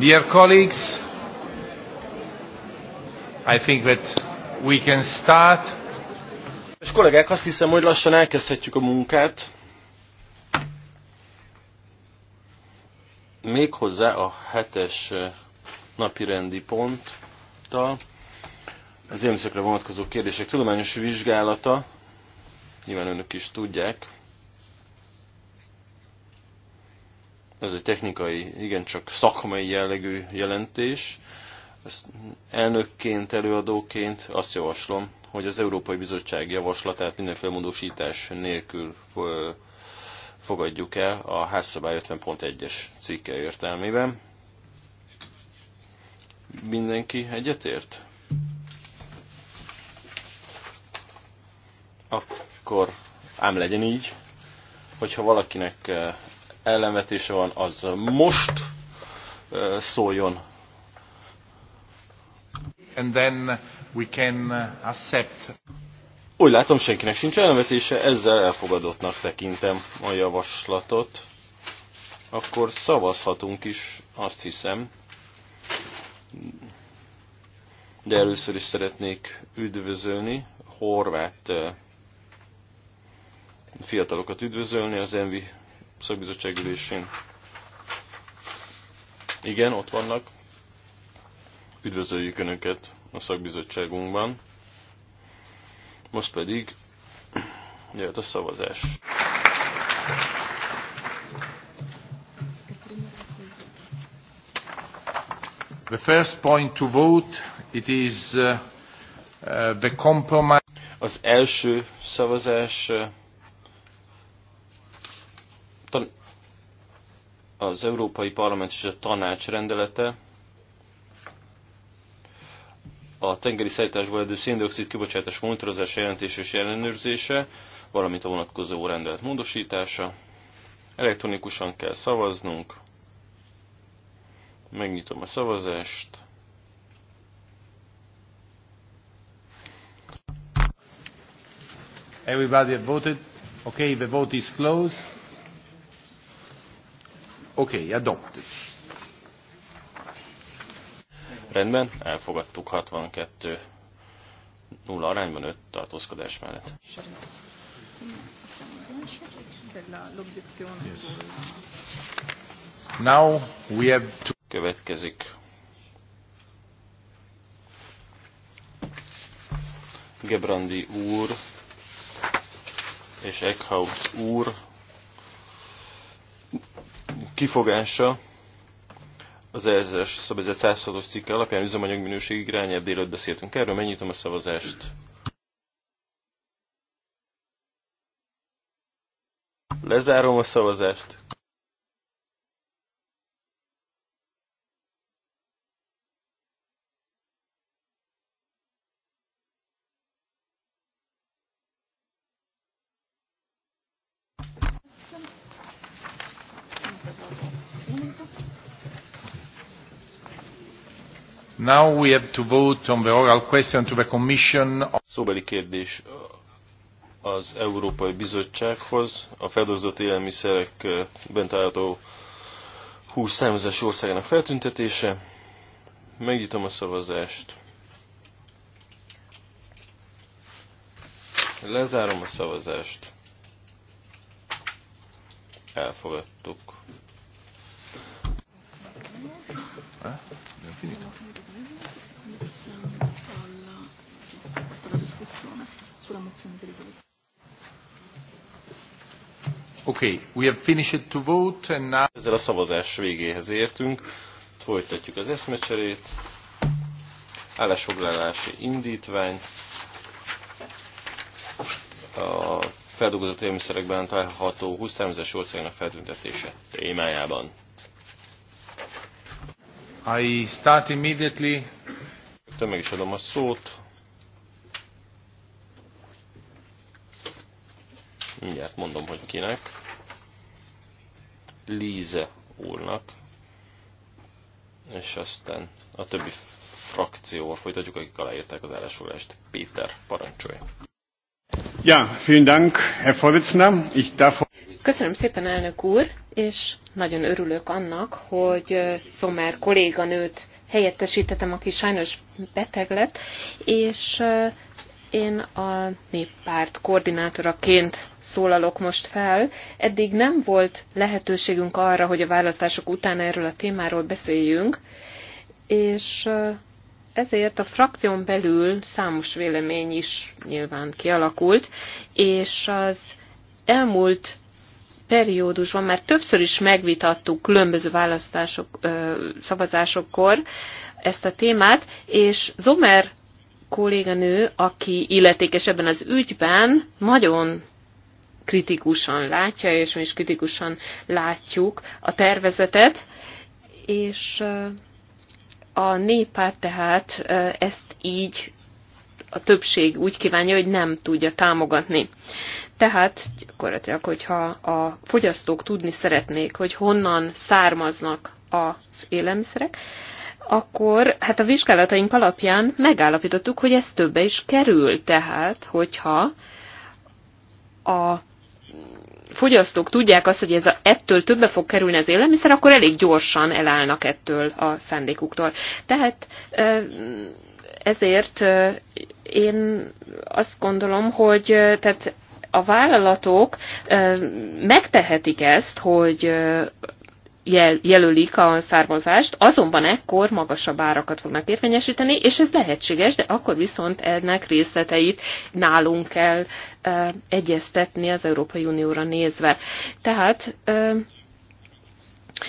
Dear colleagues, I think that we can start. És kollégák, azt hiszem, hogy lassan elkezdhetjük a munkát. Méghozzá a hetes eh, napi rendi ponttal. Az élmszakra vonatkozó kérdések tudományos vizsgálata, nyilván önök is tudják, ez egy technikai, igencsak szakmai jellegű jelentés. Ezt elnökként, előadóként azt javaslom, hogy az Európai Bizottság javaslatát mindenféle módosítás nélkül fogadjuk el a házszabály 50.1-es cikke értelmében. Mindenki egyetért? Akkor ám legyen így, hogyha valakinek ellenvetése van, az most szóljon. And then we can uh, accept. Úgy látom, senkinek sincs ellenvetése, ezzel elfogadottnak tekintem a javaslatot. Akkor szavazhatunk is, azt hiszem. De először is szeretnék üdvözölni horvát fiatalokat üdvözölni az Envi szakbizottság ülésén. Igen, ott vannak. Üdvözöljük Önöket a szakbizottságunkban. Most pedig jöhet a szavazás. The first point to vote, it is uh, uh, the compromise. Az első szavazás uh, az Európai Parlament és a Tanács rendelete a tengeri szállításból edő széndiokszid kibocsátás monitorozása, jelentés és ellenőrzése, valamint a vonatkozó rendelet módosítása. Elektronikusan kell szavaznunk. Megnyitom a szavazást. Everybody voted. Okay, the vote is closed. Okay, adopted. Rendben, elfogadtuk 62 0 arányban 5 tartózkodás mellett. Yes. Now we have to... Következik Gebrandi úr és Eckhout úr kifogása az ERZ-es szabályzat százszoros cikke alapján üzemanyag minőség irányelv délőtt beszéltünk erről, megnyitom a szavazást. Lezárom a szavazást. Now we have to vote on the oral question to the Commission. Szóbeli kérdés az Európai Bizottsághoz a feldolgozott élelmiszerek bent 20 hús származási országának feltüntetése. Megnyitom a szavazást. Lezárom a szavazást. Elfogadtuk. nem persona sulla mozione di risoluzione. Okay, we have finished to vote and now... Ezzel a szavazás végéhez értünk. Folytatjuk az eszmecserét. Állásfoglalási indítvány. A feldolgozott élműszerekben található 20 es országnak feltüntetése témájában. I start immediately. Tömeg is adom a szót mindjárt mondom, hogy kinek. Líze úrnak, és aztán a többi frakcióval folytatjuk, akik aláírták az állásfoglalást. Péter, parancsolja. Ja, vielen Dank, Herr Vorsitzender. Ich darf... Köszönöm szépen, elnök úr, és nagyon örülök annak, hogy Szomer kolléganőt helyettesítettem, aki sajnos beteg lett, és én a néppárt koordinátoraként szólalok most fel. Eddig nem volt lehetőségünk arra, hogy a választások után erről a témáról beszéljünk, és ezért a frakción belül számos vélemény is nyilván kialakult, és az elmúlt periódusban már többször is megvitattuk különböző választások, szavazásokkor ezt a témát, és Zomer kolléganő, aki illetékes ebben az ügyben, nagyon kritikusan látja, és mi is kritikusan látjuk a tervezetet, és a néppárt tehát ezt így a többség úgy kívánja, hogy nem tudja támogatni. Tehát gyakorlatilag, hogyha a fogyasztók tudni szeretnék, hogy honnan származnak az élelmiszerek, akkor hát a vizsgálataink alapján megállapítottuk, hogy ez többe is kerül. Tehát, hogyha a fogyasztók tudják azt, hogy ez a, ettől többe fog kerülni az élelmiszer, akkor elég gyorsan elállnak ettől a szándékuktól. Tehát ezért én azt gondolom, hogy tehát a vállalatok megtehetik ezt, hogy jel, jelölik a származást, azonban ekkor magasabb árakat fognak érvényesíteni, és ez lehetséges, de akkor viszont ennek részleteit nálunk kell e, egyeztetni az Európai Unióra nézve. Tehát e,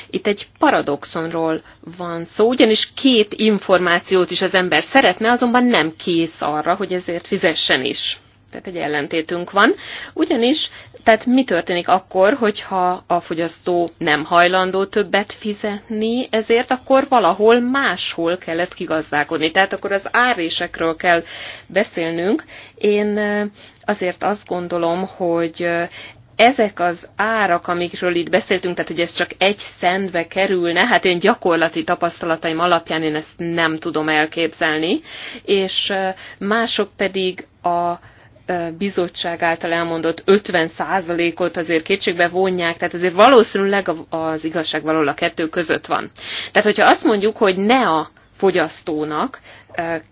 itt egy paradoxonról van szó, ugyanis két információt is az ember szeretne, azonban nem kész arra, hogy ezért fizessen is tehát egy ellentétünk van. Ugyanis, tehát mi történik akkor, hogyha a fogyasztó nem hajlandó többet fizetni, ezért akkor valahol máshol kell ezt kigazdálkodni. Tehát akkor az árésekről kell beszélnünk. Én azért azt gondolom, hogy ezek az árak, amikről itt beszéltünk, tehát hogy ez csak egy centbe kerülne, hát én gyakorlati tapasztalataim alapján én ezt nem tudom elképzelni, és mások pedig a bizottság által elmondott 50%-ot azért kétségbe vonják, tehát azért valószínűleg az igazság való a kettő között van. Tehát, hogyha azt mondjuk, hogy ne a fogyasztónak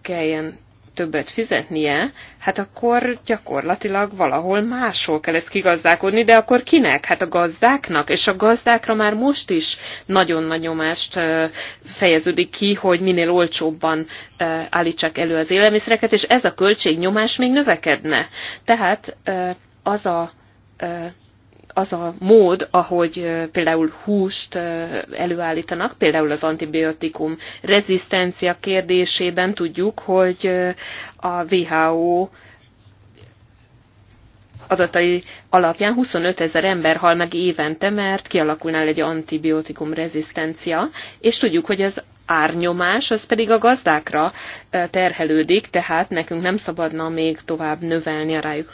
kelljen többet fizetnie, hát akkor gyakorlatilag valahol máshol kell ezt kigazdálkodni, de akkor kinek? Hát a gazdáknak, és a gazdákra már most is nagyon nagy nyomást fejeződik ki, hogy minél olcsóbban állítsák elő az élelmiszereket, és ez a költségnyomás még növekedne. Tehát az a az a mód, ahogy például húst előállítanak, például az antibiotikum rezisztencia kérdésében tudjuk, hogy a WHO adatai alapján 25 ezer ember hal meg évente, mert kialakulnál egy antibiotikum rezisztencia, és tudjuk, hogy az árnyomás, az pedig a gazdákra terhelődik, tehát nekünk nem szabadna még tovább növelni a rájuk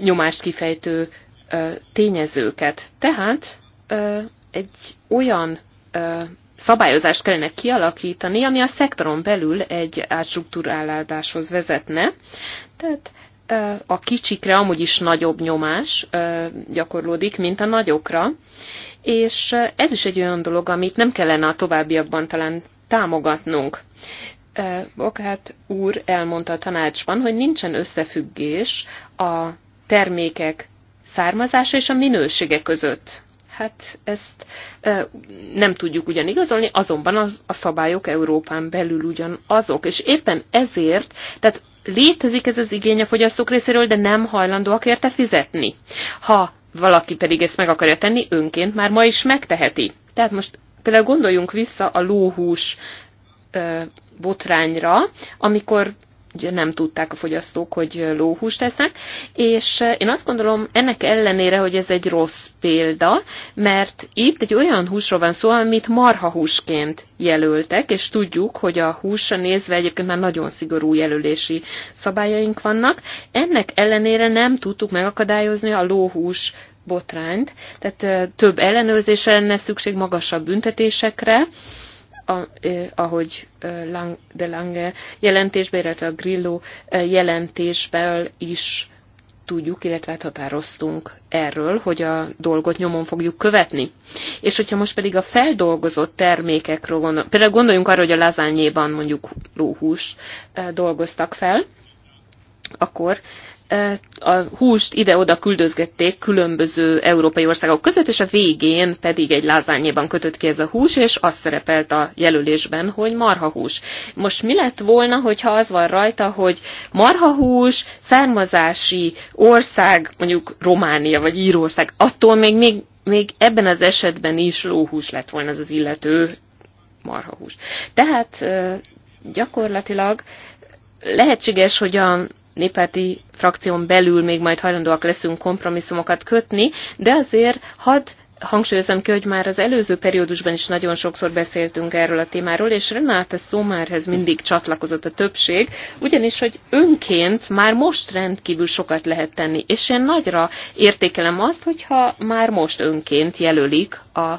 nyomást kifejtő tényezőket. Tehát egy olyan szabályozást kellene kialakítani, ami a szektoron belül egy átstruktúráláshoz vezetne. Tehát a kicsikre amúgy is nagyobb nyomás gyakorlódik, mint a nagyokra, és ez is egy olyan dolog, amit nem kellene a továbbiakban talán támogatnunk. Bokát úr elmondta a tanácsban, hogy nincsen összefüggés a termékek származása és a minősége között. Hát ezt e, nem tudjuk ugyan igazolni, azonban az, a szabályok Európán belül ugyanazok, és éppen ezért, tehát létezik ez az igény a fogyasztók részéről, de nem hajlandóak érte fizetni. Ha valaki pedig ezt meg akarja tenni, önként már ma is megteheti. Tehát most például gondoljunk vissza a lóhús e, botrányra, amikor ugye nem tudták a fogyasztók, hogy lóhúst tesznek, és eh, én azt gondolom ennek ellenére, hogy ez egy rossz példa, mert itt egy olyan húsról van szó, amit marhahúsként jelöltek, és tudjuk, hogy a húsra nézve egyébként már nagyon szigorú jelölési szabályaink vannak. Ennek ellenére nem tudtuk megakadályozni a lóhús botrányt, tehát eh, több ellenőrzésre lenne szükség magasabb büntetésekre, ahogy de Lange jelentésbe, illetve a Grillo jelentésből is tudjuk, illetve határoztunk erről, hogy a dolgot nyomon fogjuk követni. És hogyha most pedig a feldolgozott termékekről gondol, például gondoljunk arra, hogy a lazányéban mondjuk lóhús dolgoztak fel, akkor a húst ide-oda küldözgették különböző európai országok között, és a végén pedig egy lázányéban kötött ki ez a hús, és az szerepelt a jelölésben, hogy marhahús. Most mi lett volna, hogyha az van rajta, hogy marhahús, származási ország, mondjuk Románia vagy Írország, attól még, még, még ebben az esetben is lóhús lett volna ez az illető marhahús. Tehát gyakorlatilag lehetséges, hogy a néppárti frakción belül még majd hajlandóak leszünk kompromisszumokat kötni, de azért hadd hangsúlyozom ki, hogy már az előző periódusban is nagyon sokszor beszéltünk erről a témáról, és Renáta Szómárhez mindig csatlakozott a többség, ugyanis, hogy önként már most rendkívül sokat lehet tenni, és én nagyra értékelem azt, hogyha már most önként jelölik a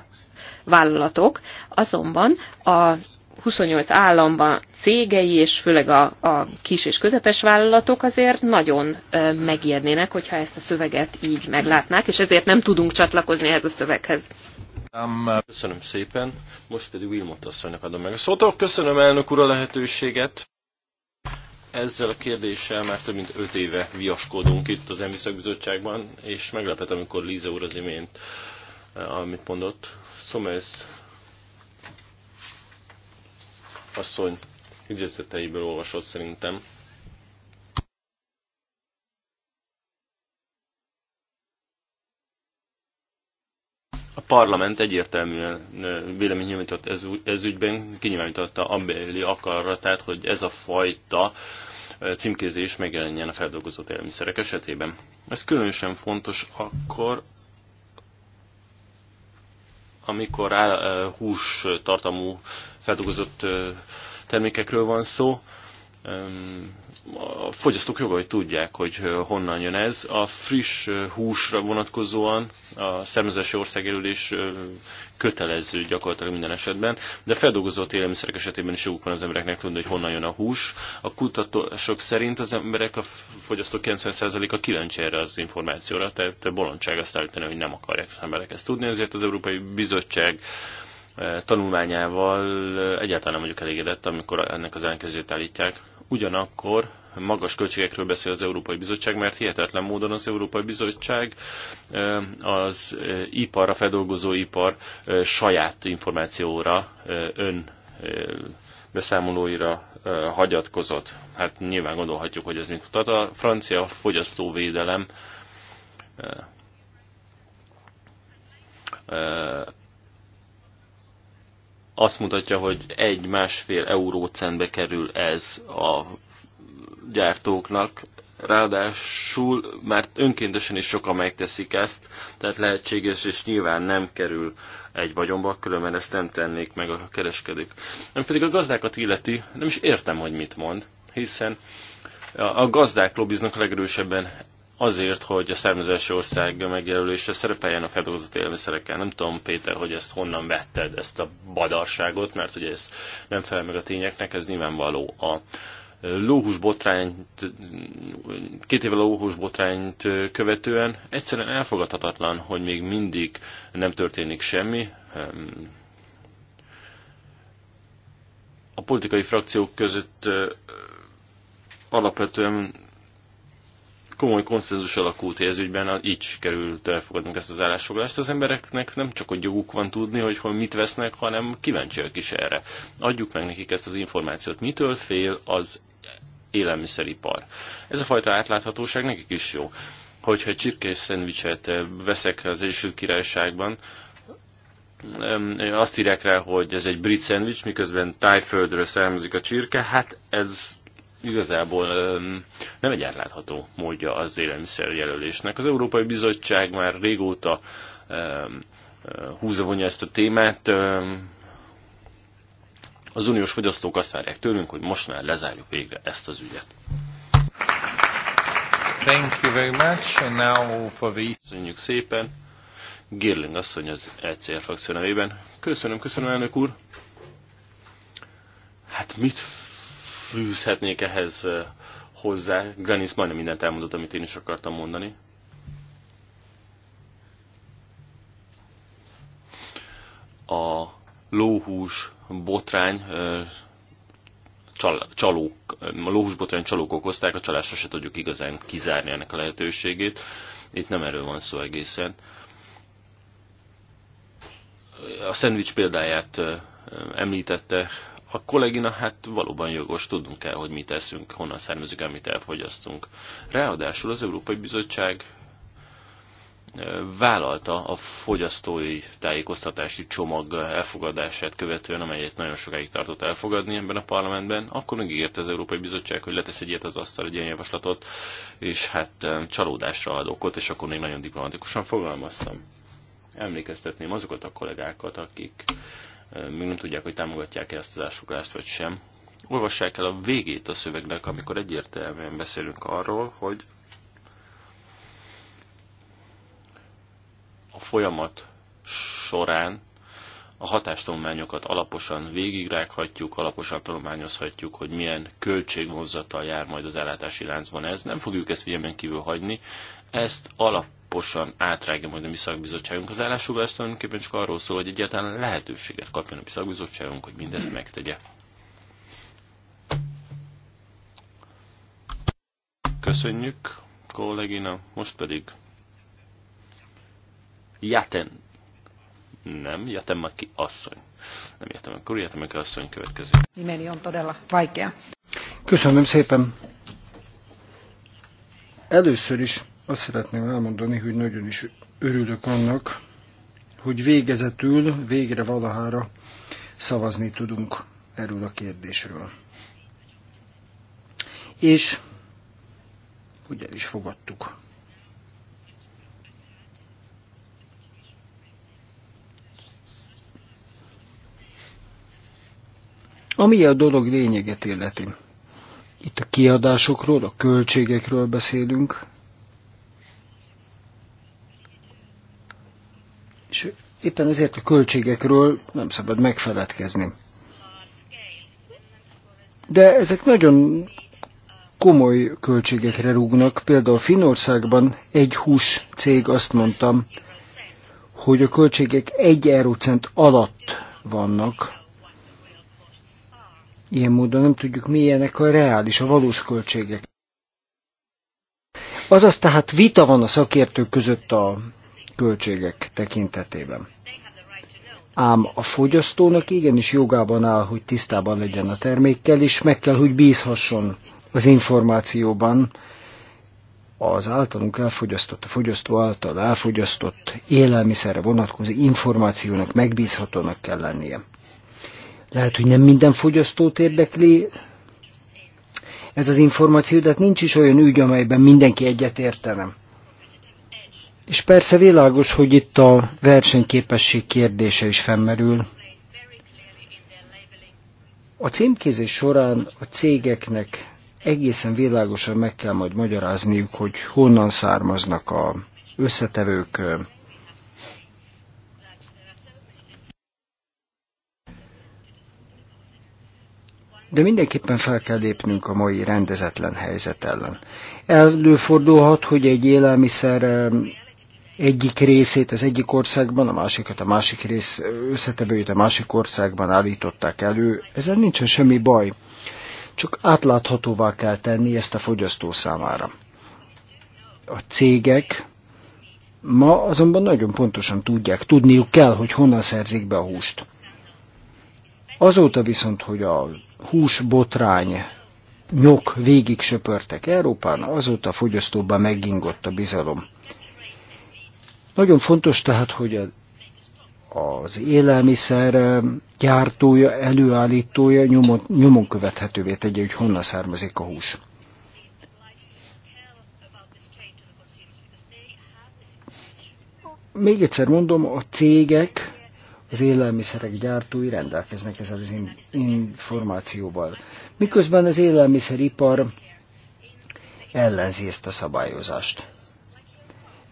vállalatok, azonban az 28 államban cégei, és főleg a, a kis és közepes vállalatok azért nagyon megijednének, hogyha ezt a szöveget így meglátnák, és ezért nem tudunk csatlakozni ehhez a szöveghez. Um, uh, köszönöm szépen. Most pedig Wilmot asszonynak adom meg a szót. Köszönöm elnök úr a lehetőséget. Ezzel a kérdéssel már több mint öt éve viaskodunk itt az Emiszak és meglepett, amikor Líze úr az imént, eh, amit mondott, Szomesz asszony idézeteiből olvasott szerintem. A parlament egyértelműen vélemény nyomított ez, ez ügyben, kinyilvánította abbéli akaratát, hogy ez a fajta címkézés megjelenjen a feldolgozott élelmiszerek esetében. Ez különösen fontos akkor, amikor áll, hús tartalmú feldolgozott termékekről van szó, a fogyasztók jogai tudják, hogy honnan jön ez. A friss húsra vonatkozóan a származási országjelölés kötelező gyakorlatilag minden esetben, de feldolgozott élelmiszerek esetében is joguk van az embereknek tudni, hogy honnan jön a hús. A kutatások szerint az emberek, a fogyasztók 90%-a kíváncsi erre az információra, tehát bolondság azt állítani, hogy nem akarják az emberek ezt tudni, ezért az Európai Bizottság tanulmányával egyáltalán nem vagyok elégedett, amikor ennek az ellenkezőt állítják. Ugyanakkor magas költségekről beszél az Európai Bizottság, mert hihetetlen módon az Európai Bizottság eh, az eh, ipar, a feldolgozó ipar eh, saját információra, ön beszámolóira hagyatkozott. Hát nyilván gondolhatjuk, hogy ez mit mutat. A francia fogyasztóvédelem azt mutatja, hogy egy-másfél eurócentbe kerül ez a gyártóknak, ráadásul már önkéntesen is sokan megteszik ezt, tehát lehetséges, és nyilván nem kerül egy vagyomba különben ezt nem tennék meg a kereskedők. Nem pedig a gazdákat illeti, nem is értem, hogy mit mond, hiszen a gazdák lobbiznak legerősebben azért, hogy a származási ország megjelölése szerepeljen a feldolgozott élmiszerekkel. Nem tudom, Péter, hogy ezt honnan vetted, ezt a badarságot, mert ugye ez nem felel meg a tényeknek, ez nyilvánvaló. A lóhús botrányt, két évvel a lóhús botrányt követően egyszerűen elfogadhatatlan, hogy még mindig nem történik semmi. Ehm, a politikai frakciók között alapvetően komoly konszenzus alakult ki ez ügyben, így került elfogadnunk ezt az állásfoglalást. Az embereknek nem csak, hogy joguk van tudni, hogy hol mit vesznek, hanem kíváncsiak is erre. Adjuk meg nekik ezt az információt. Mitől fél az élelmiszeripar? Ez a fajta átláthatóság nekik is jó. Hogyha egy csirkés szendvicset eh, veszek az Egyesült Királyságban, azt írják rá, hogy ez egy brit szendvics, miközben tájföldről származik a csirke, hát ez igazából nem egy átlátható módja az élelmiszerjelölésnek. Az Európai Bizottság már régóta húzavonja ezt a témát. Az uniós fogyasztók azt várják tőlünk, hogy most már lezárjuk végre ezt az ügyet. Thank you very much. And now for the... Köszönjük szépen. Gérling asszony az ECR frakció nevében. Köszönöm, köszönöm elnök úr. Hát mit fűzhetnék ehhez hozzá. Granis majdnem mindent elmondott, amit én is akartam mondani. A lóhús botrány csalók, csalók, lóhús botrány csalók okozták, a csalásra se tudjuk igazán kizárni ennek a lehetőségét. Itt nem erről van szó egészen. A szendvics példáját említette a kollégina hát valóban jogos, tudnunk kell, hogy mit teszünk, honnan származik, amit elfogyasztunk. Ráadásul az Európai Bizottság vállalta a fogyasztói tájékoztatási csomag elfogadását követően, amelyet nagyon sokáig tartott elfogadni ebben a parlamentben, akkor megígérte az Európai Bizottság, hogy letesz egy ilyet az asztal, egy ilyen javaslatot, és hát csalódásra ad okot, és akkor még nagyon diplomatikusan fogalmaztam. Emlékeztetném azokat a kollégákat, akik még nem tudják, hogy támogatják-e ezt az ásukást, vagy sem. Olvassák el a végét a szövegnek, amikor egyértelműen beszélünk arról, hogy a folyamat során a hatástanulmányokat alaposan végigrághatjuk, alaposan tanulmányozhatjuk, hogy milyen költségvonzattal jár majd az ellátási láncban ez. Nem fogjuk ezt figyelmen kívül hagyni, ezt alap alaposan átrágja majd a mi szakbizottságunk. Az állásfoglalást, tulajdonképpen csak arról szól, hogy egyáltalán lehetőséget kapjon a mi szakbizottságunk, hogy mindezt megtegye. Köszönjük, kollégina. Most pedig Jaten. Nem, maki asszony. Nem Jatemaki, Jatemaki asszony következik. Nimeni on todella vaikea. Köszönöm szépen. Először is azt szeretném elmondani, hogy nagyon is örülök annak, hogy végezetül, végre valahára szavazni tudunk erről a kérdésről. És hogy el is fogadtuk. Ami a dolog lényeget illeti. Itt a kiadásokról, a költségekről beszélünk, És éppen ezért a költségekről nem szabad megfeledkezni. De ezek nagyon komoly költségekre rúgnak. Például Finországban egy hús cég azt mondtam, hogy a költségek egy eurócent alatt vannak. Ilyen módon nem tudjuk, milyenek a reális, a valós költségek. Azaz tehát vita van a szakértők között a költségek tekintetében. Ám a fogyasztónak igenis jogában áll, hogy tisztában legyen a termékkel, és meg kell, hogy bízhasson az információban, az általunk elfogyasztott, a fogyasztó által elfogyasztott élelmiszerre vonatkozó információnak megbízhatónak kell lennie. Lehet, hogy nem minden fogyasztót érdekli ez az információ, de hát nincs is olyan ügy, amelyben mindenki egyet értene. És persze világos, hogy itt a versenyképesség kérdése is felmerül. A címkézés során a cégeknek egészen világosan meg kell majd magyarázniuk, hogy honnan származnak a összetevők, de mindenképpen fel kell lépnünk a mai rendezetlen helyzet ellen. Előfordulhat, hogy egy élelmiszer egyik részét az egyik országban, a másikat a másik rész összetevőjét a másik országban állították elő. Ezzel nincsen semmi baj, csak átláthatóvá kell tenni ezt a fogyasztó számára. A cégek ma azonban nagyon pontosan tudják, tudniuk kell, hogy honnan szerzik be a húst. Azóta viszont, hogy a hús botrány nyok végig söpörtek Európán, azóta fogyasztóban megingott a bizalom. Nagyon fontos tehát, hogy a az élelmiszer gyártója, előállítója nyomon, nyomon követhetővé tegye, hogy honnan származik a hús. Még egyszer mondom, a cégek, az élelmiszerek gyártói rendelkeznek ezzel az információval. Miközben az élelmiszeripar ellenzi ezt a szabályozást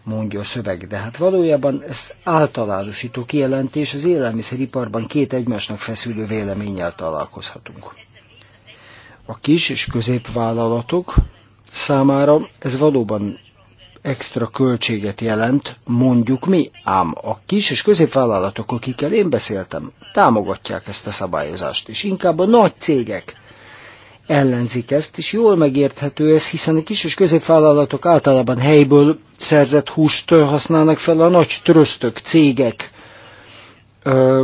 mondja a szöveg. De hát valójában ez általánosító kijelentés, az élelmiszeriparban két egymásnak feszülő véleménnyel találkozhatunk. A kis és középvállalatok számára ez valóban extra költséget jelent, mondjuk mi, ám a kis és középvállalatok, akikkel én beszéltem, támogatják ezt a szabályozást, és inkább a nagy cégek ellenzik ezt, és jól megérthető ez, hiszen a kis és középvállalatok általában helyből szerzett húst használnak fel, a nagy trösztök, cégek ö,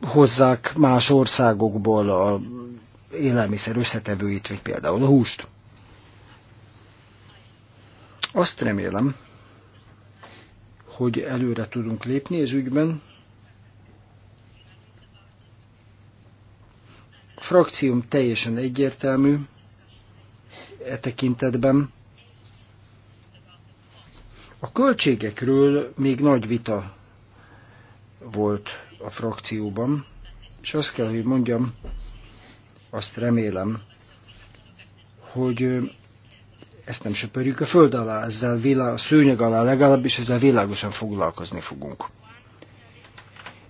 hozzák más országokból a élelmiszer összetevőit, vagy például a húst. Azt remélem, hogy előre tudunk lépni az ügyben, frakcióm teljesen egyértelmű e tekintetben. A költségekről még nagy vita volt a frakcióban, és azt kell, hogy mondjam, azt remélem, hogy ezt nem söpörjük a föld alá, ezzel vilá, a szőnyeg alá legalábbis ezzel világosan foglalkozni fogunk.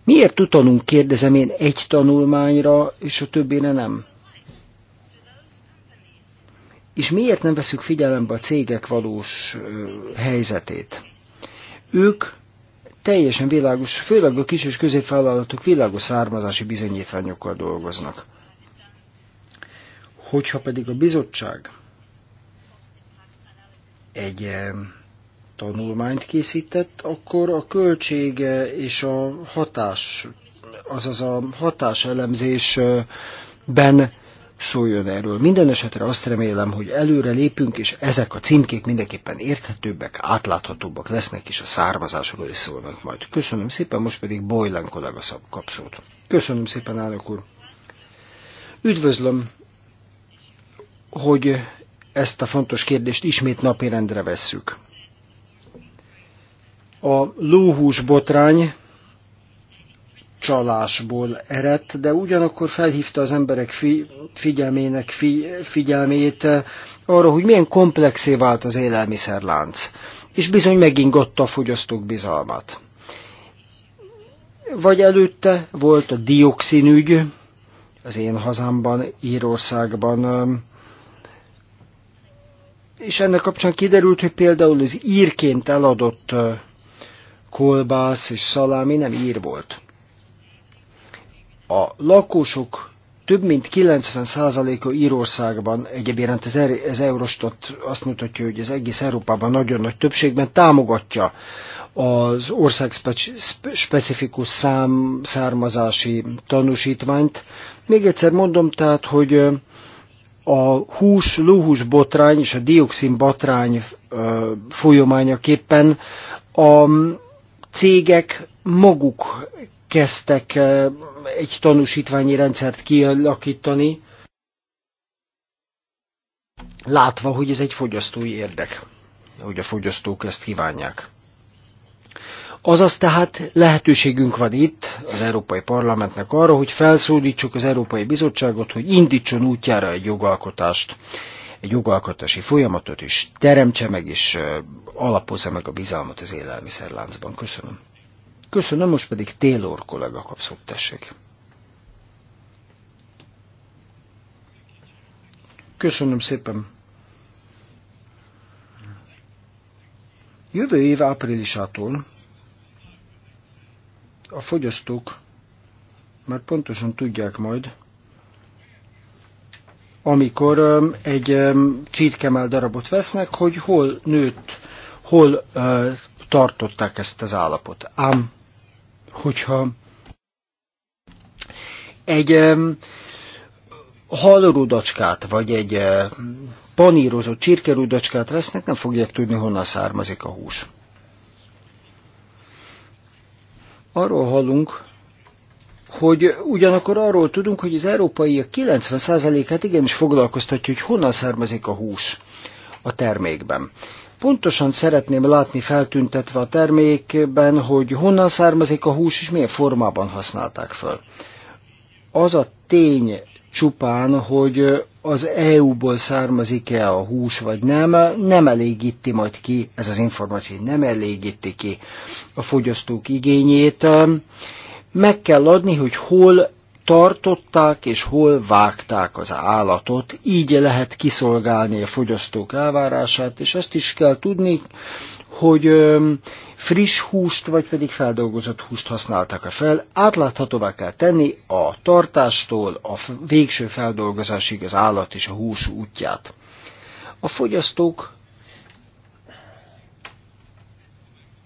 Miért utalunk, kérdezem én, egy tanulmányra, és a többére nem? És miért nem veszük figyelembe a cégek valós helyzetét? Ők teljesen világos, főleg a kis és középvállalatok világos származási bizonyítványokkal dolgoznak. Hogyha pedig a bizottság egy tanulmányt készített, akkor a költsége és a hatás, azaz a hatáselemzésben szóljon erről. Minden esetre azt remélem, hogy előre lépünk, és ezek a címkék mindenképpen érthetőbbek, átláthatóbbak lesznek, és a származásról is szólnak majd. Köszönöm szépen, most pedig Bojlan kollega kap szót. Köszönöm szépen, Állok úr. Üdvözlöm, hogy ezt a fontos kérdést ismét napirendre vesszük. A lóhús botrány csalásból eredt, de ugyanakkor felhívta az emberek fi, figyelmének fi, figyelmét eh, arra, hogy milyen komplexé vált az élelmiszerlánc, és bizony megingotta a fogyasztók bizalmat. Vagy előtte volt a dioxinügy, az én hazámban, Írországban, eh, és ennek kapcsán kiderült, hogy például az írként eladott eh, kolbász és szalámi nem ír volt. A lakosok több mint 90%-a Írországban, egyébként ez, hát ez er-, Eurostat azt mutatja, hogy az egész Európában nagyon nagy többségben támogatja az ország specifikus szám, származási tanúsítványt. Még egyszer mondom, tehát, hogy a hús, lúhús botrány és a dioxin botrány folyamányaképpen a cégek maguk kezdtek eh, egy tanúsítványi rendszert kialakítani, látva, hogy ez egy fogyasztói érdek, hogy a fogyasztók ezt kívánják. Azaz tehát lehetőségünk van itt az Európai Parlamentnek arra, hogy felszólítsuk az Európai Bizottságot, hogy indítson útjára egy jogalkotást egy jogalkotási folyamatot, és teremtse meg, és alapozza meg a bizalmat az élelmiszerláncban. Köszönöm. Köszönöm, most pedig Taylor kollega kapszok, tessék. Köszönöm szépen. Jövő év áprilisától a fogyasztók már pontosan tudják majd, amikor egy csirkemel darabot vesznek, hogy hol nőtt, hol tartották ezt az állapot. Ám, hogyha egy halrudacskát, vagy egy panírozott csirkerudacskát vesznek, nem fogják tudni, honnan származik a hús. Arról hallunk, hogy ugyanakkor arról tudunk, hogy az európaiak 90%-át igenis foglalkoztatja, hogy honnan származik a hús a termékben. Pontosan szeretném látni feltüntetve a termékben, hogy honnan származik a hús, és milyen formában használták föl. Az a tény csupán, hogy az EU-ból származik-e a hús, vagy nem, nem elégíti majd ki, ez az információ nem elégíti ki a fogyasztók igényét meg kell adni, hogy hol tartották és hol vágták az állatot, így lehet kiszolgálni a fogyasztók elvárását, és ezt is kell tudni, hogy friss húst, vagy pedig feldolgozott húst használtak -e fel. Átláthatóvá kell tenni a tartástól a végső feldolgozásig az állat és a hús útját. A fogyasztók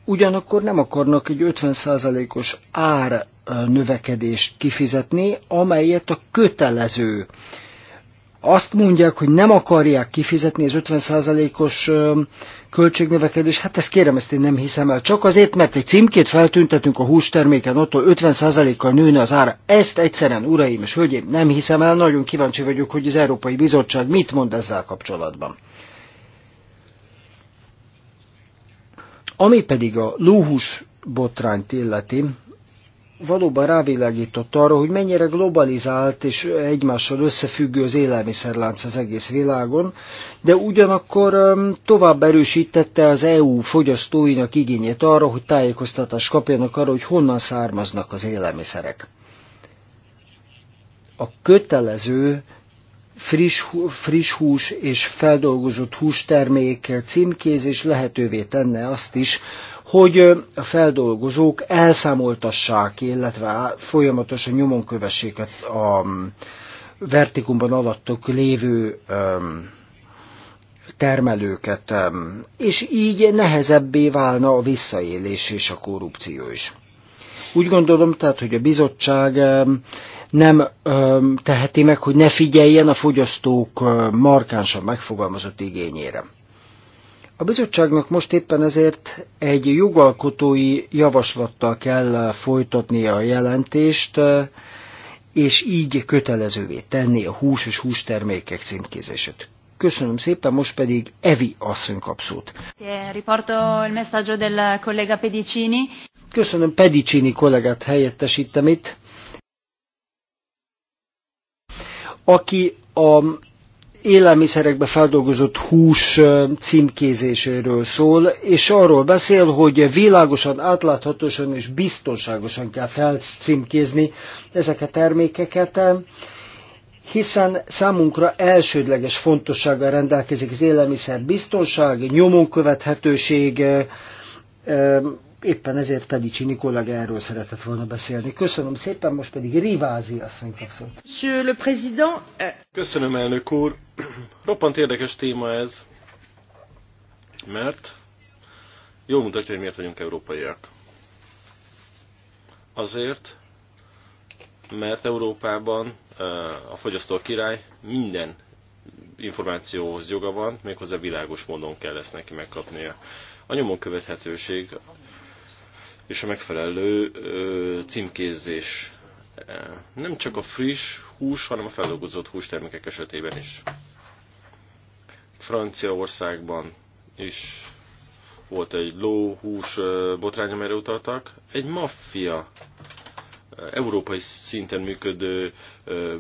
ugyanakkor nem akarnak egy 50%-os ár növekedést kifizetni, amelyet a kötelező. Azt mondják, hogy nem akarják kifizetni az 50%-os költségnövekedést, hát ezt kérem, ezt én nem hiszem el. Csak azért, mert egy címkét feltüntetünk a hústerméken, ott 50%-kal nőne az ára. Ezt egyszerűen, uraim és hölgyeim, nem hiszem el, nagyon kíváncsi vagyok, hogy az Európai Bizottság mit mond ezzel kapcsolatban. Ami pedig a lóhús botrányt illeti, valóban rávilágított arra, hogy mennyire globalizált és egymással összefüggő az élelmiszerlánc az egész világon, de ugyanakkor tovább erősítette az EU fogyasztóinak igényét arra, hogy tájékoztatást kapjanak arra, hogy honnan származnak az élelmiszerek. A kötelező friss, friss hús és feldolgozott hústermék címkézés lehetővé tenne azt is, hogy a feldolgozók elszámoltassák, illetve folyamatosan nyomon kövessék a vertikumban alattok lévő termelőket, és így nehezebbé válna a visszaélés és a korrupció is. Úgy gondolom tehát, hogy a bizottság nem ö, teheti meg, hogy ne figyeljen a fogyasztók ö, markánsan megfogalmazott igényére. A bizottságnak most éppen ezért egy jogalkotói javaslattal kell folytatnia a jelentést, és így kötelezővé tenni a hús és hústermékek címkézését. Köszönöm szépen, most pedig Evi asszony kapszót. Köszönöm, Pedicini kollégát helyettesítem itt. aki a élelmiszerekbe feldolgozott hús címkézéséről szól, és arról beszél, hogy világosan, átláthatósan és biztonságosan kell felcímkézni ezeket a termékeket, hiszen számunkra elsődleges fontossággal rendelkezik az élelmiszer biztonság, nyomon követhetőség, éppen ezért pedig Nikolag erről szeretett volna beszélni. Köszönöm szépen, most pedig Rivázi asszony kapszott. Euh, Köszönöm, elnök úr. Roppant érdekes téma ez, mert jól mutatja, hogy miért vagyunk európaiak. Azért, mert Európában euh, a fogyasztó király minden információhoz joga van, méghozzá világos módon kell ezt neki megkapnia. A nyomon követhetőség és a megfelelő címkézés e, nem csak a friss hús, hanem a feldolgozott hústermékek esetében is. Franciaországban is volt egy lóhús botrány, amire utaltak. Egy maffia, európai szinten működő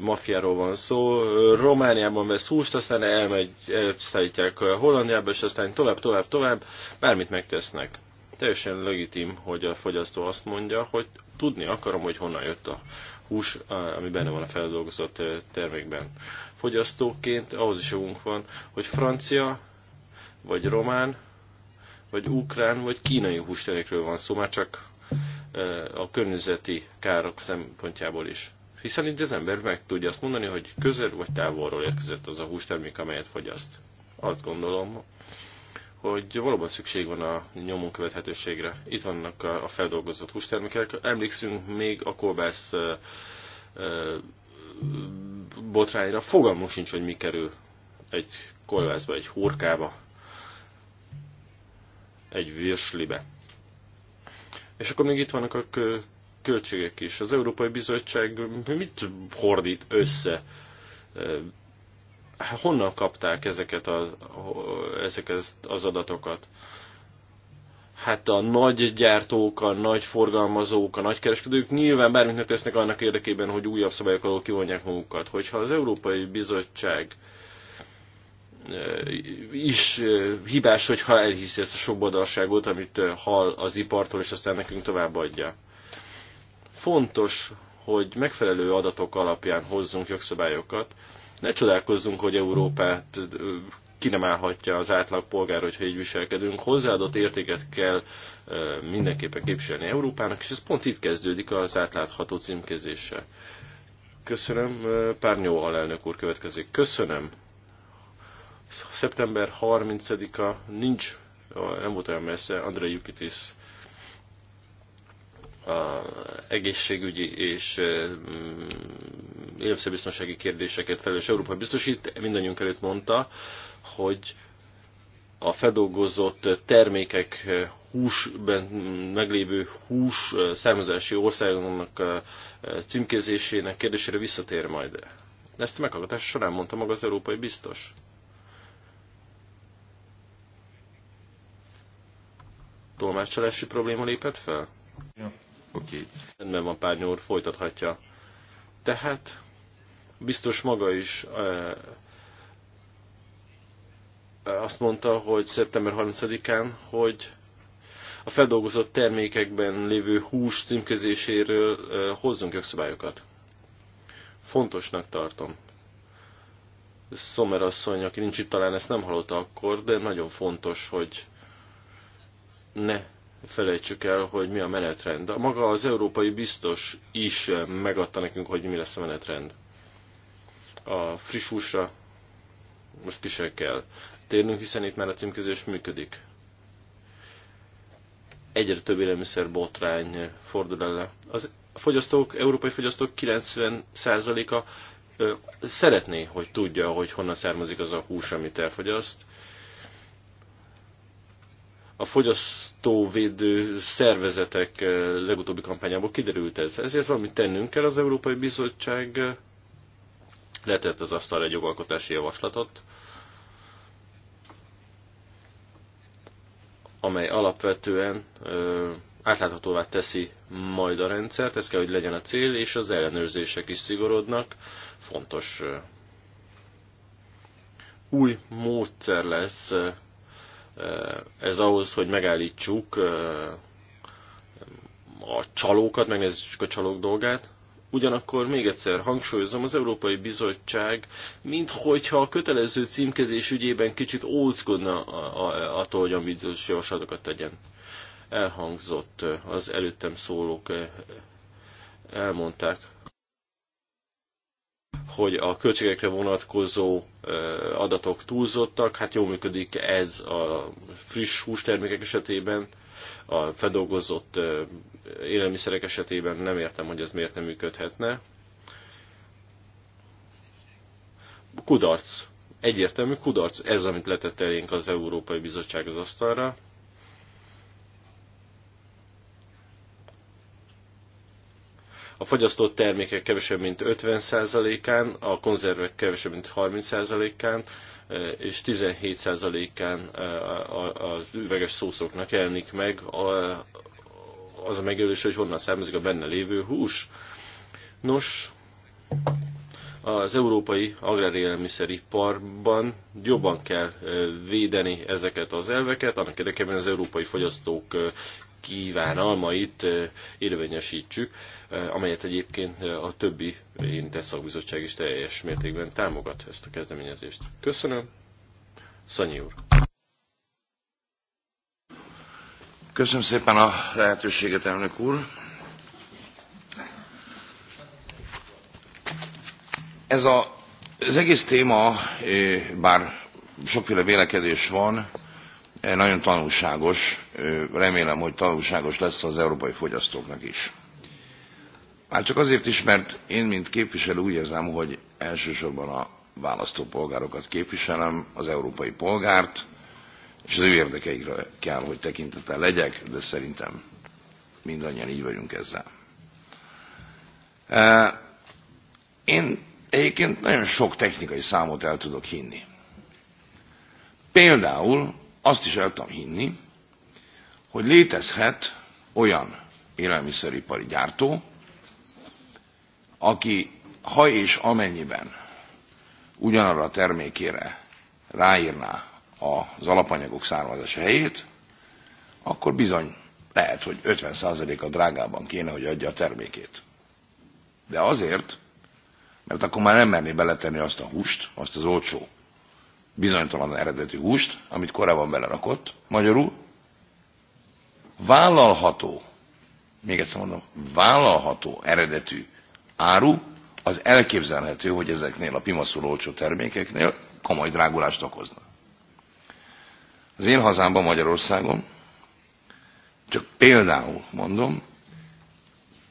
maffiáról van szó. Romániában vesz húst, aztán elmegy, elszállítják Hollandiába, és aztán tovább, tovább, tovább, bármit megtesznek. Teljesen legitim, hogy a fogyasztó azt mondja, hogy tudni akarom, hogy honnan jött a hús, ami benne van a feldolgozott termékben. Fogyasztóként ahhoz is jogunk van, hogy francia, vagy román, vagy ukrán, vagy kínai hústermékről van szó, már csak a környezeti károk szempontjából is. Hiszen így az ember meg tudja azt mondani, hogy közel vagy távolról érkezett az a hústermék, amelyet fogyaszt. Azt gondolom, hogy valóban szükség van a nyomon követhetőségre. Itt vannak a, a feldolgozott hústermékek. Emlékszünk még a kolbász e, e, botrányra. Fogalmunk sincs, hogy mi kerül egy kolbászba, egy hurkába, egy virslibe. És akkor még itt vannak a költségek is. Az Európai Bizottság mit hordít össze? Hát honnan kapták ezeket, a, ezeket az adatokat? Hát a nagy gyártók, a nagy forgalmazók, a nagy kereskedők nyilván bármit tesznek annak érdekében, hogy újabb szabályok alól kivonják magukat. Hogyha az Európai Bizottság e, is e, hibás, hogyha elhiszi ezt a soboldalságot, amit e, hal az ipartól, és aztán nekünk továbbadja. Fontos, hogy megfelelő adatok alapján hozzunk jogszabályokat, ne csodálkozzunk, hogy Európát ki nem állhatja az átlag polgár, hogyha így viselkedünk. Hozzáadott értéket kell mindenképpen képviselni Európának, és ez pont itt kezdődik az átlátható címkézéssel. Köszönöm, Párnyó alelnök úr következik. Köszönöm. Szeptember 30-a nincs, nem volt olyan messze, Andrei Jukitis a egészségügyi és mm, élelmiszerbiztonsági kérdéseket felelős Európa biztosít, mindannyiunk előtt mondta, hogy a feldolgozott termékek húsben meglévő hús származási országoknak címkézésének kérdésére visszatér majd. ezt a meghallgatás során mondta maga az európai biztos. Tolmácsolási probléma lépett fel? Ja. Oké. Okay. Rendben van, párnyó folytathatja. Tehát biztos maga is e, e azt mondta, hogy szeptember 30-án, hogy a feldolgozott termékekben lévő hús címkezéséről e, hozzunk jogszabályokat. Fontosnak tartom. Szomer asszony, aki nincs itt, talán ezt nem hallotta akkor, de nagyon fontos, hogy ne felejtsük el, hogy mi a menetrend. A maga az európai biztos is megadta nekünk, hogy mi lesz a menetrend. A friss húsra most ki sem kell térnünk, hiszen itt már a címkezés működik. Egyre több élelmiszer botrány fordul elő. Az fogyasztók, európai fogyasztók 90%-a szeretné, hogy tudja, hogy honnan származik az a hús, amit elfogyaszt a fogyasztóvédő szervezetek eh, legutóbbi kampányából kiderült ez. Ezért valamit tennünk kell az Európai Bizottság eh, letett az asztalra egy jogalkotási javaslatot, amely alapvetően ö, eh, átláthatóvá teszi majd a rendszert, ez kell, hogy legyen a cél, és az ellenőrzések is szigorodnak. Fontos ö, új módszer lesz Eh, ez ahhoz, hogy megállítsuk eh, a csalókat, megnézzük a csalók dolgát. Ugyanakkor még egyszer hangsúlyozom, az Európai Bizottság minthogyha a kötelező címkezés ügyében kicsit óckodna attól, hogy ambiciózus javaslatokat tegyen. Elhangzott eh, az előttem szólók elmondták, hogy a költségekre vonatkozó adatok túlzottak, hát jól működik ez a friss hústermékek esetében, a feldolgozott élelmiszerek esetében nem értem, hogy ez miért nem működhetne. Kudarc. Egyértelmű kudarc. Ez, amit letett elénk az Európai Bizottság az asztalra. a fogyasztott termékek kevesebb, mint 50%-án, a konzervek kevesebb, mint 30%-án, eh, és 17%-án eh, az üveges szószoknak jelenik meg az a megjelölés, hogy honnan származik a benne lévő hús. Nos, az európai agrárélelmiszeriparban jobban kell eh, védeni ezeket az elveket, annak érdekében az európai fogyasztók kívánalmait érvényesítsük, amelyet egyébként a többi érintett szakbizottság is teljes mértékben támogat ezt a kezdeményezést. Köszönöm. Szanyi úr. Köszönöm szépen a lehetőséget, elnök úr. Ez a, az egész téma, bár sokféle vélekedés van, Eh, nagyon tanulságos, remélem, hogy tanulságos lesz az európai fogyasztóknak is. Már csak azért is, mert én, mint képviselő úgy érzem, hogy elsősorban a választópolgárokat képviselem, az európai polgárt, és az ő érdekeikre kell, hogy tekintettel legyek, de szerintem mindannyian így vagyunk ezzel. E, én egyébként nagyon sok technikai számot el tudok hinni. Például azt is el tudom hinni, hogy létezhet olyan élelmiszeripari gyártó, aki ha és amennyiben ugyanarra a termékére ráírná az alapanyagok származása helyét, akkor bizony lehet, hogy 50%-a drágában kéne, hogy adja a termékét. De azért, mert akkor már nem merné beletenni azt a húst, azt az olcsó bizonytalan eredetű húst, amit korábban belerakott, magyarul vállalható, még egyszer mondom, vállalható eredetű áru, az elképzelhető, hogy ezeknél a pimaszul olcsó termékeknél komoly drágulást okozna. Az én hazámban Magyarországon, csak például mondom,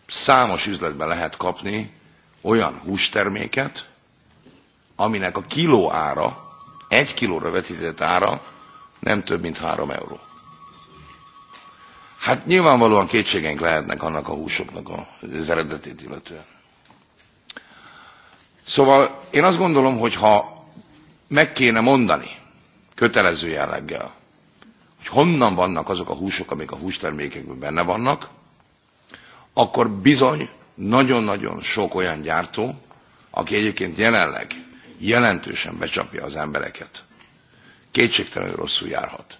számos üzletben lehet kapni olyan hústerméket, aminek a kiló ára egy kilóra vetített ára nem több, mint 3 euró. Hát nyilvánvalóan kétségeink lehetnek annak a húsoknak az eredetét illetően. Szóval én azt gondolom, hogy ha meg kéne mondani kötelező jelleggel, hogy honnan vannak azok a húsok, amik a hústermékekben benne vannak, akkor bizony nagyon-nagyon sok olyan gyártó, aki egyébként jelenleg jelentősen becsapja az embereket. Kétségtelenül rosszul járhat.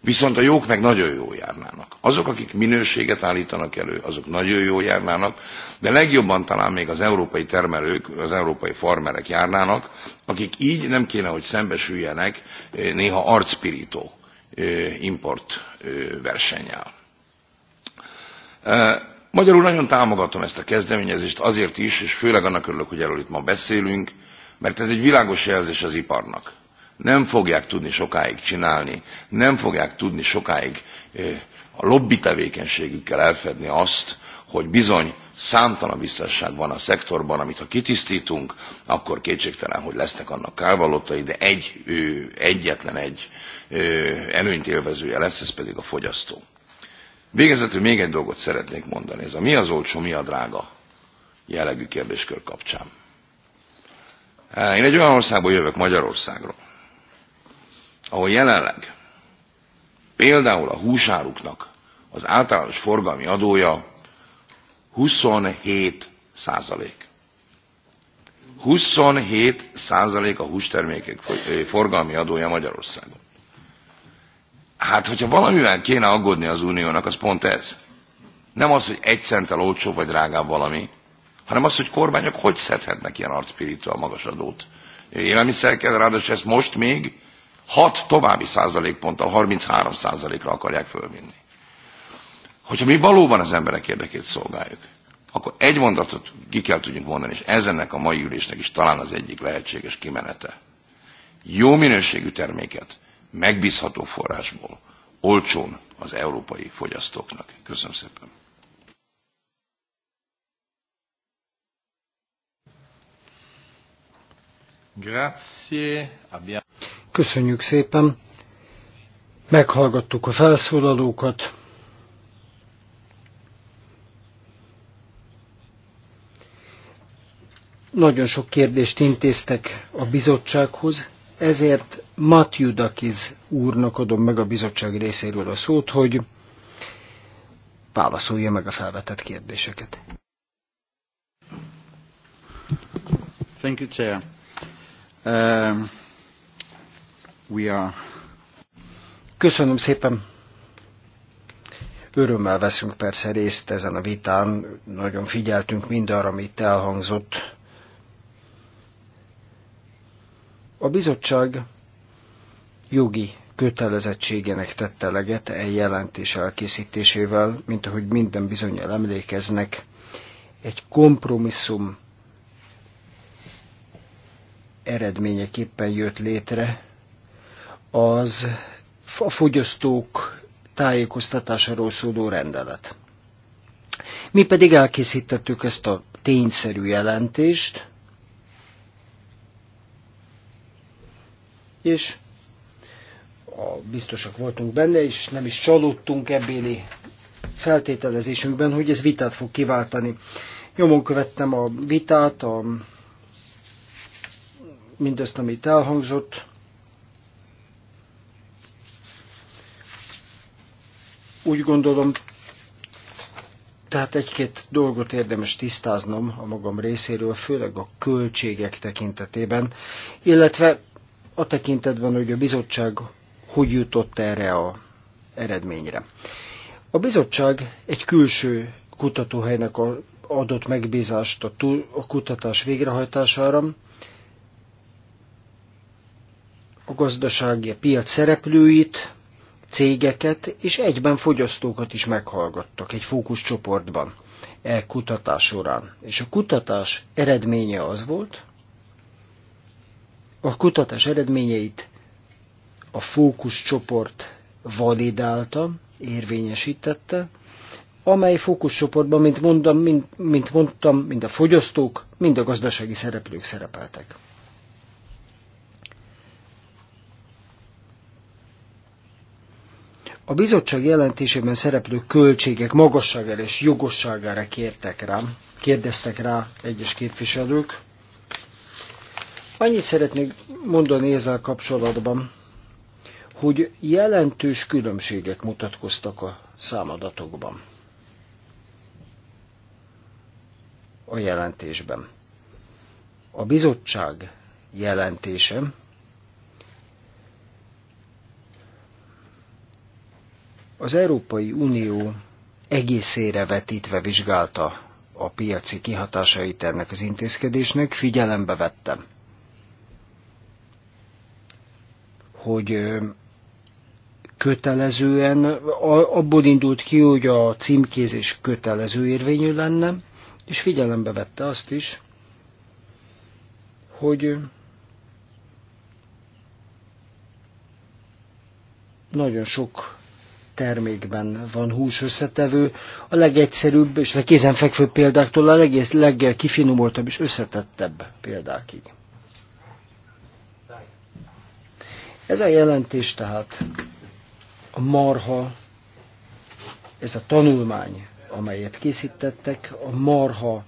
Viszont a jók meg nagyon jól járnának. Azok, akik minőséget állítanak elő, azok nagyon jól járnának, de legjobban talán még az európai termelők, az európai farmerek járnának, akik így nem kéne, hogy szembesüljenek eh, néha arcpirító eh, import eh, versennyel. Magyarul nagyon támogatom ezt a kezdeményezést azért is, és főleg annak örülök, hogy erről itt ma beszélünk, mert ez egy világos jelzés az iparnak. Nem fogják tudni sokáig csinálni, nem fogják tudni sokáig a lobby tevékenységükkel elfedni azt, hogy bizony számtalan visszásság van a szektorban, amit ha kitisztítunk, akkor kétségtelen, hogy lesznek annak kárvalotai, de egy, ő, egyetlen egy ő, előnyt élvezője lesz, ez pedig a fogyasztó. Végezetül még egy dolgot szeretnék mondani, ez a mi az olcsó, mi a drága jellegű kérdéskör kapcsán. Eh, én egy olyan országból jövök, Magyarországról, ahol jelenleg például a húsáruknak az általános forgalmi adója 27 százalék. 27 százalék a hústermékek forgalmi adója Magyarországon. Hát, hogyha valamivel kéne aggódni az uniónak, az pont ez. Nem az, hogy egy centtel olcsó vagy drágább valami, hanem az, hogy kormányok hogy szedhetnek ilyen a magas adót. Élelmiszerkel, ráadásul ezt most még 6 további százalékponttal 33 százalékra akarják fölvinni. Hogyha mi valóban az emberek érdekét szolgáljuk, akkor egy mondatot ki kell tudjunk mondani, és ez ennek a mai ülésnek is talán az egyik lehetséges kimenete. Jó minőségű terméket, megbízható forrásból, olcsón az európai fogyasztóknak. Köszönöm szépen! Köszönjük szépen. Meghallgattuk a felszólalókat. Nagyon sok kérdést intéztek a bizottsághoz, ezért Matthew Dakiz úrnak adom meg a bizottság részéről a szót, hogy válaszolja meg a felvetett kérdéseket. Thank you, Chair. Um, we are... Köszönöm szépen. Örömmel veszünk persze részt ezen a vitán, nagyon figyeltünk mindarra, amit elhangzott. A bizottság jogi kötelezettségének tette leget e jelentés elkészítésével, mint ahogy minden bizonyal emlékeznek, egy kompromisszum eredményeképpen jött létre, az a fogyasztók tájékoztatásáról szóló rendelet. Mi pedig elkészítettük ezt a tényszerű jelentést, és a, biztosak voltunk benne, és nem is csalódtunk ebbéli feltételezésünkben, hogy ez vitát fog kiváltani. Nyomon követtem a vitát, a mindezt, amit elhangzott. Úgy gondolom, tehát egy-két dolgot érdemes tisztáznom a magam részéről, főleg a költségek tekintetében, illetve a tekintetben, hogy a bizottság hogy jutott erre a eredményre. A bizottság egy külső kutatóhelynek adott megbízást a, a kutatás végrehajtására, gazdasági piac szereplőit, cégeket és egyben fogyasztókat is meghallgattak egy fókuszcsoportban e kutatás során. És a kutatás eredménye az volt, a kutatás eredményeit a fókuszcsoport validálta, érvényesítette, amely fókuszcsoportban, mint, mondtam, mint, mint mondtam, mind a fogyasztók, mind a gazdasági szereplők szerepeltek. A bizottság jelentésében szereplő költségek magasságára és jogosságára kértek rá, kérdeztek rá egyes képviselők. Annyit szeretnék mondani ezzel kapcsolatban, hogy jelentős különbségek mutatkoztak a számadatokban. A jelentésben. A bizottság jelentése Az Európai Unió egészére vetítve vizsgálta a piaci kihatásait ennek az intézkedésnek, figyelembe vettem, hogy kötelezően, abból indult ki, hogy a címkézés kötelező érvényű lenne, és figyelembe vette azt is, hogy nagyon sok termékben van hús összetevő. A legegyszerűbb és legkézenfekvőbb példáktól a legész, legkifinomultabb és összetettebb példákig. Ez a jelentés tehát a marha, ez a tanulmány, amelyet készítettek, a marha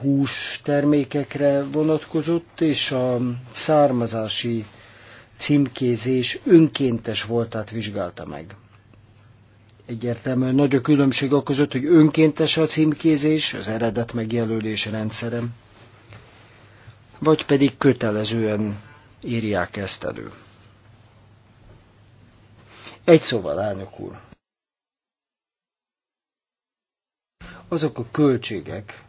hús termékekre vonatkozott, és a származási címkézés önkéntes voltát vizsgálta meg egyértelműen nagy a különbség a között, hogy önkéntes a címkézés, az eredet megjelölés rendszerem, vagy pedig kötelezően írják ezt elő. Egy szóval, lányok úr, azok a költségek,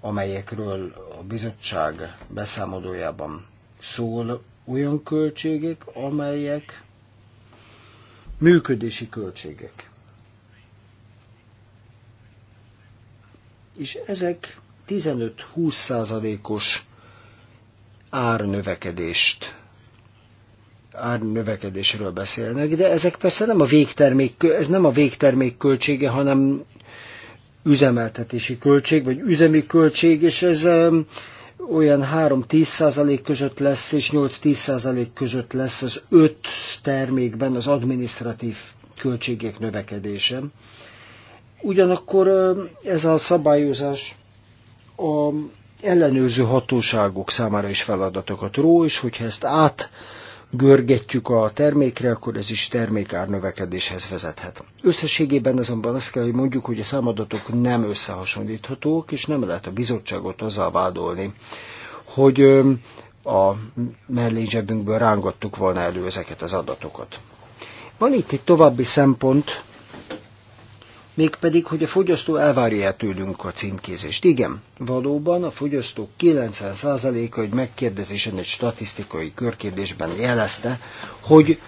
amelyekről a bizottság beszámolójában szól, olyan költségek, amelyek működési költségek. És ezek 15-20 százalékos árnövekedést árnövekedésről beszélnek, de ezek persze nem a végtermék, ez nem a végtermék költsége, hanem üzemeltetési költség, vagy üzemi költség, és ez olyan 3-10% között lesz, és 8-10% között lesz az öt termékben az administratív költségek növekedése. Ugyanakkor ez a szabályozás a ellenőrző hatóságok számára is feladatokat ró, és hogyha ezt át görgetjük a termékre, akkor ez is termékár növekedéshez vezethet. Összességében azonban azt kell, hogy mondjuk, hogy a számadatok nem összehasonlíthatók, és nem lehet a bizottságot azzal vádolni, hogy a mellényzsebünkből rángattuk volna elő ezeket az adatokat. Van itt egy további szempont, mégpedig, hogy a fogyasztó elvárja -e tőlünk a címkézést. Igen, valóban a fogyasztók 90%-a egy megkérdezésen egy statisztikai körkérdésben jelezte, hogy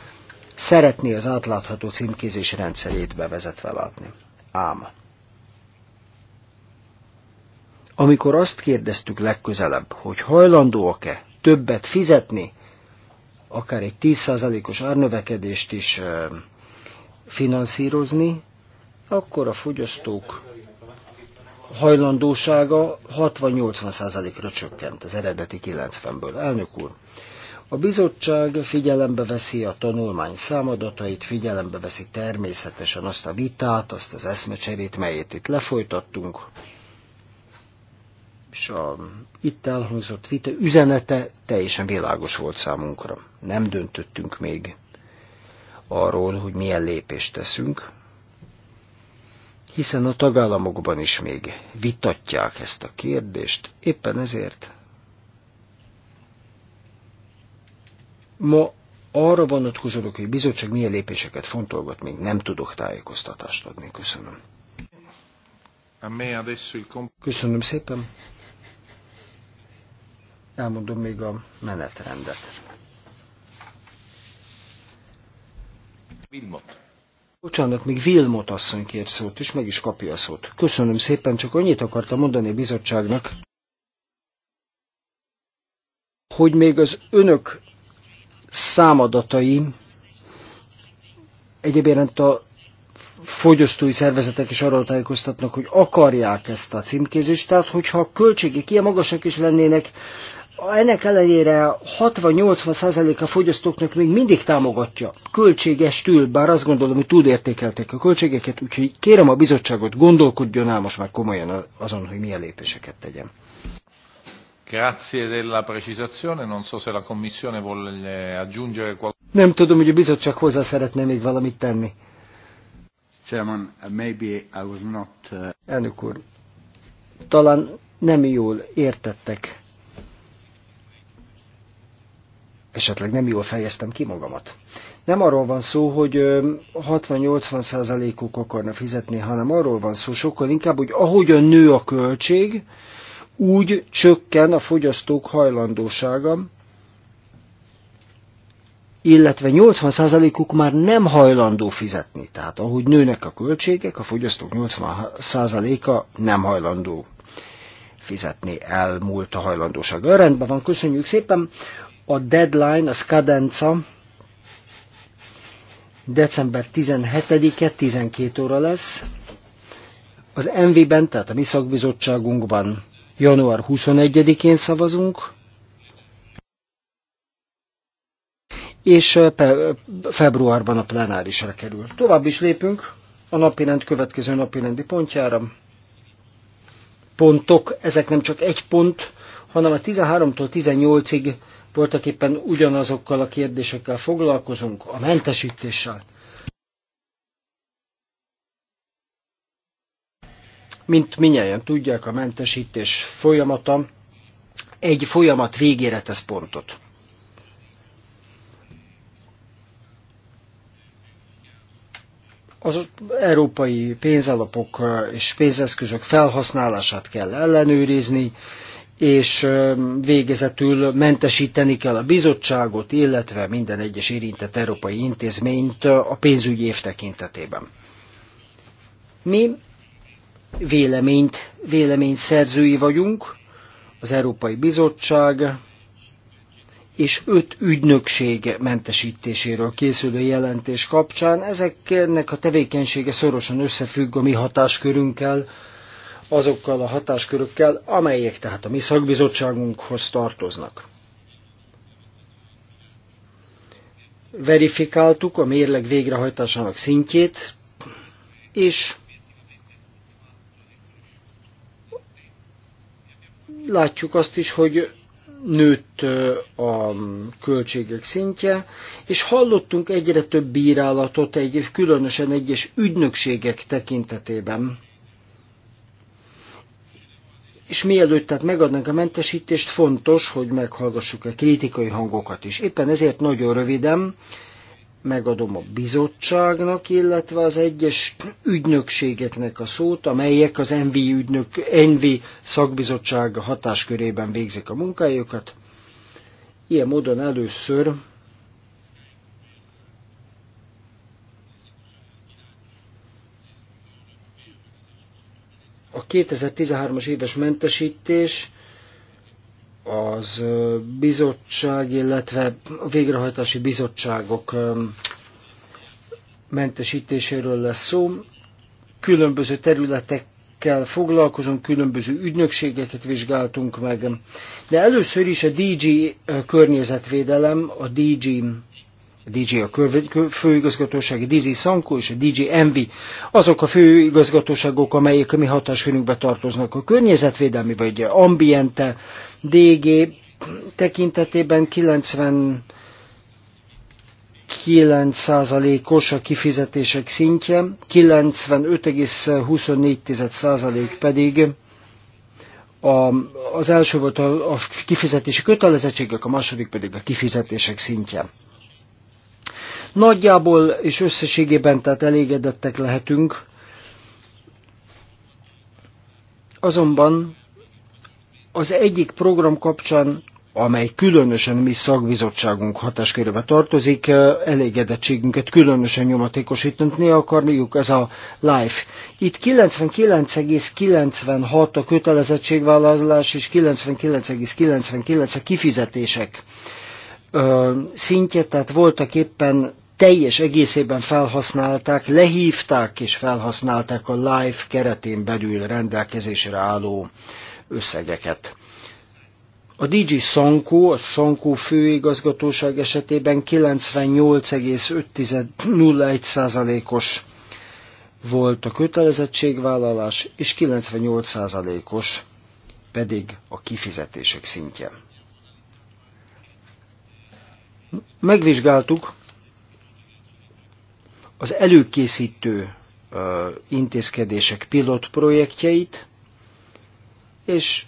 szeretné az átlátható címkézés rendszerét bevezetve látni. Ám. Amikor azt kérdeztük legközelebb, hogy hajlandóak-e többet fizetni, akár egy 10%-os árnövekedést is finanszírozni, akkor a fogyasztók hajlandósága 60-80%-ra csökkent az eredeti 90-ből. Elnök úr, a bizottság figyelembe veszi a tanulmány számadatait, figyelembe veszi természetesen azt a vitát, azt az eszmecserét, melyet itt lefolytattunk, és a itt elhangzott vita üzenete teljesen világos volt számunkra. Nem döntöttünk még arról, hogy milyen lépést teszünk, hiszen a tagállamokban is még vitatják ezt a kérdést, éppen ezért ma arra vonatkozolok, hogy a bizottság milyen lépéseket fontolgat, még nem tudok tájékoztatást adni. Köszönöm. Köszönöm szépen. Elmondom még a menetrendet. Vilmot. Bocsánat, még Vilmot asszony kér szót, és meg is kapja a szót. Köszönöm szépen, csak annyit akartam mondani a bizottságnak, hogy még az önök számadataim, egyébként a fogyasztói szervezetek is arról tájékoztatnak, hogy akarják ezt a címkézést, tehát hogyha a költségek ilyen magasak is lennének, ennek ellenére 60-80% a fogyasztóknak még mindig támogatja. Költségestül, bár azt gondolom, hogy túlértékelték a költségeket, úgyhogy kérem a bizottságot, gondolkodjon el most már komolyan azon, hogy milyen lépéseket tegyen. Grazie della precisazione, non so se la Commissione vuole aggiungere qualcosa. Nem tudom, hogy a bizottság hozzá szeretne még valamit tenni. Chairman, maybe I was not... Uh, Elnök úr, talán nem jól értettek esetleg nem jól fejeztem ki magamat. Nem arról van szó, hogy 60-80 százalékuk akarna fizetni, hanem arról van szó sokkal inkább, hogy a nő a költség, úgy csökken a fogyasztók hajlandósága, illetve 80%-uk már nem hajlandó fizetni. Tehát ahogy nőnek a költségek, a fogyasztók 80%-a nem hajlandó fizetni elmúlt a hajlandósága. Rendben van, köszönjük szépen. A deadline, a skadenca december 17-e 12 óra lesz. Az MV-ben, tehát a mi szakbizottságunkban január 21-én szavazunk, és februárban a plenárisra kerül. Tovább is lépünk a napirend következő napirendi pontjára. Pontok, ezek nem csak egy pont, hanem a 13-tól 18-ig voltak éppen ugyanazokkal a kérdésekkel foglalkozunk, a mentesítéssel. Mint minnyáján tudják, a mentesítés folyamata egy folyamat végére tesz pontot. az európai pénzalapok és pénzeszközök felhasználását kell ellenőrizni, és végezetül mentesíteni kell a bizottságot, illetve minden egyes érintett európai intézményt a pénzügyi év tekintetében. Mi véleményt, vélemény szerzői vagyunk, az Európai Bizottság és öt ügynökség mentesítéséről készülő jelentés kapcsán. Ezeknek a tevékenysége szorosan összefügg a mi hatáskörünkkel, azokkal a hatáskörökkel, amelyek tehát a mi szakbizottságunkhoz tartoznak. Verifikáltuk a mérleg végrehajtásának szintjét, és látjuk azt is, hogy nőtt a költségek szintje, és hallottunk egyre több bírálatot, egy, különösen egyes ügynökségek tekintetében, és mielőtt tehát megadnánk a mentesítést, fontos, hogy meghallgassuk a kritikai hangokat is. Éppen ezért nagyon röviden megadom a bizottságnak, illetve az egyes ügynökségeknek a szót, amelyek az NV, ügynök, NV szakbizottság hatáskörében végzik a munkájukat. Ilyen módon először 2013-as éves mentesítés az bizottság, illetve a végrehajtási bizottságok mentesítéséről lesz szó. Különböző területekkel foglalkozunk, különböző ügynökségeket vizsgáltunk meg. De először is a DG környezetvédelem, a DG DJ a főigazgatóság, a DJ Sanko és a DJ Envy, azok a főigazgatóságok, amelyek a mi hatáskörünkbe tartoznak. A környezetvédelmi vagy ambiente, DG tekintetében 90 9%-os a kifizetések szintje, 95,24% pedig a, az első volt a, a kifizetési kötelezettségek, a második pedig a kifizetések szintje. Nagyjából és összességében tehát elégedettek lehetünk, azonban az egyik program kapcsán, amely különösen mi szakbizottságunk hatáskörébe tartozik, elégedettségünket különösen nyomatékosítani akarjuk, ez a LIFE. Itt 99,96 a kötelezettségvállalás és 99,99 a kifizetések szintje, tehát voltak éppen teljes egészében felhasználták, lehívták és felhasználták a live keretén belül rendelkezésre álló összegeket. A DG Sanko, a Sanko főigazgatóság esetében 98501 os volt a kötelezettségvállalás, és 98%-os pedig a kifizetések szintje. Megvizsgáltuk az előkészítő intézkedések pilot projektjeit, és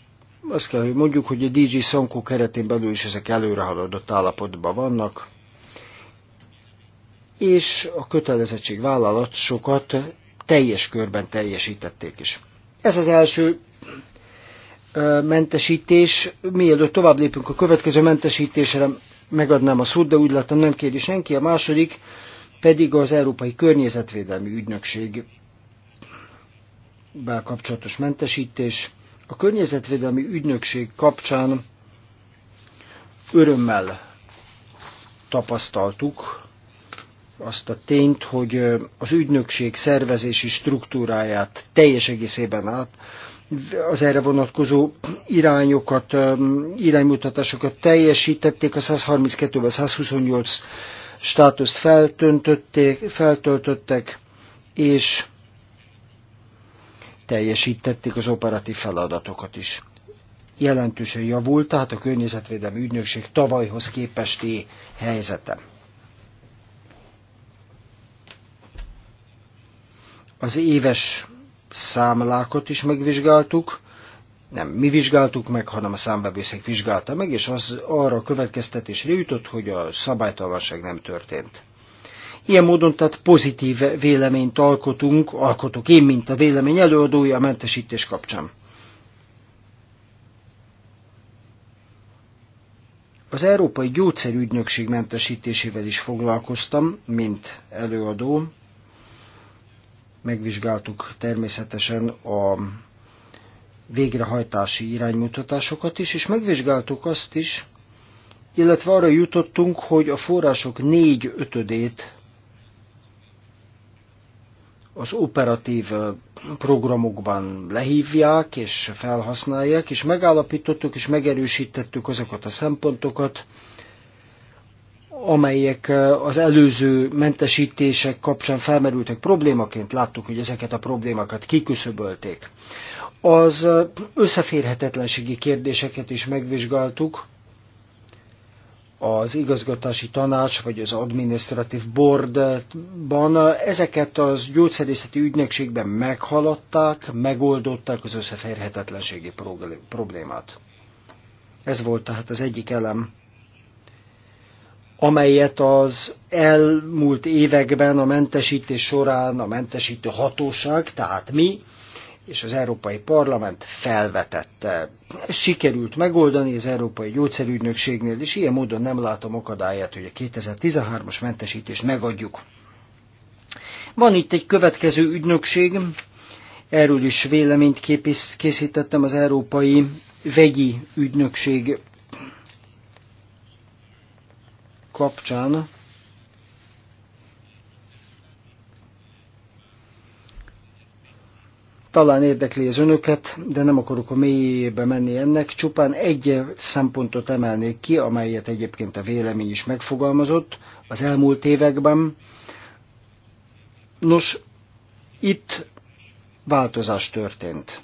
azt kell, hogy mondjuk, hogy a DG Sanko keretén belül is ezek előre haladott állapotban vannak, és a kötelezettségvállalat sokat teljes körben teljesítették is. Ez az első mentesítés. Mielőtt tovább lépünk a következő mentesítésre, megadnám a szót, de úgy láttam nem kéri senki. A második pedig az Európai Környezetvédelmi Ügynökség kapcsolatos mentesítés. A Környezetvédelmi Ügynökség kapcsán örömmel tapasztaltuk azt a tényt, hogy az ügynökség szervezési struktúráját teljes egészében át az erre vonatkozó irányokat, iránymutatásokat teljesítették, a 132-ben 128 státuszt feltöntötték, feltöltöttek, és teljesítették az operatív feladatokat is. Jelentősen javult tehát a környezetvédelmi ügynökség tavalyhoz képesti helyzete. Az éves számlákat is megvizsgáltuk, nem mi vizsgáltuk meg, hanem a számbevőszék vizsgálta meg, és az arra a következtetésre jutott, hogy a szabálytalanság nem történt. Ilyen módon tehát pozitív véleményt alkotunk, alkotok én, mint a vélemény előadója a mentesítés kapcsán. Az Európai Gyógyszerügynökség mentesítésével is foglalkoztam, mint előadó, megvizsgáltuk természetesen a végrehajtási iránymutatásokat is, és megvizsgáltuk azt is, illetve arra jutottunk, hogy a források négy ötödét az operatív programokban lehívják és felhasználják, és megállapítottuk és megerősítettük azokat a szempontokat, amelyek az előző mentesítések kapcsán felmerültek problémaként, láttuk, hogy ezeket a problémákat kiküszöbölték. Az összeférhetetlenségi kérdéseket is megvizsgáltuk, az igazgatási tanács vagy az administratív boardban. Ezeket az gyógyszerészeti ügynökségben meghaladták, megoldották az összeférhetetlenségi problémát. Ez volt tehát az egyik elem amelyet az elmúlt években a mentesítés során a mentesítő hatóság, tehát mi, és az Európai Parlament felvetette. Ez sikerült megoldani az Európai Gyógyszerügynökségnél, és ilyen módon nem látom akadályát, hogy a 2013-as mentesítést megadjuk. Van itt egy következő ügynökség, erről is véleményt készítettem az Európai Vegyi Ügynökség kapcsán talán érdekli az önöket, de nem akarok a mélyébe menni ennek, csupán egy szempontot emelnék ki, amelyet egyébként a vélemény is megfogalmazott az elmúlt években. Nos, itt változás történt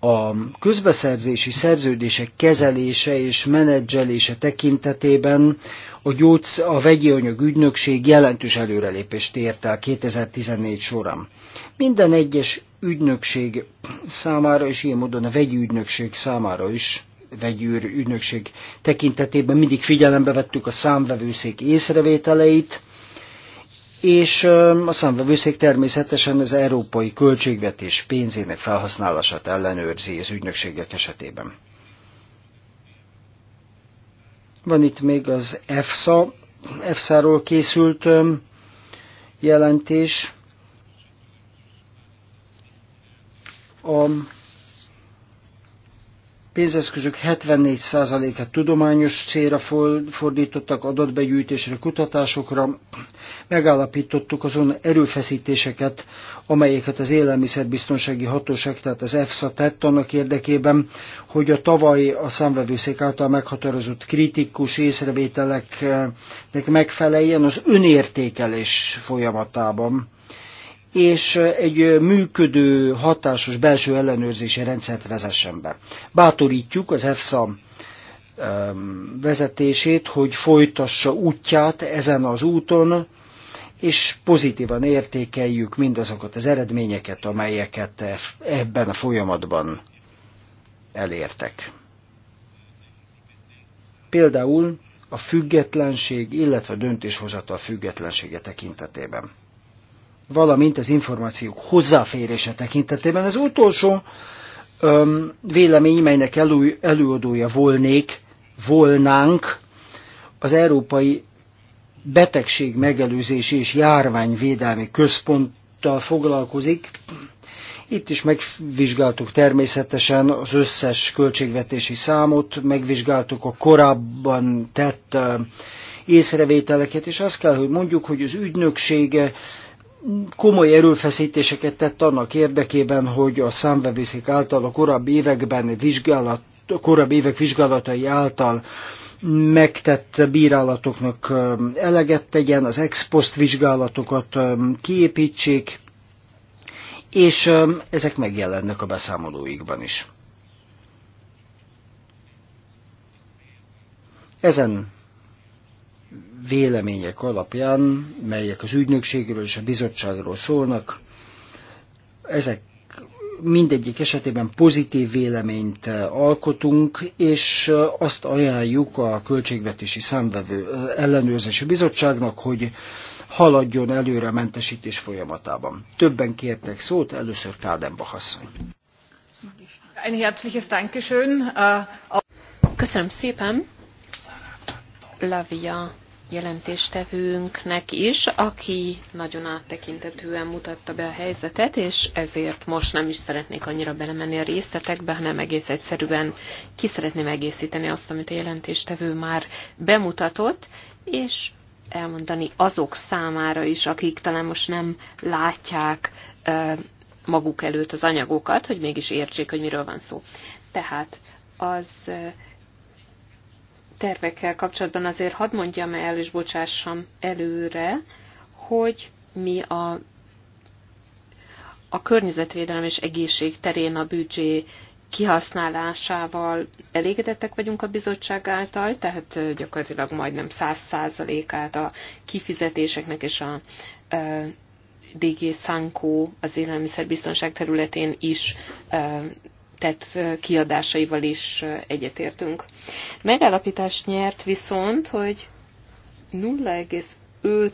a közbeszerzési szerződések kezelése és menedzselése tekintetében a, gyógysz, a vegyi anyag ügynökség jelentős előrelépést ért el 2014 során. Minden egyes ügynökség számára, és ilyen módon a vegyi ügynökség számára is, vegyűr ügynökség tekintetében mindig figyelembe vettük a számvevőszék észrevételeit, és a számvevőszék természetesen az európai költségvetés pénzének felhasználását ellenőrzi az ügynökségek esetében. Van itt még az EFSA, EFSA-ról készült jelentés. A pénzeszközök 74%-át tudományos célra fordítottak, adatbegyűjtésre, kutatásokra. Megállapítottuk azon erőfeszítéseket, amelyeket az Élelmiszerbiztonsági Hatóság, tehát az EFSA tett annak érdekében, hogy a tavaly a számvevőszék által meghatározott kritikus észrevételeknek megfeleljen az önértékelés folyamatában és egy működő, hatásos belső ellenőrzési rendszert vezessen be. Bátorítjuk az EFSA vezetését, hogy folytassa útját ezen az úton, és pozitívan értékeljük mindazokat az eredményeket, amelyeket e-, ebben a folyamatban elértek. Például a függetlenség, illetve a döntéshozatal függetlensége tekintetében valamint az információk hozzáférése tekintetében. Az utolsó öm, vélemény, melynek elő, előadója volnék, volnánk, az Európai Betegség Megelőzési és Járványvédelmi Központtal foglalkozik. Itt is megvizsgáltuk természetesen az összes költségvetési számot, megvizsgáltuk a korábban tett észrevételeket, és azt kell, hogy mondjuk, hogy az ügynöksége komoly erőfeszítéseket tett annak érdekében, hogy a számvevőszék által a korábbi években vizsgálat, korábbi évek vizsgálatai által megtett bírálatoknak eleget tegyen, az ex post vizsgálatokat kiépítsék, és ezek megjelennek a beszámolóikban is. Ezen vélemények alapján, melyek az ügynökségről és a bizottságról szólnak, ezek mindegyik esetében pozitív véleményt eh, alkotunk, és eh, azt ajánljuk a Költségvetési Számvevő eh, Ellenőrzési Bizottságnak, hogy haladjon előre a mentesítés folyamatában. Többen kértek szót, először Kádenbach asszony. Dankeschön. Äh, Köszönöm szépen. Lavia jelentéstevőnknek is, aki nagyon áttekintetően mutatta be a helyzetet, és ezért most nem is szeretnék annyira belemenni a részletekbe, hanem egész egyszerűen ki szeretném egészíteni azt, amit a jelentéstevő már bemutatott, és elmondani azok számára is, akik talán most nem látják maguk előtt az anyagokat, hogy mégis értsék, hogy miről van szó. Tehát az tervekkel kapcsolatban azért hadd mondjam el, és bocsássam előre, hogy mi a, a környezetvédelem és egészség terén a büdzsé kihasználásával elégedettek vagyunk a bizottság által, tehát gyakorlatilag majdnem 100%-át a kifizetéseknek és a DG Sankó az élelmiszerbiztonság területén is tett kiadásaival is egyetértünk. Megállapítást nyert viszont, hogy 0,5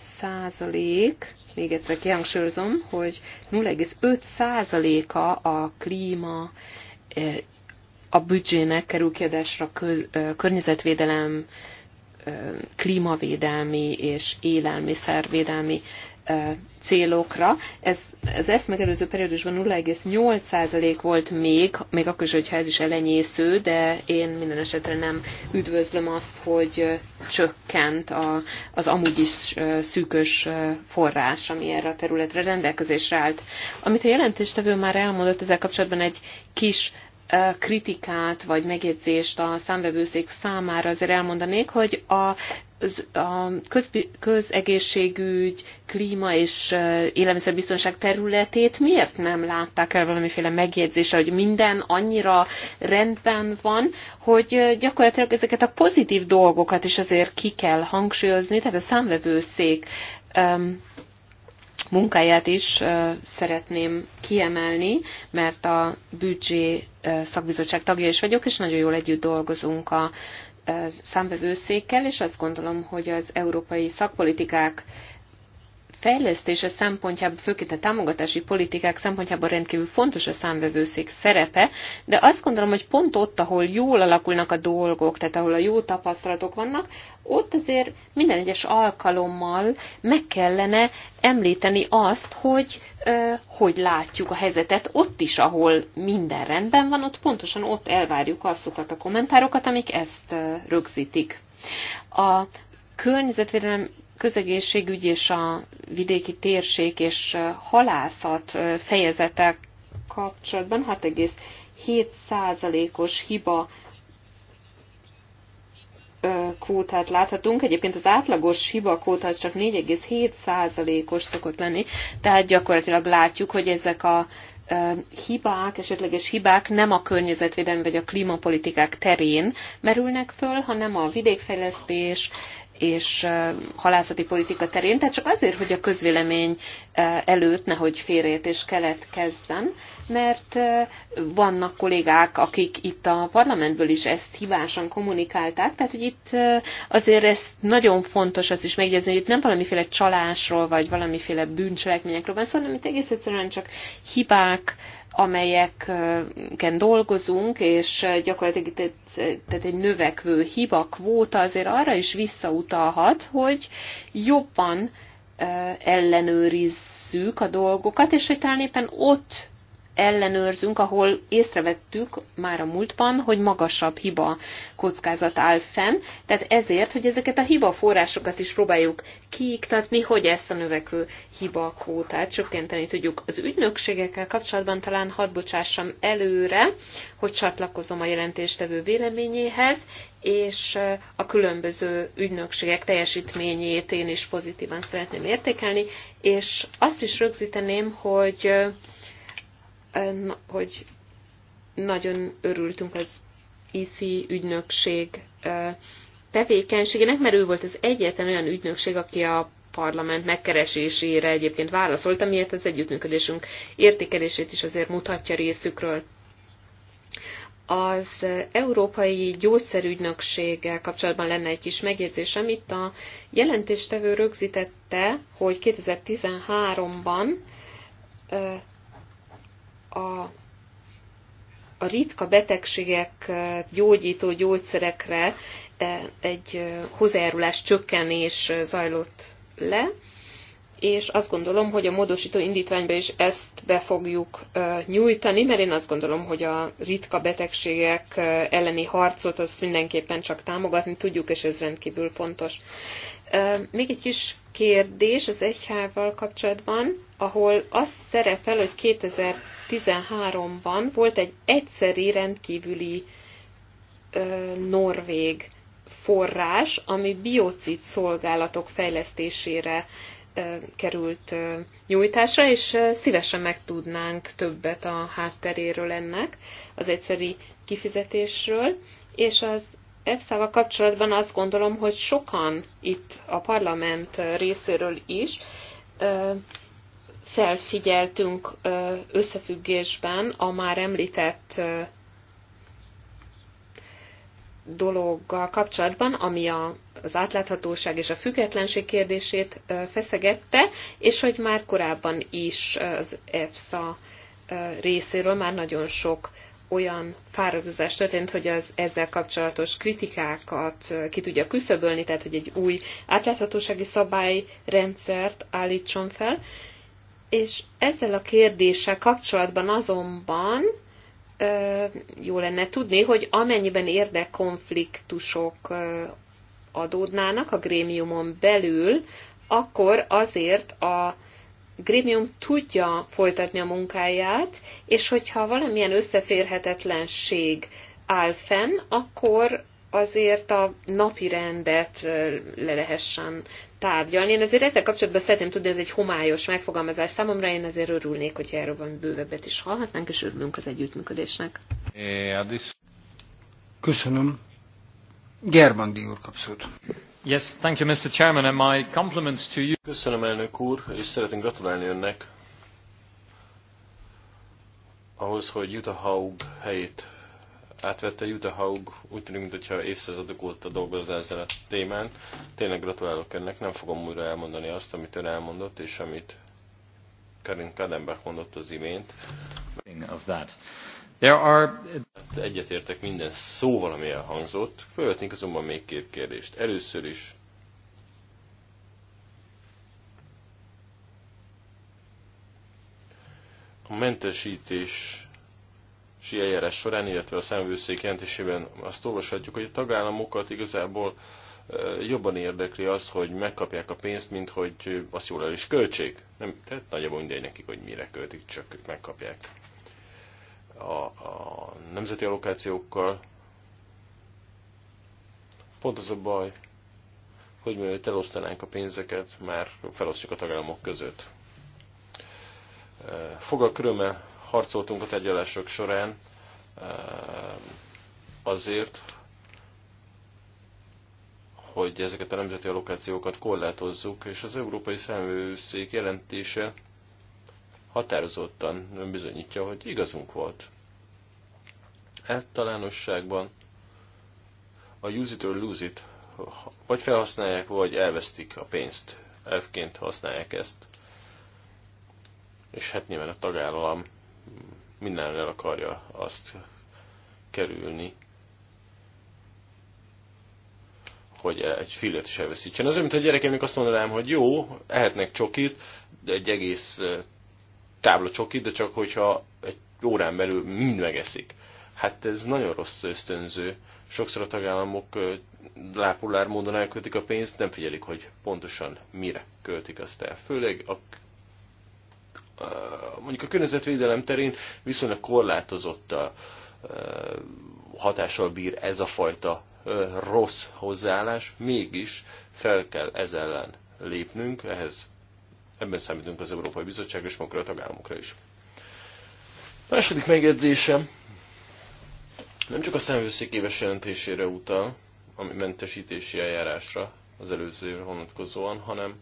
százalék, még egyszer kihangsúlyozom, hogy 0,5 százaléka a klíma a büdzsének kerül kiadásra környezetvédelem, klímavédelmi és élelmiszervédelmi célokra. Ez, az ezt megelőző periódusban 0,8% volt még, még akkor is, hogyha ez is elenyésző, de én minden esetre nem üdvözlöm azt, hogy csökkent a, az amúgy is szűkös forrás, ami erre a területre rendelkezésre állt. Amit a jelentéstevő már elmondott, ezzel kapcsolatban egy kis kritikát vagy megjegyzést a számvevőszék számára azért elmondanék, hogy a a közegészségügy, klíma és élelmiszerbiztonság területét miért nem látták el valamiféle megjegyzése, hogy minden annyira rendben van, hogy gyakorlatilag ezeket a pozitív dolgokat is azért ki kell hangsúlyozni, tehát a számvevőszék munkáját is szeretném kiemelni, mert a büdzsé szakbizottság tagja is vagyok, és nagyon jól együtt dolgozunk a számbevőszékkel, és azt gondolom, hogy az európai szakpolitikák fejlesztése szempontjából, főként a támogatási politikák szempontjából rendkívül fontos a számvevőszék szerepe, de azt gondolom, hogy pont ott, ahol jól alakulnak a dolgok, tehát ahol a jó tapasztalatok vannak, ott azért minden egyes alkalommal meg kellene említeni azt, hogy ö, hogy látjuk a helyzetet ott is, ahol minden rendben van, ott pontosan ott elvárjuk azokat a kommentárokat, amik ezt rögzítik. A környezetvédelem közegészségügy és a vidéki térség és halászat fejezetek kapcsolatban 6,7%-os hiba kvótát láthatunk. Egyébként az átlagos hiba kvóta az csak 4,7%-os szokott lenni, tehát gyakorlatilag látjuk, hogy ezek a hibák, esetleges hibák nem a környezetvédelmi vagy a klímapolitikák terén merülnek föl, hanem a vidékfejlesztés, és halászati politika terén, tehát csak azért, hogy a közvélemény előtt nehogy félreértés keletkezzen, mert vannak kollégák, akik itt a parlamentből is ezt hibásan kommunikálták, tehát hogy itt azért ez nagyon fontos azt is megjegyezni, hogy itt nem valamiféle csalásról, vagy valamiféle bűncselekményekről van szó, hanem itt egész egyszerűen csak hibák, amelyeken dolgozunk, és gyakorlatilag tehát egy növekvő hiba kvóta azért arra is visszautalhat, hogy jobban ellenőrizzük a dolgokat, és hogy talán éppen ott ellenőrzünk, ahol észrevettük már a múltban, hogy magasabb hiba kockázat áll fenn, tehát ezért, hogy ezeket a hiba forrásokat is próbáljuk kiiktatni, hogy ezt a növekvő hiba kvótát csökkenteni tudjuk. Az ügynökségekkel kapcsolatban talán hadd bocsássam előre, hogy csatlakozom a jelentéstevő véleményéhez, és a különböző ügynökségek teljesítményét én is pozitívan szeretném értékelni, és azt is rögzíteném, hogy hogy nagyon örültünk az ICI ügynökség tevékenységének, mert ő volt az egyetlen olyan ügynökség, aki a parlament megkeresésére egyébként válaszolt, amiért az együttműködésünk értékelését is azért mutatja részükről. Az Európai Gyógyszerügynökséggel kapcsolatban lenne egy kis megjegyzés, amit a jelentéstevő rögzítette, hogy 2013-ban a, a ritka betegségek gyógyító gyógyszerekre egy hozzájárulás csökkenés zajlott le, és azt gondolom, hogy a módosító indítványba is ezt be fogjuk nyújtani, mert én azt gondolom, hogy a ritka betegségek elleni harcot azt mindenképpen csak támogatni tudjuk, és ez rendkívül fontos. Még egy kis kérdés az egyhával kapcsolatban, ahol az szerepel, hogy 2000 2013-ban volt egy egyszeri rendkívüli ö, norvég forrás, ami biocid szolgálatok fejlesztésére került nyújtásra, és szívesen megtudnánk többet a hátteréről ennek, az egyszeri kifizetésről, és az EFSA-val kapcsolatban azt gondolom, hogy sokan itt a parlament részéről is felfigyeltünk összefüggésben a már említett dologgal kapcsolatban, ami a, az átláthatóság és a függetlenség kérdését feszegette, és hogy már korábban is az EFSA részéről már nagyon sok olyan fáradozás történt, hogy az ezzel kapcsolatos kritikákat ki tudja küszöbölni, tehát hogy egy új átláthatósági szabályrendszert állítson fel, és ezzel a kérdéssel kapcsolatban azonban ö, jó lenne tudni, hogy amennyiben érdekkonfliktusok ö, adódnának a grémiumon belül, akkor azért a grémium tudja folytatni a munkáját, és hogyha valamilyen összeférhetetlenség áll fenn, akkor azért a napi rendet le lehessen tárgyalni. Én azért ezzel kapcsolatban szeretném tudni, ez egy homályos megfogalmazás számomra, én azért örülnék, hogyha erről van bővebbet is hallhatnánk, és örülünk az együttműködésnek. Hát Köszönöm. Germandi úr kapszót. Yes, thank you, Mr. Chairman, and my compliments to you. Köszönöm, elnök úr, és szeretnénk gratulálni önnek ahhoz, hogy Jutta Haug helyét átvette Jutta Haug, úgy tűnik, mintha évszázadok óta dolgozna ezzel a témán. Tényleg gratulálok ennek, nem fogom újra elmondani azt, amit ön elmondott, és amit Karin Kadenbach mondott az imént. Of that. There are... Hát egyetértek minden szóval, ami elhangzott. Fölvetnénk azonban még két kérdést. Először is a mentesítés si eljárás során, illetve a számvőszék jelentésében azt olvashatjuk, hogy a tagállamokat igazából e, jobban érdekli az, hogy megkapják a pénzt, mint hogy azt jól el is költsék. Nem, tehát nagyjából mindegy nekik, hogy mire költik, csak megkapják. A, a nemzeti allokációkkal pont az a baj, hogy mielőtt elosztanánk a pénzeket, már felosztjuk a tagállamok között. E, fog a harcoltunk a tárgyalások során eh, azért, hogy ezeket a nemzeti allokációkat korlátozzuk, és az Európai Számvőszék jelentése határozottan bizonyítja, hogy igazunk volt. Eltalánosságban a use it or lose it, vagy felhasználják, vagy elvesztik a pénzt. Elfként használják ezt. És hát nyilván a tagállam minden el akarja azt kerülni, hogy egy fillet is elveszítsen. Az olyan, mint a gyerekemnek azt mondanám, hogy jó, ehetnek csokit, de egy egész tábla csokit, de csak hogyha egy órán belül mind megeszik. Hát ez nagyon rossz ösztönző. Sokszor a tagállamok lápulár módon elköltik a pénzt, nem figyelik, hogy pontosan mire költik azt el. Főleg a mondjuk a környezetvédelem terén viszonylag korlátozott a hatással bír ez a fajta rossz hozzáállás, mégis fel kell ez ellen lépnünk, ehhez ebben számítunk az Európai Bizottság és magukra a tagállamokra is. A második megjegyzésem nem csak a szemvőszék éves jelentésére utal, ami mentesítési eljárásra az előző vonatkozóan, hanem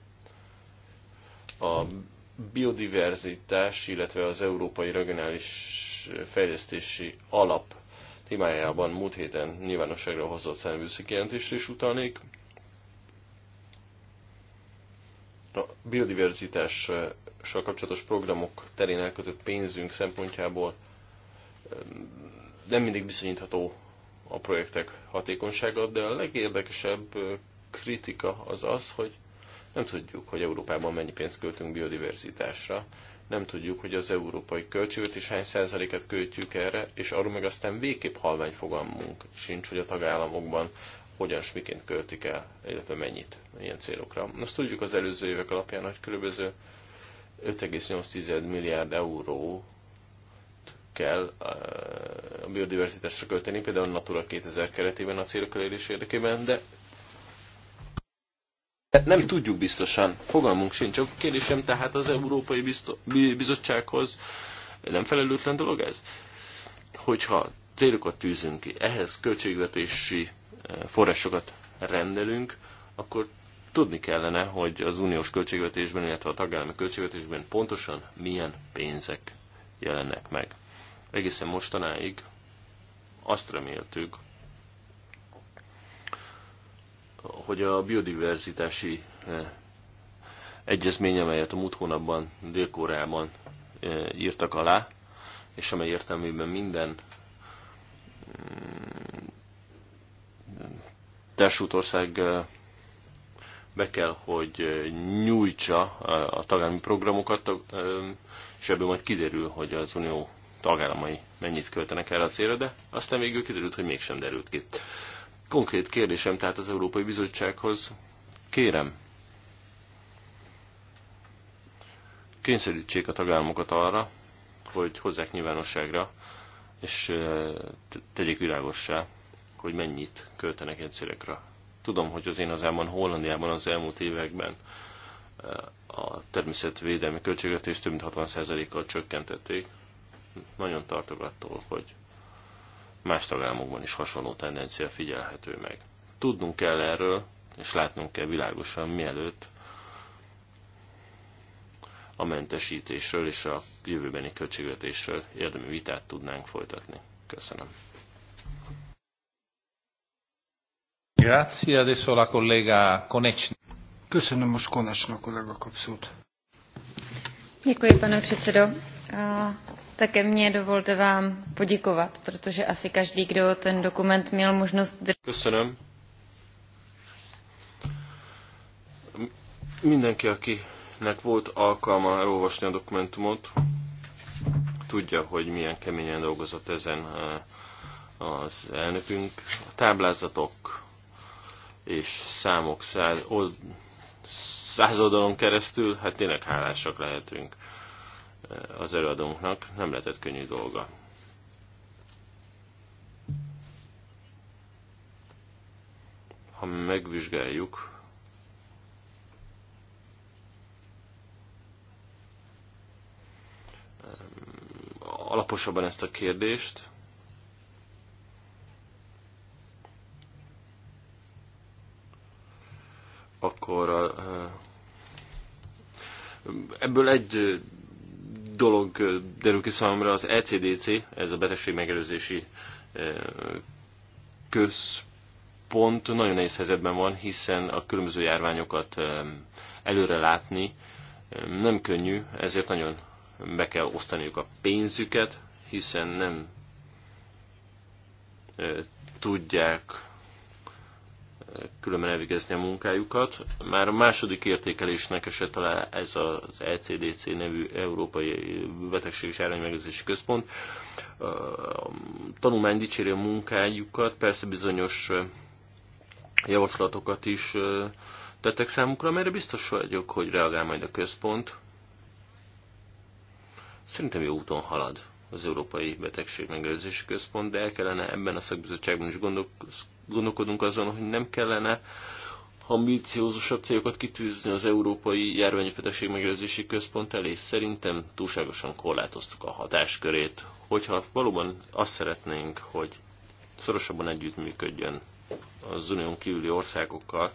a biodiverzitás, illetve az Európai Regionális Fejlesztési Alap témájában múlt héten nyilvánosságra hozott szemvűszi jelentést is utalnék. A biodiverzitással kapcsolatos programok terén elkötött pénzünk szempontjából nem mindig bizonyítható a projektek hatékonysága, de a legérdekesebb kritika az az, hogy nem tudjuk, hogy Európában mennyi pénzt költünk biodiverzitásra, nem tudjuk, hogy az európai is hány százaléket költjük erre, és arról meg aztán végképp halvány fogalmunk sincs, hogy a tagállamokban hogyan és miként költik el, illetve mennyit ilyen célokra. Azt tudjuk az előző évek alapján, hogy körülbelül 5,8 milliárd euró kell eh, a biodiverzitásra költeni, például a Natura 2000 keretében a célok elérés érdekében, de nem tudjuk biztosan, fogalmunk sincs. csak kérdésem tehát az Európai Bizottsághoz nem felelőtlen dolog ez? Hogyha célokat tűzünk ki, ehhez költségvetési eh, forrásokat rendelünk, akkor tudni kellene, hogy az uniós költségvetésben, illetve a tagállami költségvetésben pontosan milyen pénzek jelennek meg. Egészen mostanáig azt reméltük, hogy a biodiverzitási eh, egyezmény, amelyet a múlt hónapban Dél-Koreában eh, írtak alá, és amely értelmében minden mm, társult eh, be kell, hogy nyújtsa a tagállami programokat, és ebből majd kiderül, hogy az unió tagállamai mennyit költenek erre a célra, de aztán végül kiderült, hogy mégsem derült ki. Konkrét kérdésem tehát az Európai Bizottsághoz. Kérem, kényszerítsék a tagállamokat arra, hogy hozzák nyilvánosságra, és tegyék világossá, hogy mennyit költenek ilyen célekra. Tudom, hogy az én hazámban, Hollandiában az elmúlt években a természetvédelmi költségvetést több mint 60%-kal csökkentették. Nagyon tartok attól, hogy Más tagállamokban is hasonló tendencia figyelhető meg. Tudnunk kell erről, és látnunk kell világosan, mielőtt a mentesítésről és a jövőbeni költségvetésről érdemi vitát tudnánk folytatni. Köszönöm. Grazie, adesso la collega Konecny. Köszönöm, most Konecsnak, kollega kapszót. szót. Děkuji, pane předsedo také mně dovolte vám poděkovat, protože asi každý, kdo ten dokument měl možnost... Köszönöm. Mindenki, akinek volt alkalma elolvasni a dokumentumot, tudja, hogy milyen keményen dolgozott ezen eh, az elnökünk. A táblázatok és számok száz, old, száz oldalon keresztül, hát tényleg hálásak lehetünk az előadónknak nem lehetett könnyű dolga. Ha megvizsgáljuk, ehm, alaposabban ezt a kérdést, akkor a, eh, ebből egy dolog derül ki számomra, az ECDC, ez a betegség megelőzési központ nagyon nehéz helyzetben van, hiszen a különböző járványokat előre látni nem könnyű, ezért nagyon be kell osztaniuk a pénzüket, hiszen nem tudják különben elvégezni a munkájukat. Már a második értékelésnek esett alá ez az ECDC nevű Európai Betegség és Árványmegőrzési Központ. A tanulmány dicséri a munkájukat, persze bizonyos javaslatokat is tettek számukra, amelyre biztos vagyok, hogy reagál majd a központ. Szerintem jó úton halad az Európai Betegség Megelőzési Központ, de el kellene ebben a szakbizottságban is gondolkodunk azon, hogy nem kellene ambíciózusabb célokat kitűzni az Európai Járványos Betegség Megelőzési Központ elé. Szerintem túlságosan korlátoztuk a hatáskörét, hogyha valóban azt szeretnénk, hogy szorosabban együttműködjön az unión kívüli országokkal,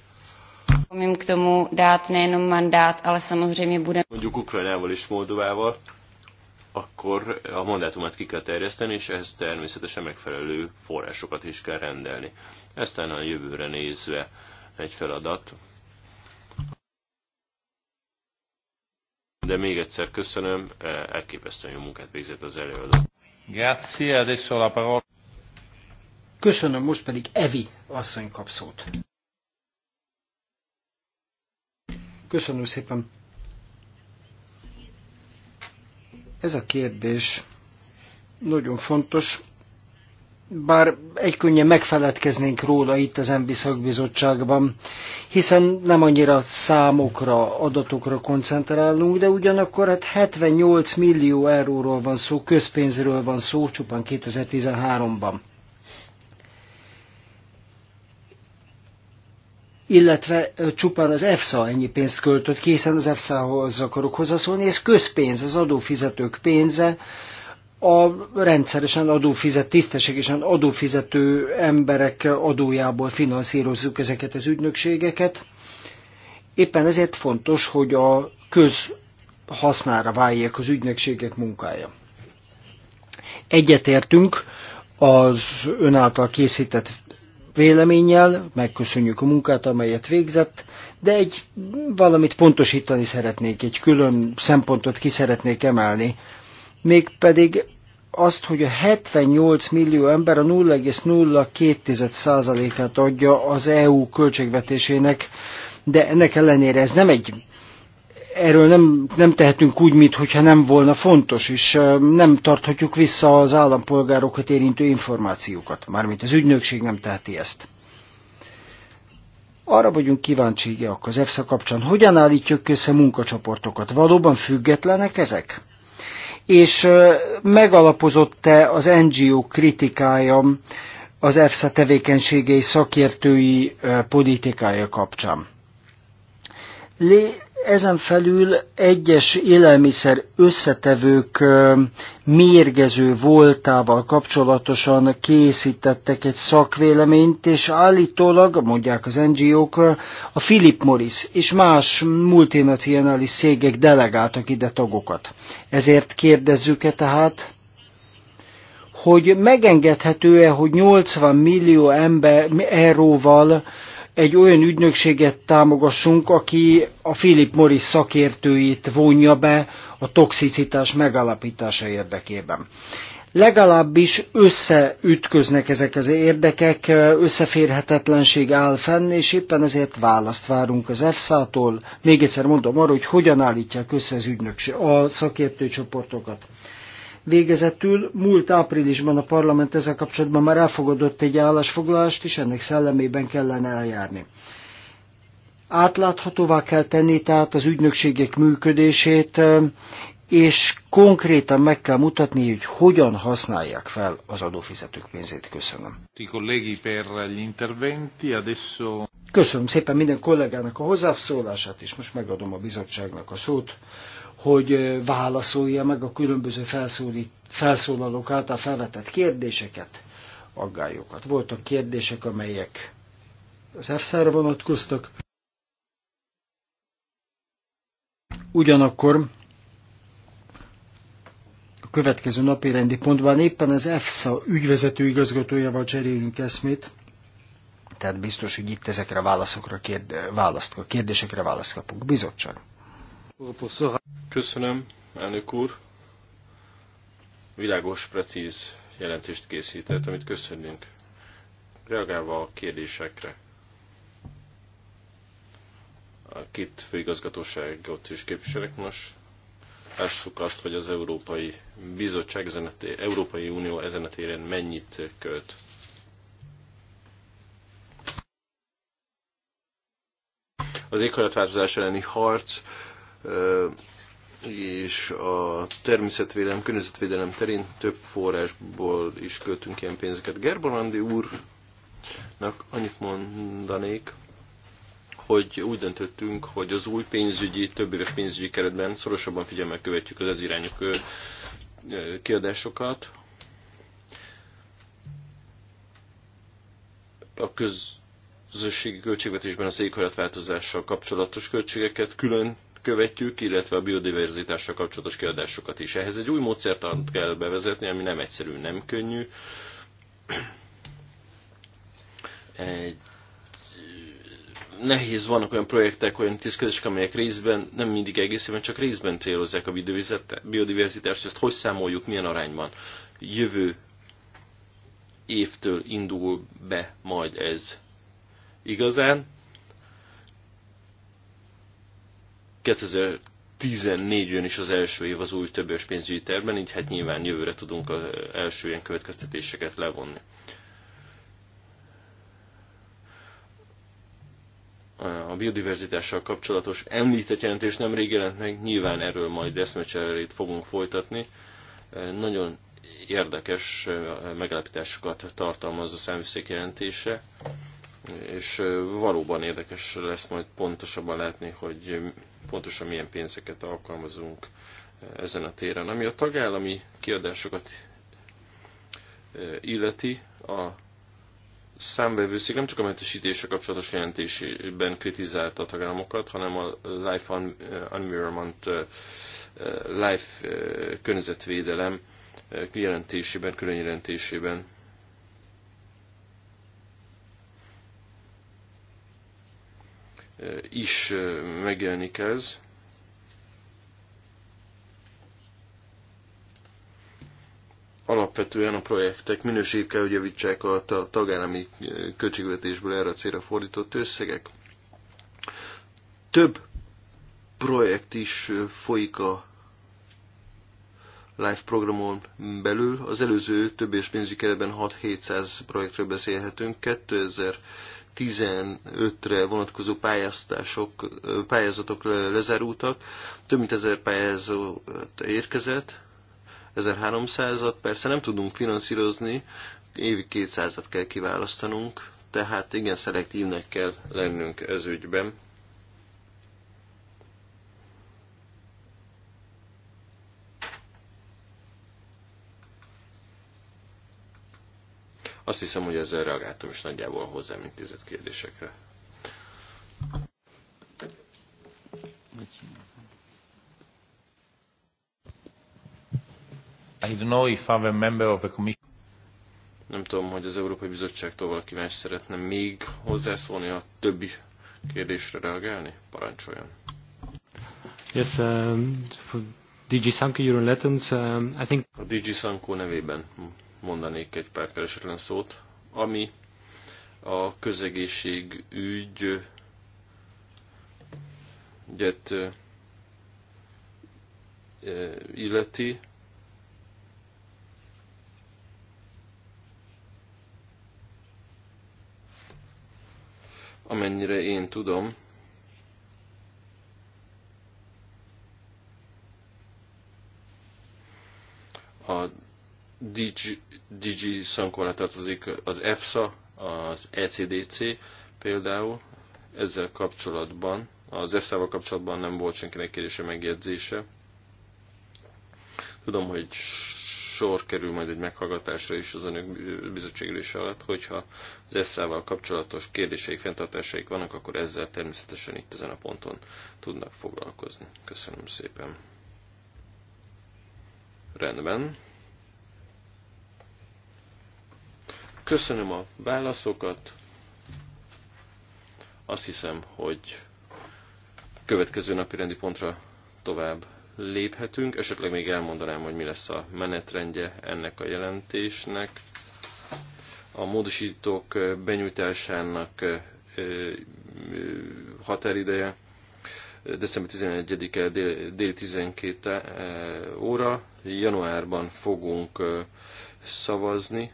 Mondjuk Ukrajnával és Moldovával, akkor a mandátumát ki kell terjeszteni, és ehhez természetesen megfelelő forrásokat is kell rendelni. Ezt a jövőre nézve egy feladat. De még egyszer köszönöm, e, elképesztően jó munkát végzett az előadó. Grazie, adesso la parola. Köszönöm, most pedig Evi asszony kap szót. Köszönöm szépen. Ez a kérdés nagyon fontos, bár egy könnyen megfeledkeznénk róla itt az MB szakbizottságban, hiszen nem annyira számokra, adatokra koncentrálunk, de ugyanakkor hát 78 millió euróról van szó, közpénzről van szó, csupán 2013-ban. illetve csupán az EFSA ennyi pénzt költött, készen az EFSA-hoz akarok hozzászólni, ez közpénz, az adófizetők pénze, a rendszeresen adófizet, tisztességesen adófizető emberek adójából finanszírozzuk ezeket az ügynökségeket. Éppen ezért fontos, hogy a köz hasznára váljék az ügynökségek munkája. Egyetértünk az önáltal készített véleménnyel, megköszönjük a munkát, amelyet végzett, de egy valamit pontosítani szeretnék, egy külön szempontot ki szeretnék emelni, mégpedig azt, hogy a 78 millió ember a 0,02%-át adja az EU költségvetésének, de ennek ellenére ez nem egy erről nem, nem tehetünk úgy, mintha nem volna fontos, és nem tarthatjuk vissza az állampolgárokat érintő információkat, mármint az ügynökség nem teheti ezt. Arra vagyunk kíváncsiak az EFSA kapcsán, hogyan állítjuk össze munkacsoportokat. Valóban függetlenek ezek? És megalapozott-e az NGO kritikája az EFSA tevékenységei szakértői politikája kapcsán? lé, ezen felül egyes élelmiszer összetevők mérgező voltával kapcsolatosan készítettek egy szakvéleményt, és állítólag, mondják az NGO-k, a Philip Morris és más multinacionális szégek delegáltak ide tagokat. Ezért kérdezzük-e tehát, hogy megengedhető-e, hogy 80 millió ember euróval egy olyan ügynökséget támogassunk, aki a Philip Morris szakértőit vonja be a toxicitás megalapítása érdekében. Legalábbis összeütköznek ezek az érdekek, összeférhetetlenség áll fenn, és éppen ezért választ várunk az EFSA-tól. Még egyszer mondom arra, hogy hogyan állítják össze az ügynökség, a szakértőcsoportokat. Végezetül múlt áprilisban a parlament ezzel kapcsolatban már elfogadott egy állásfoglalást, és ennek szellemében kellene eljárni. Átláthatóvá kell tenni tehát az ügynökségek működését, és konkrétan meg kell mutatni, hogy hogyan használják fel az adófizetők pénzét. Köszönöm. Köszönöm szépen minden kollégának a hozzászólását, és most megadom a bizottságnak a szót, hogy válaszolja meg a különböző felszólít, felszólalók által felvetett kérdéseket, aggályokat. Voltak kérdések, amelyek az EFSZ-re vonatkoztak. Ugyanakkor a következő napi rendi pontban éppen az EFSA ügyvezető igazgatójával cserélünk eszmét, tehát biztos, hogy itt ezekre a válaszokra kérd, választ, kérdésekre választ kapunk. Bizottság. Köszönöm, elnök úr. Világos, precíz jelentést készített, amit köszönünk. Reagálva a kérdésekre. A két főigazgatóságot is képviselek most. Lássuk azt, hogy az Európai Bizottság, ezen, Európai Unió ezen a téren mennyit költ. Az éghajlatváltozás elleni harc és a természetvédelem, környezetvédelem terén több forrásból is költünk ilyen pénzeket. Gerbrandi úrnak annyit mondanék, hogy úgy döntöttünk, hogy az új pénzügyi, több éves pénzügyi keretben szorosabban figyelmel követjük az ez irányú kiadásokat. A közösségi költségvetésben az éghajlatváltozással kapcsolatos költségeket külön követjük, illetve a biodiverzitással kapcsolatos kiadásokat is. Ehhez egy új módszertant kell bevezetni, ami nem egyszerű, nem könnyű. Egy nehéz, vannak olyan projektek, olyan intézkedések, amelyek részben, nem mindig egészében, csak részben célozzák a biodiverzitást, ezt hogy számoljuk, milyen arányban. Jövő évtől indul be majd ez igazán. 2014-ön is az első év az új többős pénzügyi tervben, így hát nyilván jövőre tudunk az első ilyen következtetéseket levonni. a biodiverzitással kapcsolatos említett jelentés rég jelent meg, nyilván erről majd eszmecserét fogunk folytatni. Nagyon érdekes megállapításokat tartalmaz a számviszék jelentése, és valóban érdekes lesz majd pontosabban látni, hogy pontosan milyen pénzeket alkalmazunk eh, ezen a téren. Ami a tagállami kiadásokat eh, illeti, a számvevőszék nem csak a mentesítése kapcsolatos jelentésében kritizálta a tagállamokat, hanem a Life eh, Environment, Life környezetvédelem jelentésében, külön jelentésében is megjelenik ez. Alapvetően a projektek minőségét kell, hogy javítsák a tagállami költségvetésből erre a célra fordított összegek. Több projekt is folyik a live programon belül. Az előző több és pénzügyi keretben 6-700 projektről beszélhetünk. 2000 2015-re vonatkozó pályázatok, pályázatok lezárultak, több mint ezer pályázó érkezett, 1300-at persze nem tudunk finanszírozni, évi 200-at kell kiválasztanunk, tehát igen szelektívnek kell lennünk ez ügyben. Azt hiszem, hogy ezzel reagáltam is nagyjából hozzám tizet kérdésekre. I don't know if I'm a member of a commission. Nem tudom, hogy az Európai Bizottságtól valaki más szeretne még hozzászólni a többi kérdésre reagálni? Parancsoljon. Yes, um, for DG Sanko Eurolatens, um, I think... A DG Sanko nevében hm mondanék egy pár keresetlen szót, ami a közegészségügy ügyet illeti. Amennyire én tudom, a DG, DG tartozik az EFSA, az ECDC például. Ezzel kapcsolatban, az EFSA-val kapcsolatban nem volt senkinek kérdése, megjegyzése. Tudom, hogy sor kerül majd egy meghallgatásra is az önök bizottségülése alatt, hogyha az EFSA-val kapcsolatos kérdéseik, fenntartásaik vannak, akkor ezzel természetesen itt ezen a ponton tudnak foglalkozni. Köszönöm szépen. Rendben. Köszönöm a válaszokat. Azt hiszem, hogy következő napi rendi pontra tovább léphetünk. Esetleg még elmondanám, hogy mi lesz a menetrendje ennek a jelentésnek. A módosítók benyújtásának határideje december 11-e dél, dél 12 óra. Januárban fogunk szavazni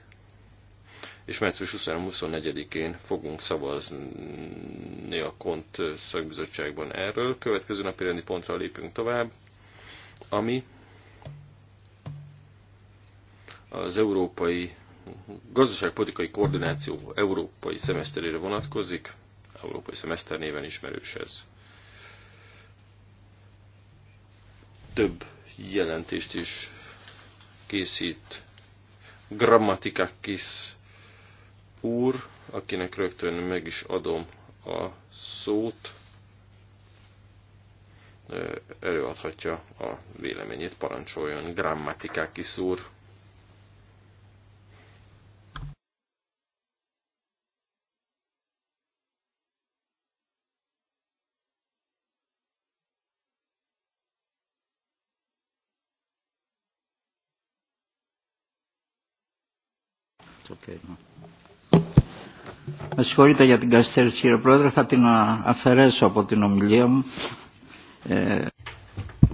és március 23-24-én fogunk szavazni a KONT szakbizottságban erről. Következő napi rendi pontra lépünk tovább, ami az európai gazdaságpolitikai koordináció európai szemeszterére vonatkozik, európai szemeszter néven ismerős ez. Több jelentést is készít Grammatikakis úr, akinek rögtön meg is adom a szót, előadhatja a véleményét, parancsoljon. Grammatikákis úr. Okay. Με συγχωρείτε για την καθυστέρηση κύριε Πρόεδρε, θα την αφαιρέσω από την ομιλία μου. Ε...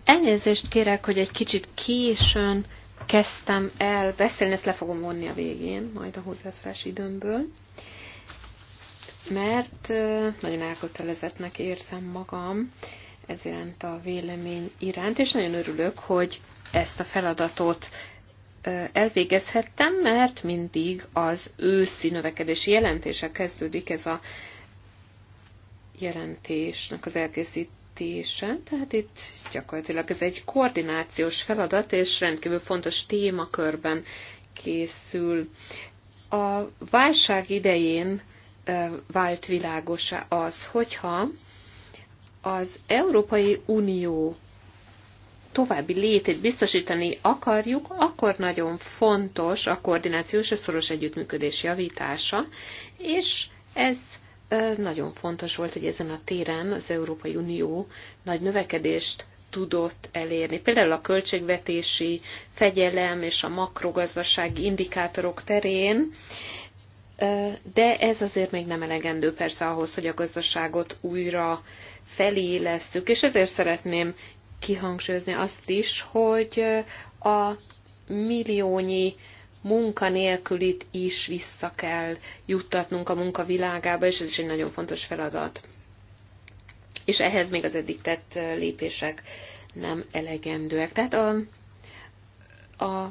Elnézést kérek, hogy egy kicsit későn kezdtem el beszélni, ezt le fogom vonni a végén, majd a hozzászólás időmből, mert nagyon elkötelezettnek érzem magam ez iránt a vélemény iránt, és nagyon örülök, hogy ezt a feladatot elvégezhettem, mert mindig az őszi növekedési jelentése kezdődik ez a jelentésnek az elkészítése. Tehát itt gyakorlatilag ez egy koordinációs feladat, és rendkívül fontos témakörben készül. A válság idején vált világosa az, hogyha az Európai Unió további létét biztosítani akarjuk, akkor nagyon fontos a koordinációs és szoros együttműködés javítása, és ez nagyon fontos volt, hogy ezen a téren az Európai Unió nagy növekedést tudott elérni. Például a költségvetési fegyelem és a makrogazdasági indikátorok terén, de ez azért még nem elegendő persze ahhoz, hogy a gazdaságot újra felélesszük, és ezért szeretném kihangsúlyozni azt is, hogy a milliónyi munkanélkülit is vissza kell juttatnunk a munkavilágába, és ez is egy nagyon fontos feladat. És ehhez még az eddig tett lépések nem elegendőek. Tehát a, a,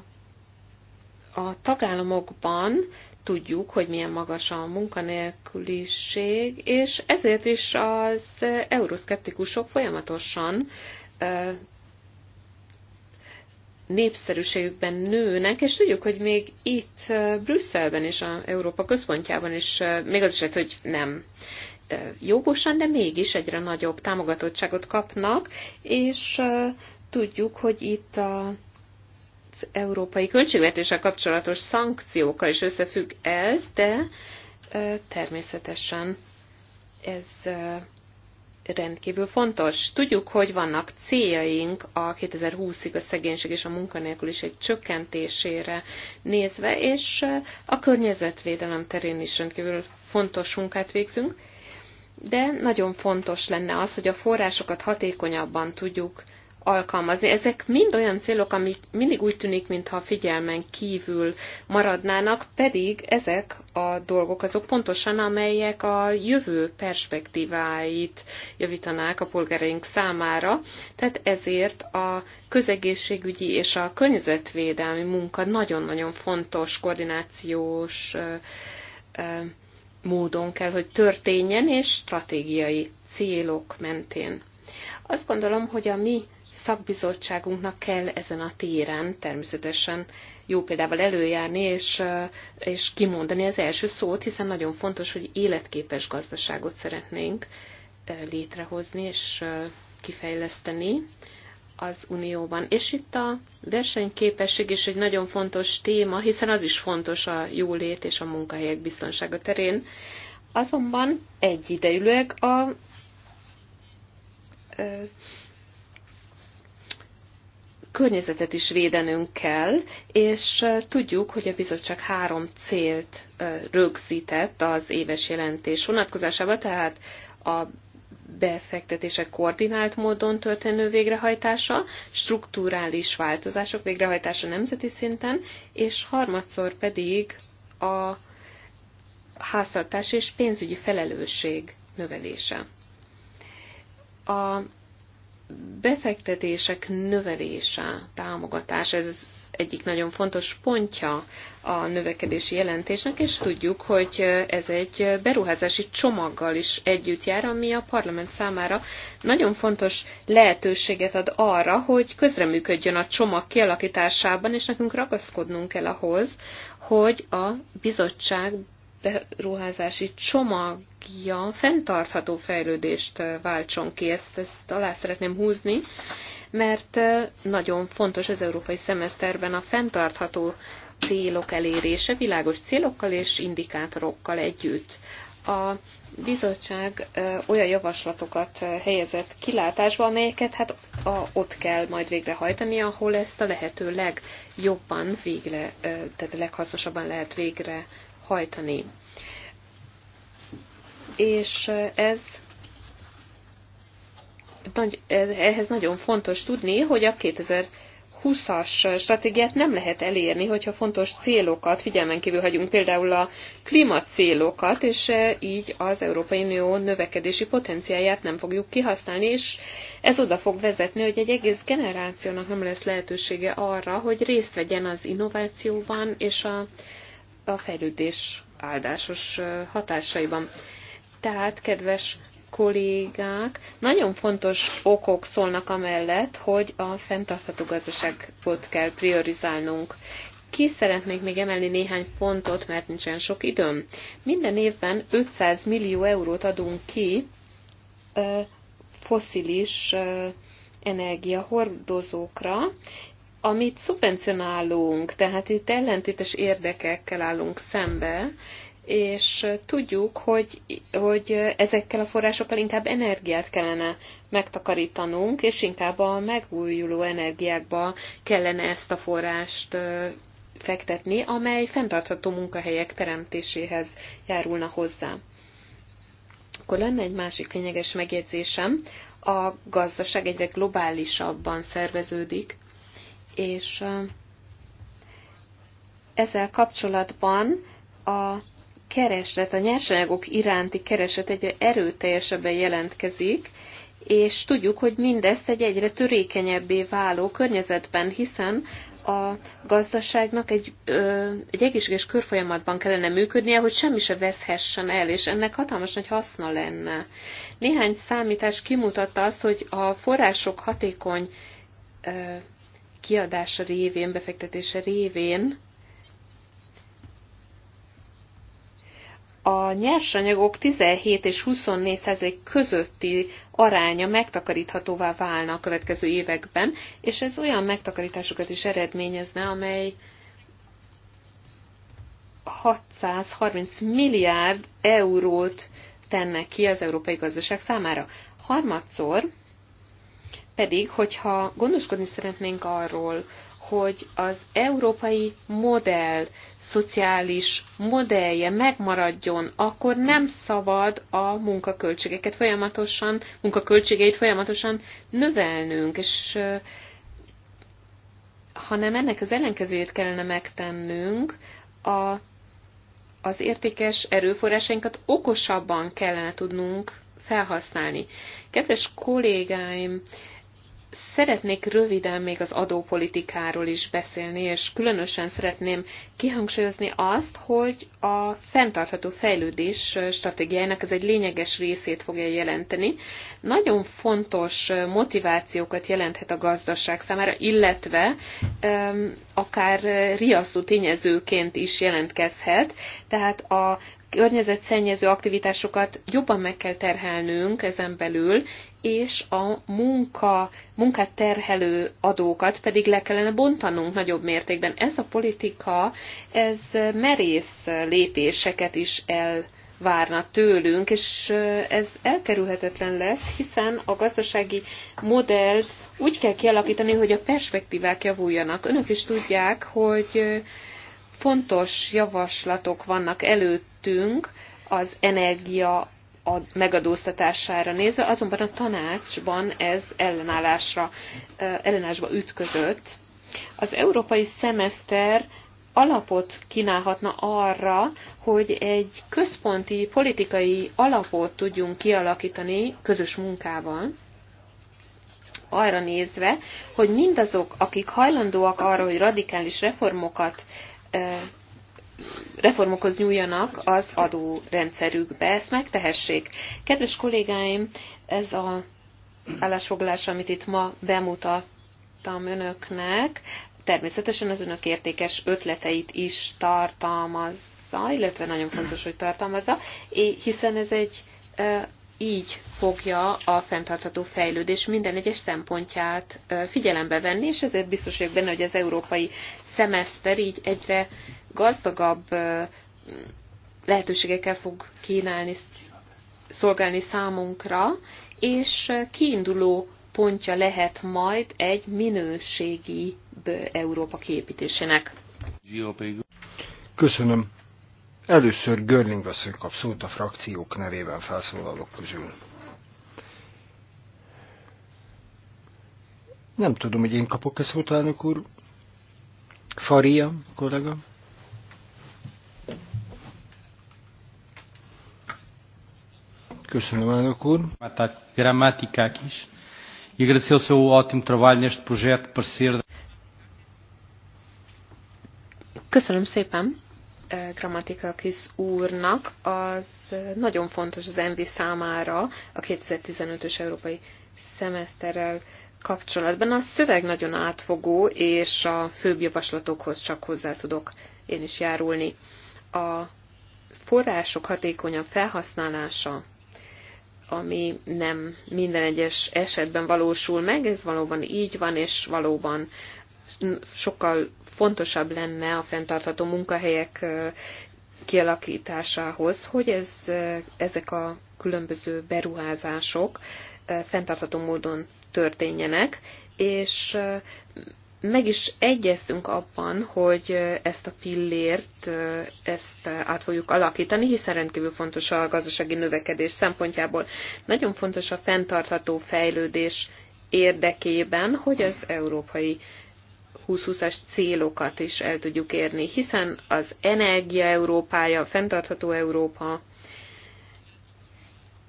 a tagállamokban tudjuk, hogy milyen magas a munkanélküliség, és ezért is az euroszkeptikusok folyamatosan népszerűségükben nőnek, és tudjuk, hogy még itt Brüsszelben és a Európa központjában is, még az is lehet, hogy nem jogosan, de mégis egyre nagyobb támogatottságot kapnak, és tudjuk, hogy itt a az európai költségvetéssel kapcsolatos szankciókkal is összefügg ez, de természetesen ez rendkívül fontos. Tudjuk, hogy vannak céljaink a 2020-ig a szegénység és a munkanélküliség csökkentésére nézve, és eh, a környezetvédelem terén is rendkívül fontos munkát végzünk, de nagyon fontos lenne az, hogy a forrásokat hatékonyabban tudjuk alkalmazni. Ezek mind olyan célok, amik mindig úgy tűnik, mintha figyelmen kívül maradnának, pedig ezek a dolgok azok pontosan, amelyek a jövő perspektíváit javítanák a polgáraink számára, tehát ezért a közegészségügyi és a környezetvédelmi munka nagyon-nagyon fontos koordinációs módon kell, hogy történjen, és stratégiai célok mentén. Azt gondolom, hogy a mi szakbizottságunknak kell ezen a téren természetesen jó példával előjárni, és, és kimondani az első szót, hiszen nagyon fontos, hogy életképes gazdaságot szeretnénk létrehozni és kifejleszteni az Unióban. És itt a versenyképesség is egy nagyon fontos téma, hiszen az is fontos a jólét és a munkahelyek biztonsága terén. Azonban egyidejűleg a környezetet is védenünk kell, és tudjuk, hogy a bizottság három célt rögzített az éves jelentés vonatkozásában, tehát a befektetések koordinált módon történő végrehajtása, strukturális változások végrehajtása nemzeti szinten, és harmadszor pedig a háztartás és pénzügyi felelősség növelése. A befektetések növelése, támogatás ez egyik nagyon fontos pontja a növekedési jelentésnek, és tudjuk, hogy ez egy beruházási csomaggal is együtt jár, ami a parlament számára nagyon fontos lehetőséget ad arra, hogy közreműködjön a csomag kialakításában, és nekünk ragaszkodnunk kell ahhoz, hogy a bizottság beruházási csomagja fenntartható fejlődést eh, váltson ki. Ezt, ezt alá szeretném húzni, mert eh, nagyon fontos az európai szemeszterben a fenntartható célok elérése világos célokkal és indikátorokkal együtt. A bizottság eh, olyan javaslatokat helyezett kilátásba, amelyeket hát a, ott kell majd végrehajtani, ahol ezt a lehető legjobban végre, tehát a leghasznosabban lehet végre hajtani. És ez ehhez nagyon fontos tudni, hogy a 2000 20-as stratégiát nem lehet elérni, hogyha fontos célokat figyelmen kívül hagyunk, például a klímacélokat, és e, így az Európai Unió növekedési potenciáját nem fogjuk kihasználni, és ez oda fog vezetni, hogy egy egész generációnak nem lesz lehetősége arra, hogy részt vegyen az innovációban és a a fejlődés áldásos hatásaiban. Tehát, kedves kollégák, nagyon fontos okok szólnak amellett, hogy a fenntartható gazdaságot kell priorizálnunk. Ki szeretnék még emelni néhány pontot, mert nincsen sok időm. Minden évben 500 millió eurót adunk ki foszilis energiahordozókra, amit szubvencionálunk, tehát itt ellentétes érdekekkel állunk szembe, és tudjuk, hogy, hogy ezekkel a forrásokkal inkább energiát kellene megtakarítanunk, és inkább a megújuló energiákba kellene ezt a forrást fektetni, amely fenntartható munkahelyek teremtéséhez járulna hozzá. Akkor lenne egy másik lényeges megjegyzésem. A gazdaság egyre globálisabban szerveződik, és ezzel kapcsolatban a kereset a nyersanyagok iránti kereset egyre erőteljesebben jelentkezik, és tudjuk, hogy mindezt egy egyre törékenyebbé váló környezetben, hiszen a gazdaságnak egy, ö, egy egészséges körfolyamatban kellene működnie, hogy semmi se veszhessen el, és ennek hatalmas nagy haszna lenne. Néhány számítás kimutatta azt, hogy a források hatékony ö, kiadása révén, befektetése révén a nyersanyagok 17 és 24 százalék közötti aránya megtakaríthatóvá válna a következő években, és ez olyan megtakarításokat is eredményezne, amely 630 milliárd eurót tenne ki az európai gazdaság számára. Harmadszor pedig, hogyha gondoskodni szeretnénk arról, hogy az európai modell, szociális modellje megmaradjon, akkor nem szabad a munkaköltségeket folyamatosan, munkaköltségeit folyamatosan növelnünk, és hanem ennek az ellenkezőjét kellene megtennünk, a, az értékes erőforrásainkat okosabban kellene tudnunk felhasználni. Kedves kollégáim, Szeretnék röviden még az adópolitikáról is beszélni, és különösen szeretném kihangsúlyozni azt, hogy a fenntartható fejlődés stratégiájának ez egy lényeges részét fogja jelenteni. Nagyon fontos motivációkat jelenthet a gazdaság számára, illetve akár riasztó tényezőként is jelentkezhet, tehát a környezetszennyező aktivitásokat jobban meg kell terhelnünk ezen belül, és a munka, munkát terhelő adókat pedig le kellene bontanunk nagyobb mértékben. Ez a politika, ez merész lépéseket is el várna tőlünk, és ez elkerülhetetlen lesz, hiszen a gazdasági modellt úgy kell kialakítani, hogy a perspektívák javuljanak. Önök is tudják, hogy fontos javaslatok vannak előttünk az energia a megadóztatására nézve, azonban a tanácsban ez ellenállásra, ellenállásba ütközött. Az európai szemeszter alapot kínálhatna arra, hogy egy központi politikai alapot tudjunk kialakítani közös munkával, arra nézve, hogy mindazok, akik hajlandóak arra, hogy radikális reformokat reformokhoz nyúljanak az adórendszerükbe, ezt megtehessék. Kedves kollégáim, ez a állásfoglalás, amit itt ma bemutattam önöknek, természetesen az önök értékes ötleteit is tartalmazza, illetve nagyon fontos, hogy tartalmazza, hiszen ez egy így fogja a fenntartható fejlődés minden egyes szempontját figyelembe venni, és ezért biztos vagyok benne, hogy az európai szemeszter így egyre gazdagabb lehetőségekkel fog kínálni, szolgálni számunkra, és kiinduló pontja lehet majd egy minőségi Európa kiépítésének. Köszönöm. Először Görling veszünk kap szót a frakciók nevében felszólalók közül. Nem tudom, hogy én kapok-e szót, elnök úr. Faria, kollega. Köszönöm, elnök úr. Grammatikák is. E agradecer seu ótimo trabalho neste projeto Köszönöm szépen kis úrnak, az nagyon fontos az ENVI számára a 2015-ös európai szemeszterrel kapcsolatban. A szöveg nagyon átfogó, és a főbb javaslatokhoz csak hozzá tudok én is járulni. A források hatékonyabb felhasználása, ami nem minden egyes esetben valósul meg, ez valóban így van, és valóban sokkal fontosabb lenne a fenntartható munkahelyek kialakításához, hogy ez, ezek a különböző beruházások fenntartható módon történjenek, és meg is egyeztünk abban, hogy ezt a pillért, ezt át fogjuk alakítani, hiszen rendkívül fontos a gazdasági növekedés szempontjából. Nagyon fontos a fenntartható fejlődés érdekében, hogy az európai 2020-as célokat is el tudjuk érni, hiszen az energia Európája, a fenntartható Európa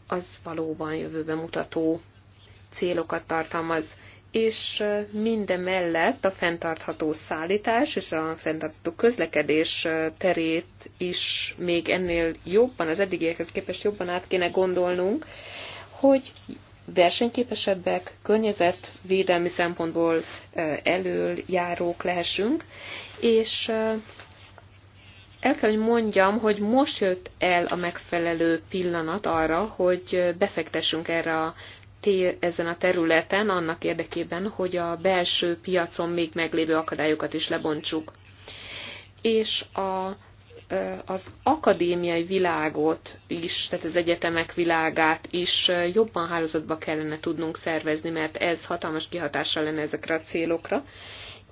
az valóban jövőben mutató célokat tartalmaz, és minden mellett a fenntartható szállítás és a fenntartható közlekedés terét is még ennél jobban, az eddigiekhez képest jobban át kéne gondolnunk, hogy versenyképesebbek, környezetvédelmi szempontból előjárók lehessünk, és el kell, hogy mondjam, hogy most jött el a megfelelő pillanat arra, hogy befektessünk erre a ezen a területen annak érdekében, hogy a belső piacon még meglévő akadályokat is lebontsuk. És a az akadémiai világot is, tehát az egyetemek világát is jobban hálózatba kellene tudnunk szervezni, mert ez hatalmas kihatással lenne ezekre a célokra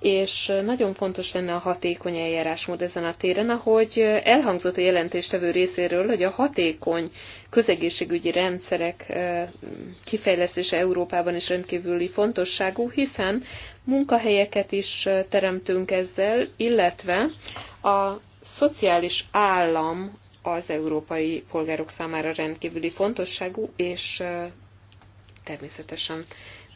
és nagyon fontos lenne a hatékony eljárásmód ezen a téren, ahogy elhangzott a jelentéstevő részéről, hogy a hatékony közegészségügyi rendszerek kifejlesztése Európában is rendkívüli fontosságú, hiszen munkahelyeket is teremtünk ezzel, illetve a szociális állam az európai polgárok számára rendkívüli fontosságú, és természetesen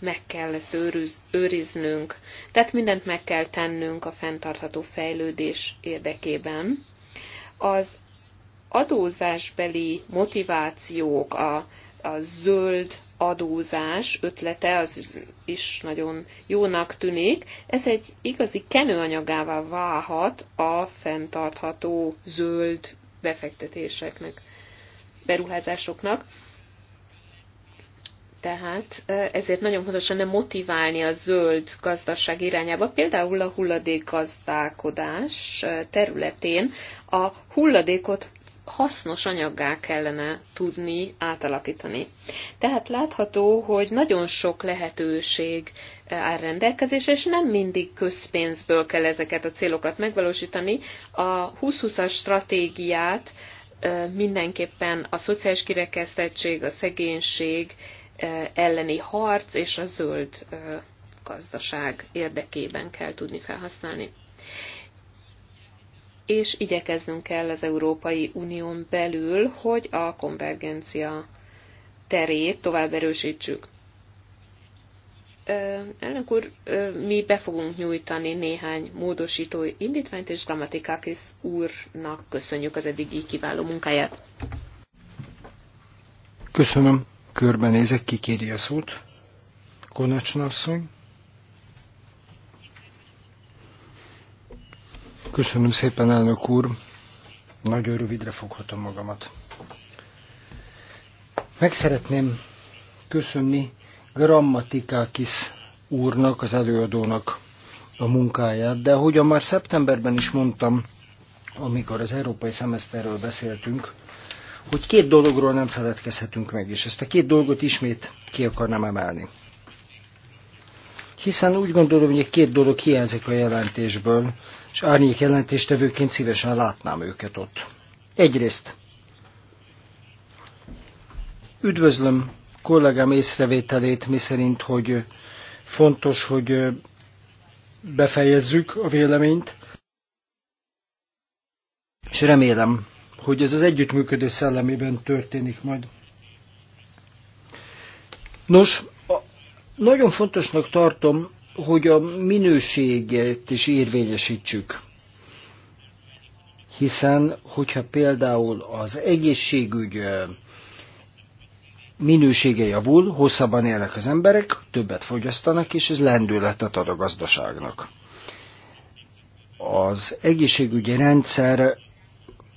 meg kell ezt őriz, őriznünk. Tehát mindent meg kell tennünk a fenntartható fejlődés érdekében. Az adózásbeli motivációk, a, a zöld adózás ötlete az is nagyon jónak tűnik. Ez egy igazi kenőanyagává válhat a fenntartható zöld befektetéseknek, beruházásoknak. Tehát ezért nagyon fontos lenne motiválni a zöld gazdaság irányába, például a hulladékgazdálkodás területén a hulladékot hasznos anyaggá kellene tudni átalakítani. Tehát látható, hogy nagyon sok lehetőség eh, áll rendelkezésre, és nem mindig közpénzből kell ezeket a célokat megvalósítani. A 2020-as stratégiát eh, mindenképpen a szociális kirekesztettség, a szegénység eh, elleni harc és a zöld gazdaság érdekében kell tudni felhasználni és igyekeznünk kell az Európai Unión belül, hogy a konvergencia terét tovább erősítsük. Elnök úr, mi be fogunk nyújtani néhány módosító indítványt, és Gramatikakis úrnak köszönjük az eddigi kiváló munkáját. Köszönöm. Körbenézek, ki kéri a szót. Konacsna asszony. Köszönöm szépen, elnök úr. Nagyon rövidre foghatom magamat. Meg szeretném köszönni Grammatikákis úrnak, az előadónak a munkáját, de ahogyan már szeptemberben is mondtam, amikor az európai szemeszterről beszéltünk, hogy két dologról nem feledkezhetünk meg, és ezt a két dolgot ismét ki akarnám emelni hiszen úgy gondolom, hogy két dolog hiányzik a jelentésből, és árnyék jelentéstevőként szívesen látnám őket ott. Egyrészt üdvözlöm kollégám észrevételét, miszerint, hogy fontos, hogy befejezzük a véleményt, és remélem, hogy ez az együttműködés szellemében történik majd. Nos, nagyon fontosnak tartom, hogy a minőséget is érvényesítsük. Hiszen, hogyha például az egészségügy minősége javul, hosszabban élnek az emberek, többet fogyasztanak, és ez lendületet ad a gazdaságnak. Az egészségügyi rendszer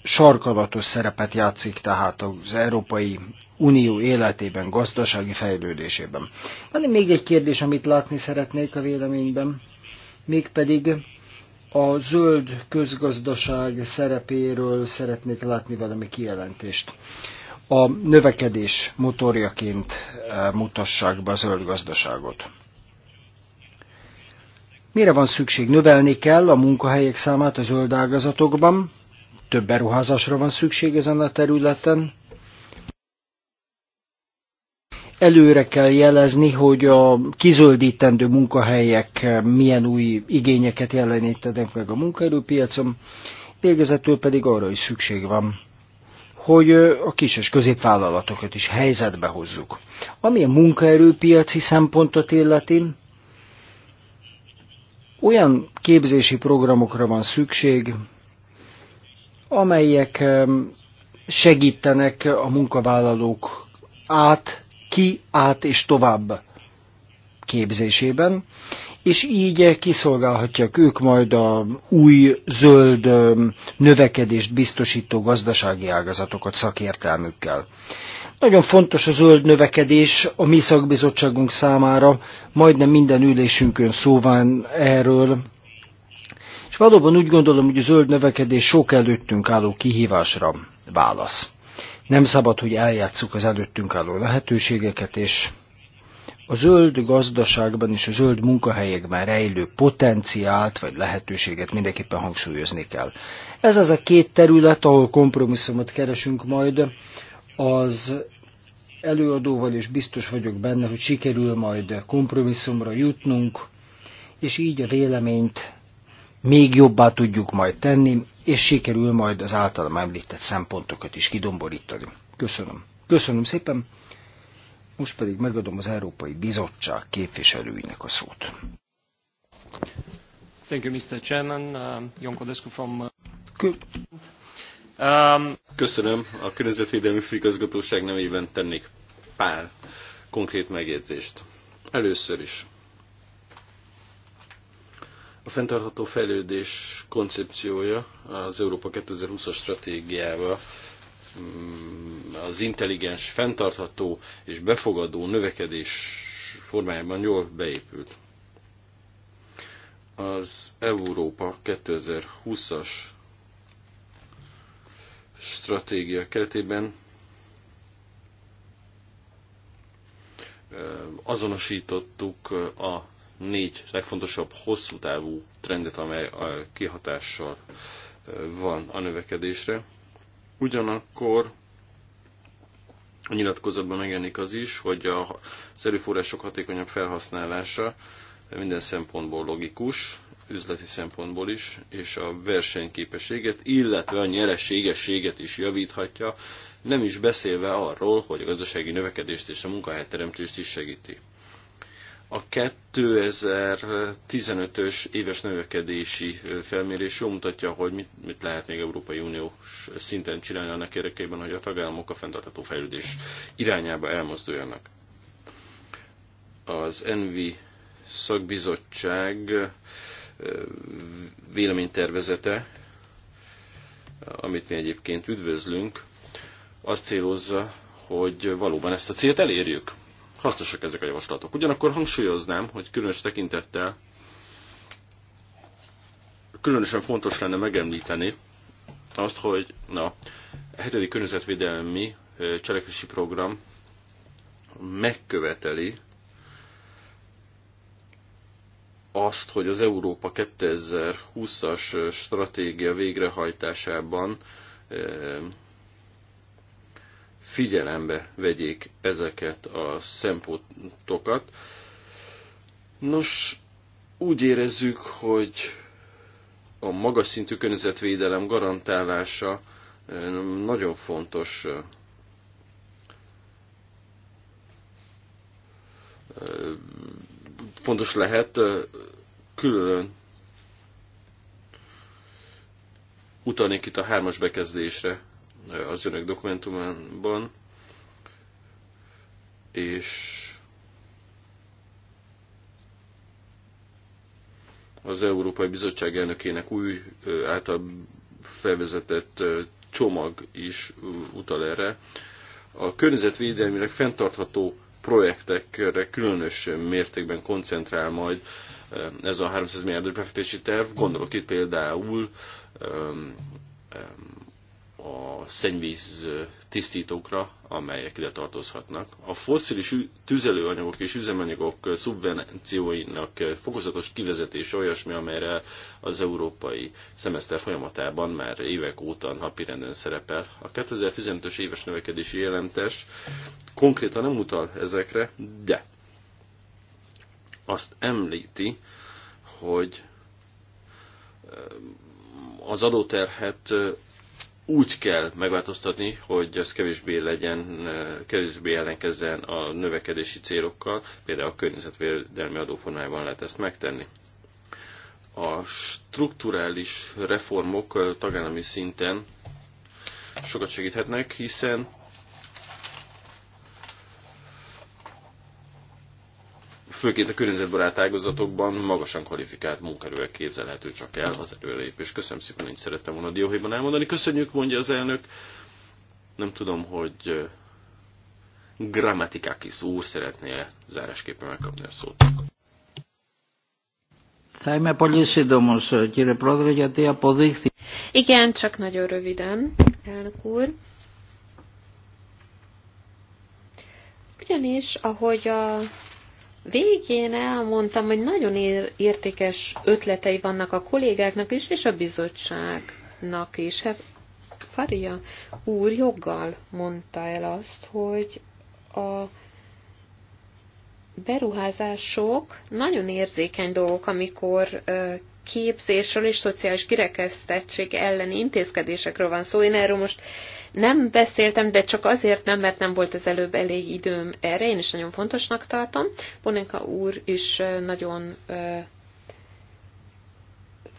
sarkalatos szerepet játszik tehát az Európai Unió életében, gazdasági fejlődésében. Van még egy kérdés, amit látni szeretnék a véleményben, mégpedig a zöld közgazdaság szerepéről szeretnék látni valami kijelentést. A növekedés motorjaként eh, mutassák be a zöld gazdaságot. Mire van szükség? Növelni kell a munkahelyek számát a zöld ágazatokban, több beruházásra van szükség ezen a területen. Előre kell jelezni, hogy a kizöldítendő munkahelyek milyen új igényeket jelenítenek meg a munkaerőpiacon, végezetül pedig arra is szükség van, hogy a kis és középvállalatokat is helyzetbe hozzuk. Ami a munkaerőpiaci szempontot illeti, olyan képzési programokra van szükség, amelyek segítenek a munkavállalók át, ki, át és tovább képzésében, és így kiszolgálhatják ők majd a új zöld növekedést biztosító gazdasági ágazatokat szakértelmükkel. Nagyon fontos a zöld növekedés a mi szakbizottságunk számára, majdnem minden ülésünkön szóván erről, Valóban úgy gondolom, hogy a zöld növekedés sok előttünk álló kihívásra válasz. Nem szabad, hogy eljátsszuk az előttünk álló lehetőségeket, és a zöld gazdaságban és a zöld munkahelyekben rejlő potenciált vagy lehetőséget mindenképpen hangsúlyozni kell. Ez az a két terület, ahol kompromisszumot keresünk majd, az előadóval, is biztos vagyok benne, hogy sikerül majd kompromisszumra jutnunk, és így a véleményt még jobbá tudjuk majd tenni, és sikerül majd az általam említett szempontokat is kidomborítani. Köszönöm. Köszönöm szépen. Most pedig megadom az Európai Bizottság képviselőinek a szót. Thank you, Mr. Chairman. Uh, Jonko from... Uh, um... Köszönöm. A Környezetvédelmi Főigazgatóság nevében tennék pár konkrét megjegyzést. Először is a fenntartható fejlődés koncepciója az Európa 2020-as stratégiával mm, az intelligens, fenntartható és befogadó növekedés formájában jól beépült. Az Európa 2020-as stratégia keretében eh, azonosítottuk a négy legfontosabb hosszú távú trendet, amely a kihatással van a növekedésre. Ugyanakkor a nyilatkozatban megjelenik az is, hogy a szerűforrások hatékonyabb felhasználása minden szempontból logikus, üzleti szempontból is, és a versenyképességet, illetve a nyereségességet is javíthatja, nem is beszélve arról, hogy a gazdasági növekedést és a munkahelyteremtést is segíti. A 2015-ös éves növekedési felmérés jól mutatja, hogy mit, mit lehet még Európai Unió szinten csinálni annak érdekében, hogy a tagállamok a fenntartható fejlődés irányába elmozduljanak. Az ENVI szakbizottság véleménytervezete, amit mi egyébként üdvözlünk, azt célozza, hogy valóban ezt a célt elérjük hasznosak ezek a javaslatok. Ugyanakkor hangsúlyoznám, hogy különös tekintettel különösen fontos lenne megemlíteni azt, hogy na, a hetedik környezetvédelmi cselekvési program megköveteli azt, hogy az Európa 2020-as stratégia végrehajtásában figyelembe vegyék ezeket a szempontokat. Nos, úgy érezzük, hogy a magas szintű környezetvédelem garantálása nagyon fontos fontos lehet külön utalnék itt a hármas bekezdésre, az önök dokumentumában, és az Európai Bizottság elnökének új által felvezetett csomag is utal erre. A környezetvédelmének fenntartható projektekre különös mértékben koncentrál majd ez a 300 milliárdos befektetési terv. Gondolok itt például a szennyvíz tisztítókra, amelyek ide tartozhatnak. A fosszilis tüzelőanyagok és üzemanyagok szubvencióinak fokozatos kivezetése olyasmi, amelyre az európai szemeszter folyamatában már évek óta napirenden szerepel. A 2015-ös éves növekedési jelentés konkrétan nem utal ezekre, de azt említi, hogy az adóterhet úgy kell megváltoztatni, hogy ez kevésbé legyen, eh, kevésbé ellenkezzen a növekedési célokkal, például a környezetvédelmi adóformájában lehet ezt megtenni. A strukturális reformok eh, tagállami szinten sokat segíthetnek, hiszen főként a környezetbarát ágazatokban magasan kvalifikált munkerővel képzelhető csak el az erőlépés. Köszönöm szépen, én szerettem volna a dióhéjban elmondani. Köszönjük, mondja az elnök. Nem tudom, hogy is úr szeretné -e zárásképpen megkapni a szót. Igen, csak nagyon röviden, elnök úr. Ugyanis, ahogy a végén elmondtam, hogy nagyon értékes ötletei vannak a kollégáknak is, és a bizottságnak is. Hát Faria úr joggal mondta el azt, hogy a beruházások nagyon érzékeny dolgok, amikor képzésről és szociális kirekesztettség elleni intézkedésekről van szó. Én erről most nem beszéltem, de csak azért nem, mert nem volt az előbb elég időm erre, én is nagyon fontosnak tartom. Bonenka úr is nagyon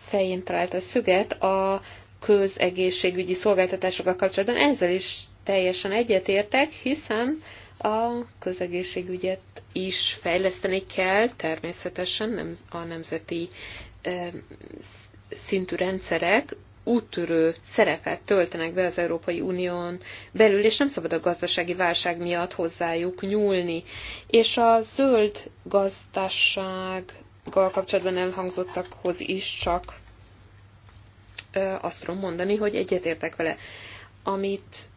fején talált a szüget a közegészségügyi szolgáltatásokkal kapcsolatban. Ezzel is teljesen egyetértek, hiszen a közegészségügyet is fejleszteni kell, természetesen nem a nemzeti szintű rendszerek úttörő szerepet töltenek be az Európai Unión belül, és nem szabad a gazdasági válság miatt hozzájuk nyúlni. És a zöld gazdasággal kapcsolatban elhangzottakhoz is csak ö, azt tudom mondani, hogy egyetértek vele. Amit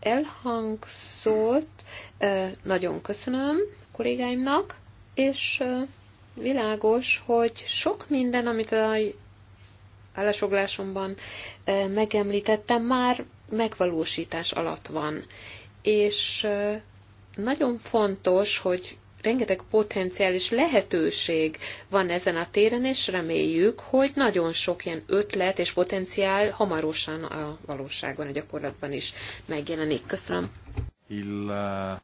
elhangzott, ö, nagyon köszönöm kollégáimnak, és ö, világos, hogy sok minden, amit a állásfoglásomban megemlítettem, már megvalósítás alatt van. És nagyon fontos, hogy rengeteg potenciális lehetőség van ezen a téren, és reméljük, hogy nagyon sok ilyen ötlet és potenciál hamarosan a valóságban, a gyakorlatban is megjelenik. Köszönöm. Illa.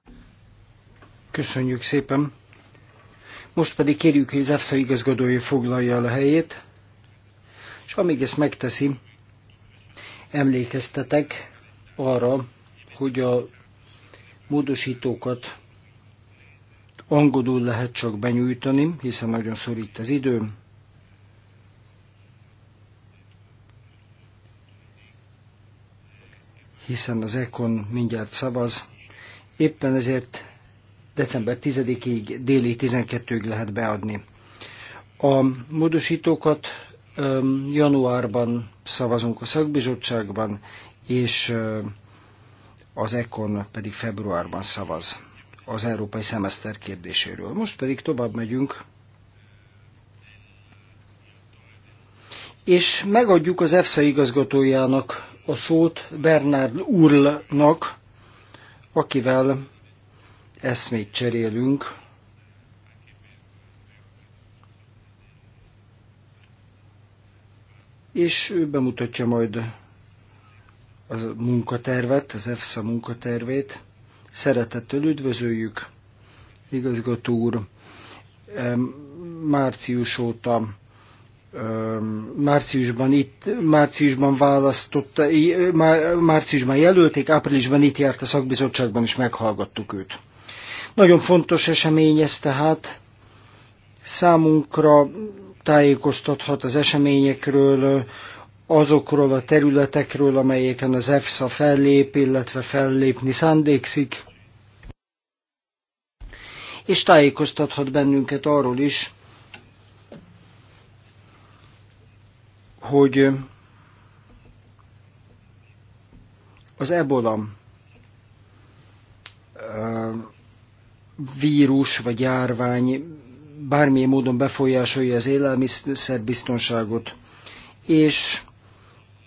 Köszönjük szépen. Most pedig kérjük, hogy az EFSA igazgatója foglalja el a helyét. És amíg ezt megteszi, emlékeztetek arra, hogy a módosítókat angolul lehet csak benyújtani, hiszen nagyon szorít az idő. hiszen az Ekon mindjárt szavaz. Éppen ezért december 10-ig déli 12-ig lehet beadni. A módosítókat januárban szavazunk a szakbizottságban, és az ECON pedig februárban szavaz az európai szemeszter kérdéséről. Most pedig tovább megyünk, és megadjuk az EFSA igazgatójának a szót Bernard Urlnak, akivel eszmét cserélünk és ő bemutatja majd a munkatervet, az EFSA munkatervét. Szeretettel üdvözöljük, igazgató úr. Március óta márciusban itt, márciusban választotta, márciusban jelölték, áprilisban itt járt a szakbizottságban, és meghallgattuk őt. Nagyon fontos esemény ez tehát. Számunkra tájékoztathat az eseményekről, azokról a területekről, amelyeken az EFSA fellép, illetve fellépni szándékszik, és tájékoztathat bennünket arról is, hogy az ebola vírus vagy járvány bármilyen módon befolyásolja az élelmiszerbiztonságot, és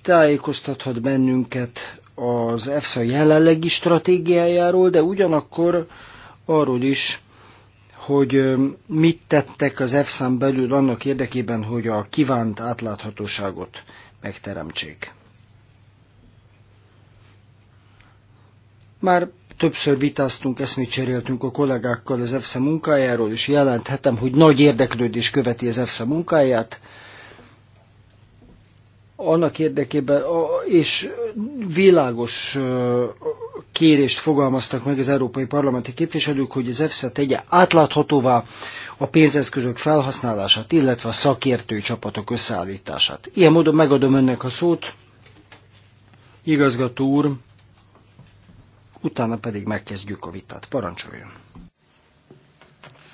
tájékoztathat bennünket az EFSA jelenlegi stratégiájáról, de ugyanakkor arról is, hogy mit tettek az EFSA-n belül annak érdekében, hogy a kívánt átláthatóságot megteremtsék. Már többször vitáztunk, eszmét cseréltünk a kollégákkal az EFSA munkájáról, és jelenthetem, hogy nagy érdeklődés követi az EFSA munkáját, annak érdekében, és világos kérést fogalmaztak meg az európai parlamenti képviselők, hogy az EFSA tegye átláthatóvá a pénzeszközök felhasználását, illetve a szakértő csapatok összeállítását. Ilyen módon megadom önnek a szót, igazgató úr, utána pedig megkezdjük a vitát. Parancsoljon!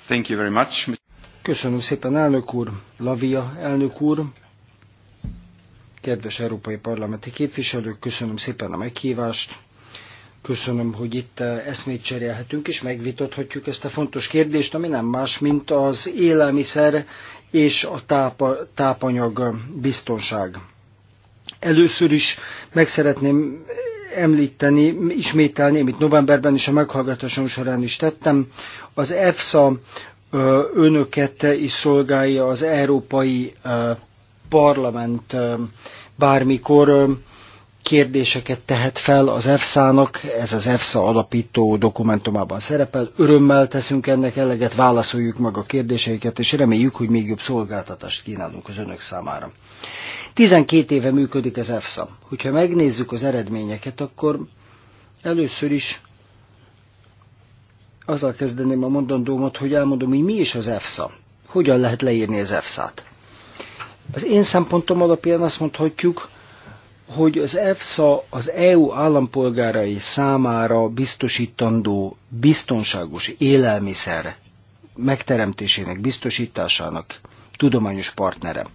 Thank you very much. Köszönöm szépen, elnök úr, Lavia elnök úr, kedves európai parlamenti képviselők, köszönöm szépen a meghívást, köszönöm, hogy itt eh, eszmét cserélhetünk és megvitathatjuk ezt a fontos kérdést, ami nem más, mint az élelmiszer és a tápa, tápanyag biztonság. Először is meg szeretném említeni, ismételni, amit novemberben is a meghallgatásom során is tettem. Az EFSA önöket is szolgálja az Európai Parlament bármikor kérdéseket tehet fel az EFSA-nak, ez az EFSA alapító dokumentumában szerepel. Örömmel teszünk ennek eleget, válaszoljuk meg a kérdéseiket, és reméljük, hogy még jobb szolgáltatást kínálunk az önök számára. 12 éve működik az EFSA. Hogyha megnézzük az eredményeket, akkor először is azzal kezdeném a mondandómat, hogy elmondom, hogy mi is az EFSA. Hogyan lehet leírni az EFSA-t? Az én szempontom alapján azt mondhatjuk, hogy az EFSA az EU állampolgárai számára biztosítandó biztonságos élelmiszer megteremtésének, biztosításának tudományos partnere.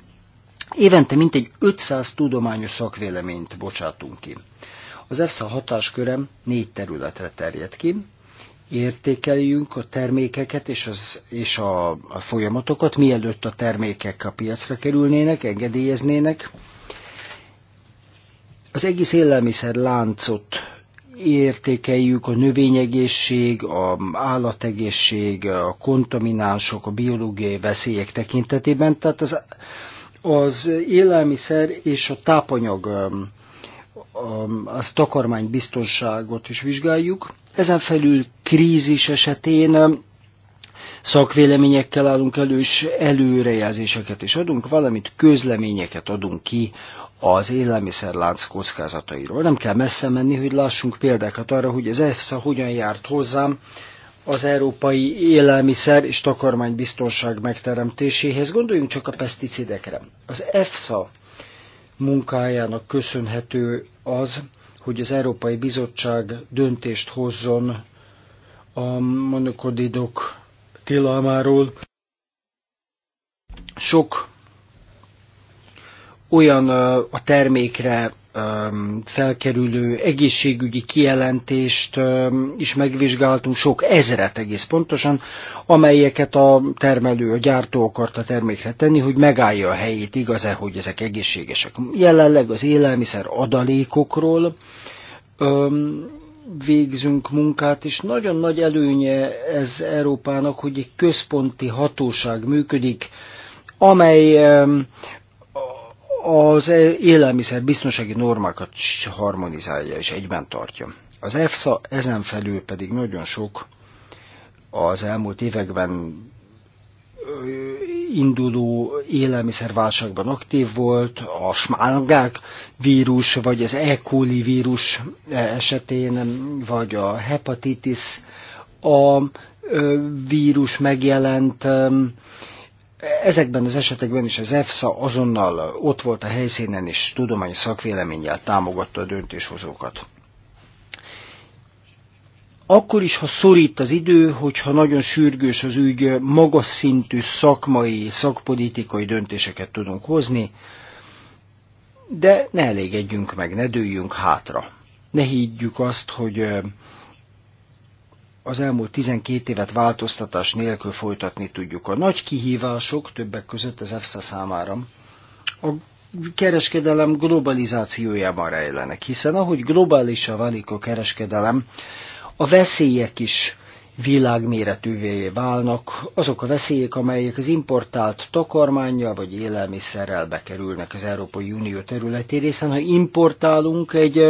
Évente mintegy 500 tudományos szakvéleményt bocsátunk ki. Az EFSA hatásköre négy területre terjed ki. Értékeljünk a termékeket és, az, és a, a folyamatokat, mielőtt a termékek a piacra kerülnének, engedélyeznének. Az egész élelmiszer láncot értékeljük a növényegészség, a állategészség, a kontaminánsok, a biológiai veszélyek tekintetében. Tehát az az élelmiszer és a tápanyag um, um, az takarmány biztonságot is vizsgáljuk. Ezen felül krízis esetén um, szakvéleményekkel állunk elő, és előrejelzéseket is adunk, valamint közleményeket adunk ki az élelmiszerlánc kockázatairól. Nem kell messze menni, hogy lássunk példákat arra, hogy az EFSA hogyan járt hozzám az európai élelmiszer és takarmánybiztonság megteremtéséhez. Gondoljunk csak a peszticidekre. Az EFSA munkájának köszönhető az, hogy az Európai Bizottság döntést hozzon a monokodidok tilalmáról. Sok olyan a termékre Um, felkerülő egészségügyi kijelentést um, is megvizsgáltunk, sok ezret egész pontosan, amelyeket a termelő, a gyártó akarta termékre tenni, hogy megállja a helyét, igaz-e, hogy ezek egészségesek. Jelenleg az élelmiszer adalékokról um, végzünk munkát, és nagyon nagy előnye ez Európának, hogy egy központi hatóság működik, amely az élelmiszer biztonsági normákat harmonizálja és egyben tartja. Az EFSA ezen felül pedig nagyon sok az elmúlt években induló élelmiszerválságban aktív volt, a smálgák vírus, vagy az E. coli vírus e, esetén, vagy a hepatitis, a vírus megjelent Ezekben az esetekben is az EFSA azonnal ott volt a helyszínen, és tudományos szakvéleménnyel támogatta a döntéshozókat. Akkor is, ha szorít az idő, hogyha nagyon sürgős az ügy, magas szintű szakmai, szakpolitikai döntéseket tudunk hozni, de ne elégedjünk meg, ne dőljünk hátra. Ne higgyük azt, hogy az elmúlt 12 évet változtatás nélkül folytatni tudjuk. A nagy kihívások többek között az EFSA számára a kereskedelem globalizációjában rejlenek, hiszen ahogy a válik a kereskedelem, a veszélyek is világméretűvé válnak, azok a veszélyek, amelyek az importált takarmányjal vagy élelmiszerrel bekerülnek az Európai Unió területére, hiszen ha importálunk egy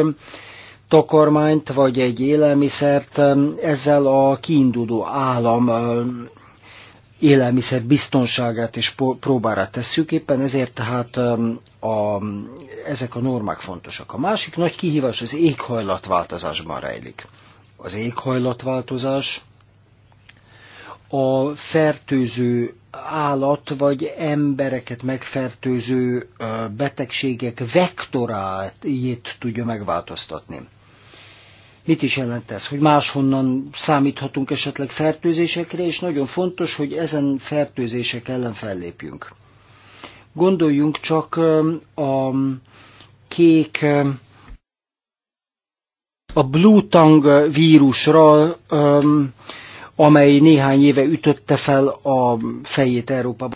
takarmányt, vagy egy élelmiszert, ezzel a kiinduló állam élelmiszer biztonságát is próbára tesszük, éppen ezért tehát a, ezek a normák fontosak. A másik nagy kihívás az éghajlatváltozásban rejlik. Az éghajlatváltozás a fertőző állat vagy embereket megfertőző betegségek vektorájét tudja megváltoztatni. Mit is jelent ez? Hogy máshonnan számíthatunk esetleg fertőzésekre, és nagyon fontos, hogy ezen fertőzések ellen fellépjünk. Gondoljunk csak a kék, a blue tongue vírusra, amely néhány éve ütötte fel a fejét Európában.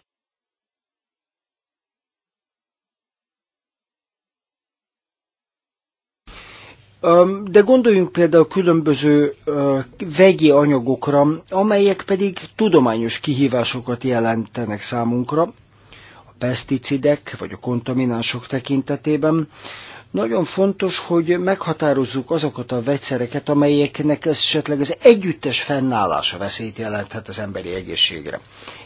De gondoljunk például különböző vegyi anyagokra, amelyek pedig tudományos kihívásokat jelentenek számunkra, a peszticidek vagy a kontaminánsok tekintetében. Nagyon fontos, hogy meghatározzuk azokat a vegyszereket, amelyeknek esetleg az együttes fennállása veszélyt jelenthet az emberi egészségre.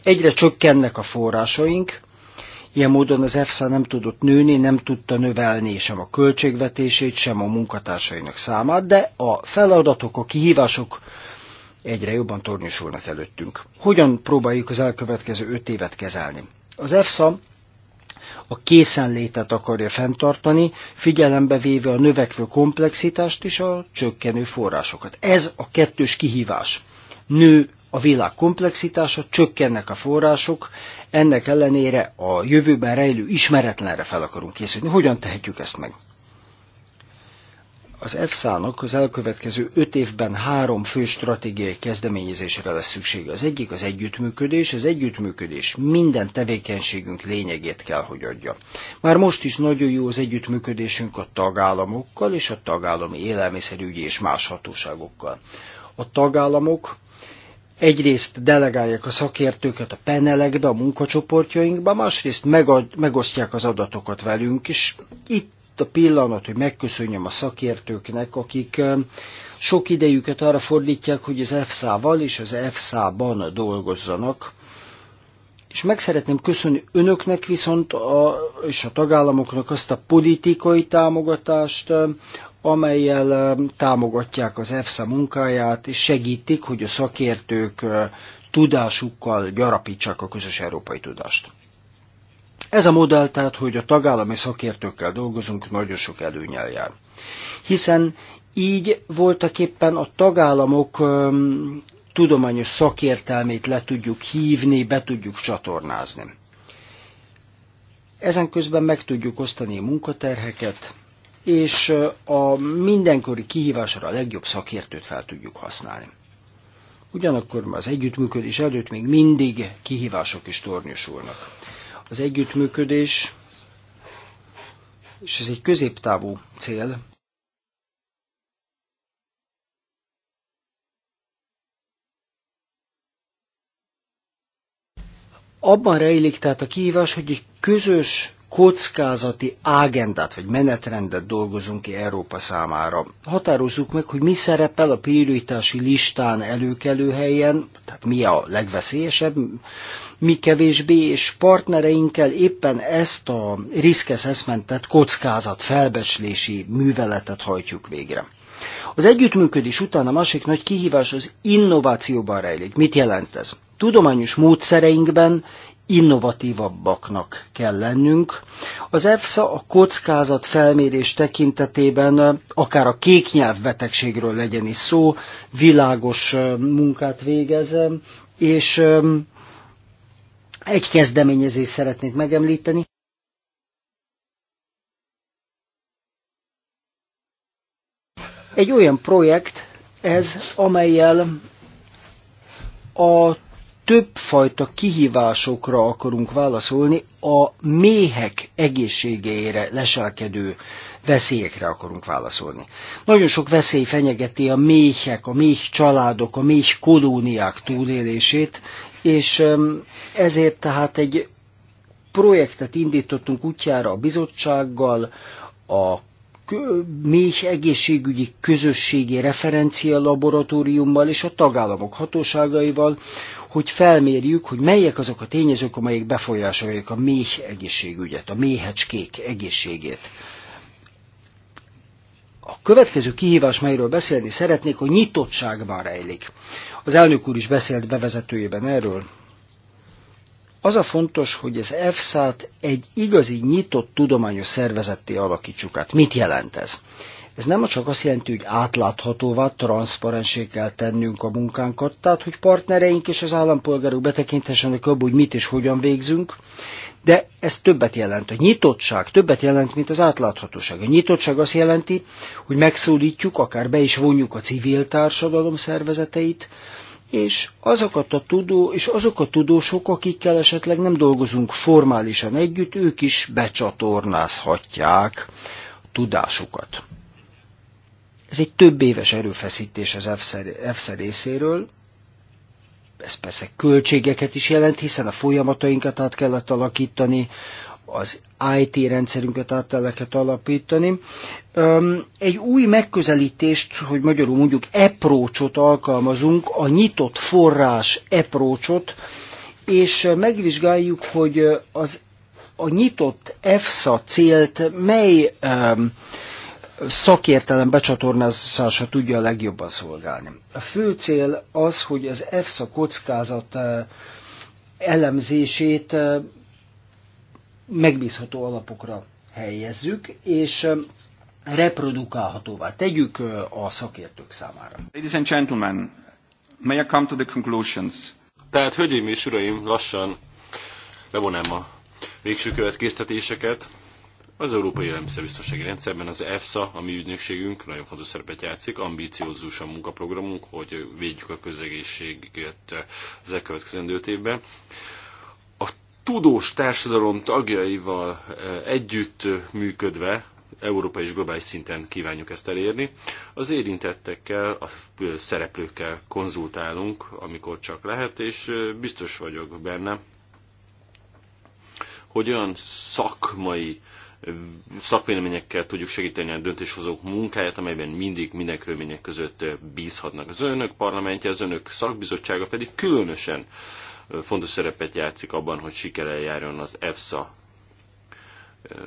Egyre csökkennek a forrásaink, ilyen módon az EFSA nem tudott nőni, nem tudta növelni sem a költségvetését, sem a munkatársainak számát, de a feladatok, a kihívások egyre jobban tornyosulnak előttünk. Hogyan próbáljuk az elkövetkező öt évet kezelni? Az EFSA a készenlétet akarja fenntartani, figyelembe véve a növekvő komplexitást és a csökkenő forrásokat. Ez a kettős kihívás. Nő a világ komplexitása, csökkennek a források, ennek ellenére a jövőben rejlő ismeretlenre fel akarunk készülni. Hogyan tehetjük ezt meg? az EFSA-nak az elkövetkező öt évben három fő stratégiai kezdeményezésre lesz szüksége. Az egyik az együttműködés, az együttműködés minden tevékenységünk lényegét kell, hogy adja. Már most is nagyon jó az együttműködésünk a tagállamokkal és a tagállami élelmiszerügyi és más hatóságokkal. A tagállamok egyrészt delegálják a szakértőket a panelekbe, a munkacsoportjainkba, másrészt megosztják az adatokat velünk, és itt a pillanat, hogy megköszönjem a szakértőknek, akik sok idejüket arra fordítják, hogy az EFSA-val és az EFSA-ban dolgozzanak. És meg szeretném köszönni önöknek viszont a, és a tagállamoknak azt a politikai támogatást, amelyel támogatják az EFSA munkáját, és segítik, hogy a szakértők tudásukkal gyarapítsák a közös európai tudást. Ez a modell tehát, hogy a tagállami szakértőkkel dolgozunk, nagyon sok előnyel jár. Hiszen így voltak éppen a tagállamok öm, tudományos szakértelmét le tudjuk hívni, be tudjuk csatornázni. Ezen közben meg tudjuk osztani a munkaterheket, és a mindenkori kihívásra a legjobb szakértőt fel tudjuk használni. Ugyanakkor az együttműködés előtt még mindig kihívások is tornyosulnak. Az együttműködés, és ez egy középtávú cél, abban rejlik tehát a kihívás, hogy egy közös kockázati ágendát vagy menetrendet dolgozunk ki Európa számára. Határozzuk meg, hogy mi szerepel a prioritási listán előkelő helyen, tehát mi a legveszélyesebb, mi kevésbé, és partnereinkkel éppen ezt a risk assessmentet, kockázat felbecslési műveletet hajtjuk végre. Az együttműködés után a másik nagy kihívás az innovációban rejlik. Mit jelent ez? Tudományos módszereinkben innovatívabbaknak kell lennünk. Az EFSA a kockázat felmérés tekintetében, eh, akár a kéknyelv betegségről legyen is szó, világos eh, munkát végez, eh, és egy kezdeményezést szeretnék megemlíteni. Egy olyan projekt ez, amelyel a többfajta kihívásokra akarunk válaszolni, a méhek egészségére leselkedő veszélyekre akarunk válaszolni. Nagyon sok veszély fenyegeti a méhek, a méh családok, a méh kolóniák túlélését, és ezért tehát egy projektet indítottunk útjára a bizottsággal, a méh egészségügyi közösségi referencia laboratóriummal és a tagállamok hatóságaival, hogy felmérjük, hogy melyek azok a tényezők, amelyek befolyásolják a méh egészségügyet, a méhecskék egészségét. A következő kihívás, melyről beszélni szeretnék, hogy nyitottságban rejlik. Az elnök úr is beszélt bevezetőjében erről. Az a fontos, hogy az EFSA-t egy igazi nyitott tudományos szervezetté alakítsuk át. Mit jelent ez? Ez nem csak azt jelenti, hogy átláthatóvá, transzparensé kell tennünk a munkánkat, tehát hogy partnereink és az állampolgárok betekinthessenek abba, hogy mit és hogyan végzünk, de ez többet jelent. A nyitottság többet jelent, mint az átláthatóság. A nyitottság azt jelenti, hogy megszólítjuk, akár be is vonjuk a civil társadalom szervezeteit, és azokat a tudó, és azok a tudósok, akikkel esetleg nem dolgozunk formálisan együtt, ők is becsatornázhatják tudásukat. Ez egy több éves erőfeszítés az EFSZE részéről, ez persze költségeket is jelent, hiszen a folyamatainkat át kellett alakítani, az IT rendszerünket át kellett alapítani. Egy új megközelítést, hogy magyarul mondjuk eprócsot alkalmazunk, a nyitott forrás eprócsot, és megvizsgáljuk, hogy az a nyitott EFSA célt mely um, szakértelem becsatornázása tudja a legjobban szolgálni. A fő cél az, hogy az EFSA kockázat eh, elemzését eh, megbízható alapokra helyezzük, és eh, reprodukálhatóvá tegyük a szakértők számára. Ladies and gentlemen, may I come to the conclusions? Tehát, hölgyeim és uraim, lassan levonám a végső következtetéseket. Az Európai Elemszerbiztonsági Rendszerben az EFSA, a mi ügynökségünk, nagyon fontos szerepet játszik, ambíciózus a munkaprogramunk, hogy védjük a közegészséget az elkövetkezendő évben. A tudós társadalom tagjaival e, együtt működve, európai és globális szinten kívánjuk ezt elérni. Az érintettekkel, a szereplőkkel konzultálunk, amikor csak lehet, és e, biztos vagyok benne, hogy olyan szakmai uh, szakvéleményekkel tudjuk segíteni a döntéshozók munkáját, amelyben mindig minden körülmények között bízhatnak. Az önök parlamentje, az önök szakbizottsága pedig különösen fontos szerepet játszik abban, hogy sikerrel járjon az EFSA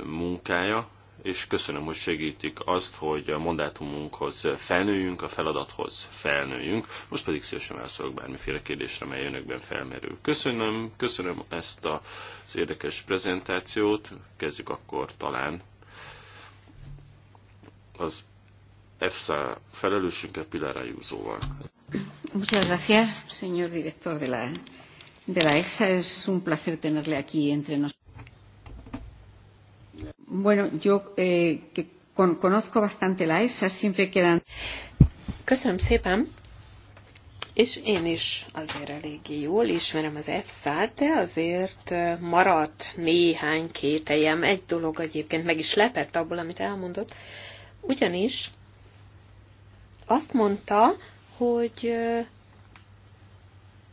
munkája és köszönöm, hogy segítik azt, hogy a mandátumunkhoz felnőjünk, a feladathoz felnőjünk. Most pedig szívesen válaszolok bármiféle kérdésre, mely önökben felmerül. Köszönöm, köszönöm ezt az érdekes prezentációt. Kezdjük akkor talán az EFSA felelősünkkel Pilar Ayuso-val. Muchas gracias, señor director de la, de la ESA. Es un placer tenerle aquí entre nosotros. Bueno, yo eh, que con, conozco bastante la ESA, siempre quedan... Köszönöm szépen! És én is azért eléggé jól ismerem az EFSA-t, de azért eh, maradt néhány kételjem. Egy dolog egyébként meg is lepett abból, amit elmondott. Ugyanis azt mondta, hogy, eh,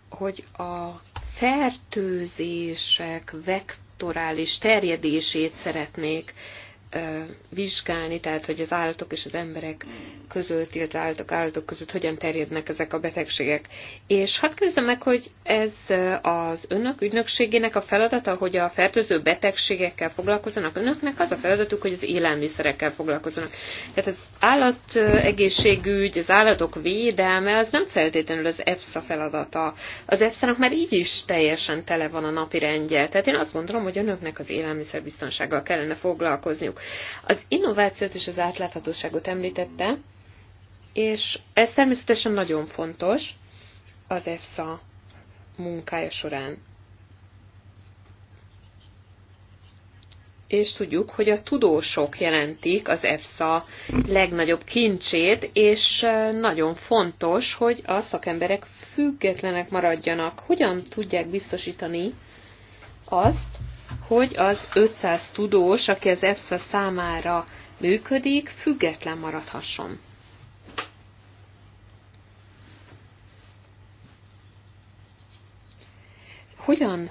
hogy a fertőzések vektorok, kulturális terjedését szeretnék vizsgálni, tehát hogy az állatok és az emberek között, illetve állatok állatok között hogyan terjednek ezek a betegségek. És hadd kérdezem meg, hogy ez az önök ügynökségének a feladata, hogy a fertőző betegségekkel foglalkozzanak. Önöknek az a feladatuk, hogy az élelmiszerekkel foglalkozzanak. Tehát az állategészségügy, az állatok védelme, az nem feltétlenül az EFSA feladata. Az EFSA-nak már így is teljesen tele van a napi rendje. Tehát én azt gondolom, hogy önöknek az élelmiszerbiztonsággal kellene foglalkozniuk. Az innovációt és az átláthatóságot említette, és ez természetesen nagyon fontos az EFSA munkája során. és tudjuk, hogy a tudósok jelentik az EFSA legnagyobb kincsét, és nagyon fontos, hogy a szakemberek függetlenek maradjanak. Hogyan tudják biztosítani azt, hogy az 500 tudós, aki az EFSA számára működik, független maradhasson. Hogyan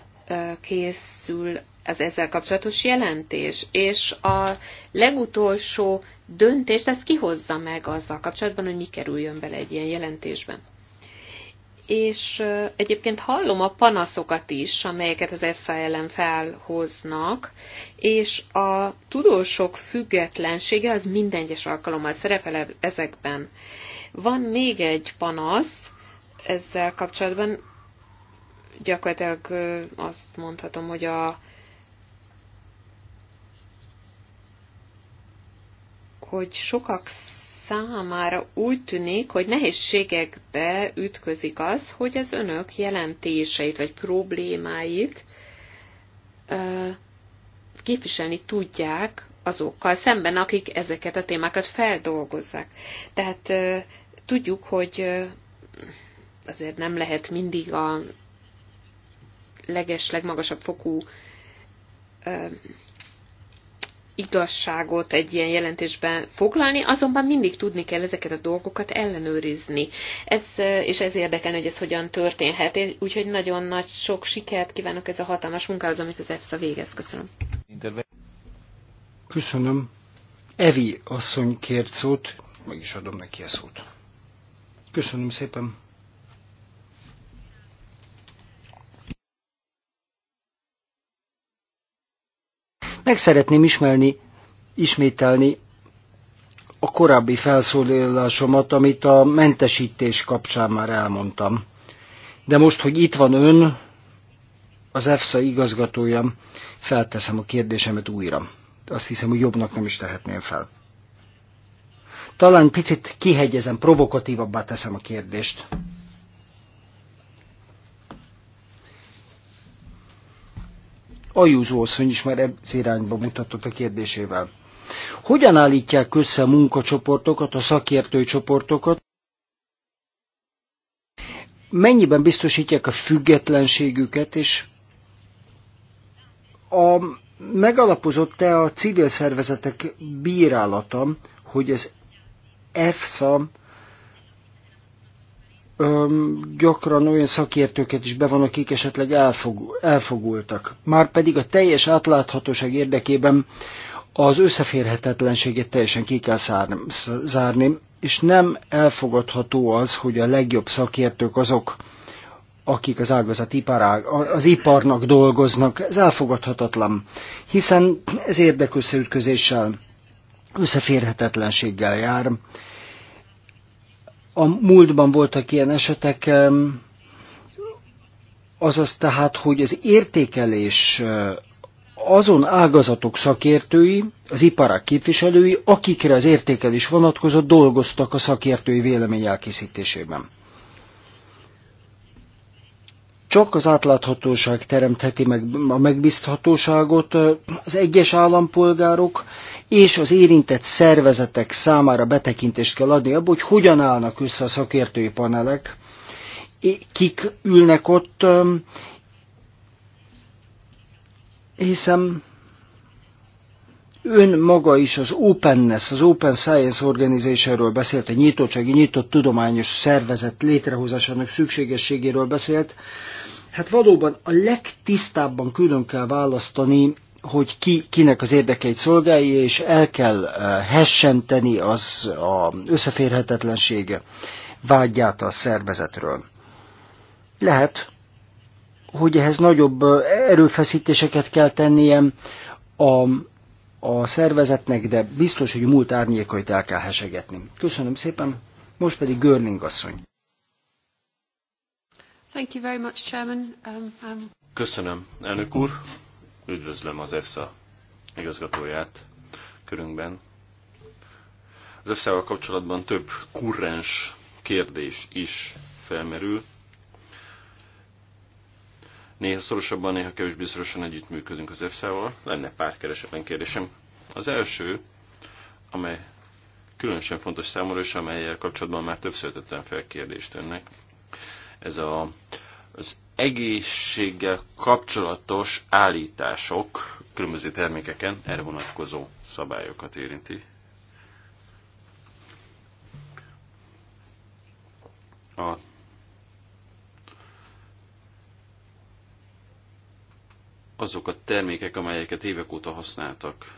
készül az ezzel kapcsolatos jelentés, és a legutolsó döntést, ezt kihozza meg azzal kapcsolatban, hogy mi kerüljön bele egy ilyen jelentésben és egyébként hallom a panaszokat is, amelyeket az EFSA ellen felhoznak, és a tudósok függetlensége az minden egyes alkalommal szerepel ezekben. Van még egy panasz ezzel kapcsolatban, gyakorlatilag azt mondhatom, hogy a hogy sokak számára úgy tűnik, hogy nehézségekbe ütközik az, hogy az önök jelentéseit vagy problémáit ö, képviselni tudják azokkal szemben, akik ezeket a témákat feldolgozzák. Tehát ö, tudjuk, hogy ö, azért nem lehet mindig a leges, legmagasabb fokú igazságot egy ilyen jelentésben foglalni, azonban mindig tudni kell ezeket a dolgokat ellenőrizni. Ez, és ez érdekelne, hogy ez hogyan történhet. Úgyhogy nagyon nagy sok sikert kívánok ez a hatalmas munkához, amit az EFSA végez. Köszönöm. Köszönöm. Evi asszony kért szót, meg is adom neki a szót. Köszönöm szépen. Meg szeretném ismerni, ismételni a korábbi felszólalásomat, amit a mentesítés kapcsán már elmondtam. De most, hogy itt van ön, az EFSA igazgatója, felteszem a kérdésemet újra. Azt hiszem, hogy jobbnak nem is tehetném fel. Talán picit kihegyezem, provokatívabbá teszem a kérdést. Ajúzó asszony is már ez irányba mutatott a kérdésével. Hogyan állítják össze a munkacsoportokat, a szakértői csoportokat? Mennyiben biztosítják a függetlenségüket, és a megalapozott-e a civil szervezetek bírálata, hogy az EFSA gyakran olyan szakértőket is bevon, akik esetleg elfog, elfogultak. Márpedig a teljes átláthatóság érdekében az összeférhetetlenséget teljesen ki kell zárni, és nem elfogadható az, hogy a legjobb szakértők azok, akik az ágazat iparág, az iparnak dolgoznak, ez elfogadhatatlan, hiszen ez érdekösszeütközéssel, összeférhetetlenséggel jár a múltban voltak ilyen esetek, azaz tehát, hogy az értékelés azon ágazatok szakértői, az iparák képviselői, akikre az értékelés vonatkozott, dolgoztak a szakértői vélemény elkészítésében. Csak az átláthatóság teremtheti meg a megbízhatóságot, az egyes állampolgárok és az érintett szervezetek számára betekintést kell adni abba, hogy hogyan állnak össze a szakértői panelek, kik ülnek ott, hiszen ön maga is az Openness, az Open Science Organizationről beszélt, a nyitottsági, nyitott tudományos szervezet létrehozásának szükségességéről beszélt. Hát valóban a legtisztábban külön kell választani hogy ki, kinek az érdekeit szolgálja, és el kell eh, hessenteni az a összeférhetetlensége vágyát a szervezetről. Lehet, hogy ehhez nagyobb eh, erőfeszítéseket kell tennie a, a szervezetnek, de biztos, hogy múlt árnyékait el kell hesegetni. Köszönöm szépen, most pedig Görling asszony. Thank you very much, Chairman. Um, um... Köszönöm, elnök úr. Üdvözlöm az EFSA igazgatóját körünkben. Az EFSA-val kapcsolatban több kurrens kérdés is felmerül. Néha szorosabban, néha kevésbé szorosan együttműködünk az EFSA-val. Lenne pár keresetlen kérdésem. Az első, amely különösen fontos számomra, és amelyel kapcsolatban már többször tettem fel kérdést önnek, ez a az egészséggel kapcsolatos állítások különböző termékeken erre vonatkozó szabályokat érinti. A azok a termékek, amelyeket évek óta használtak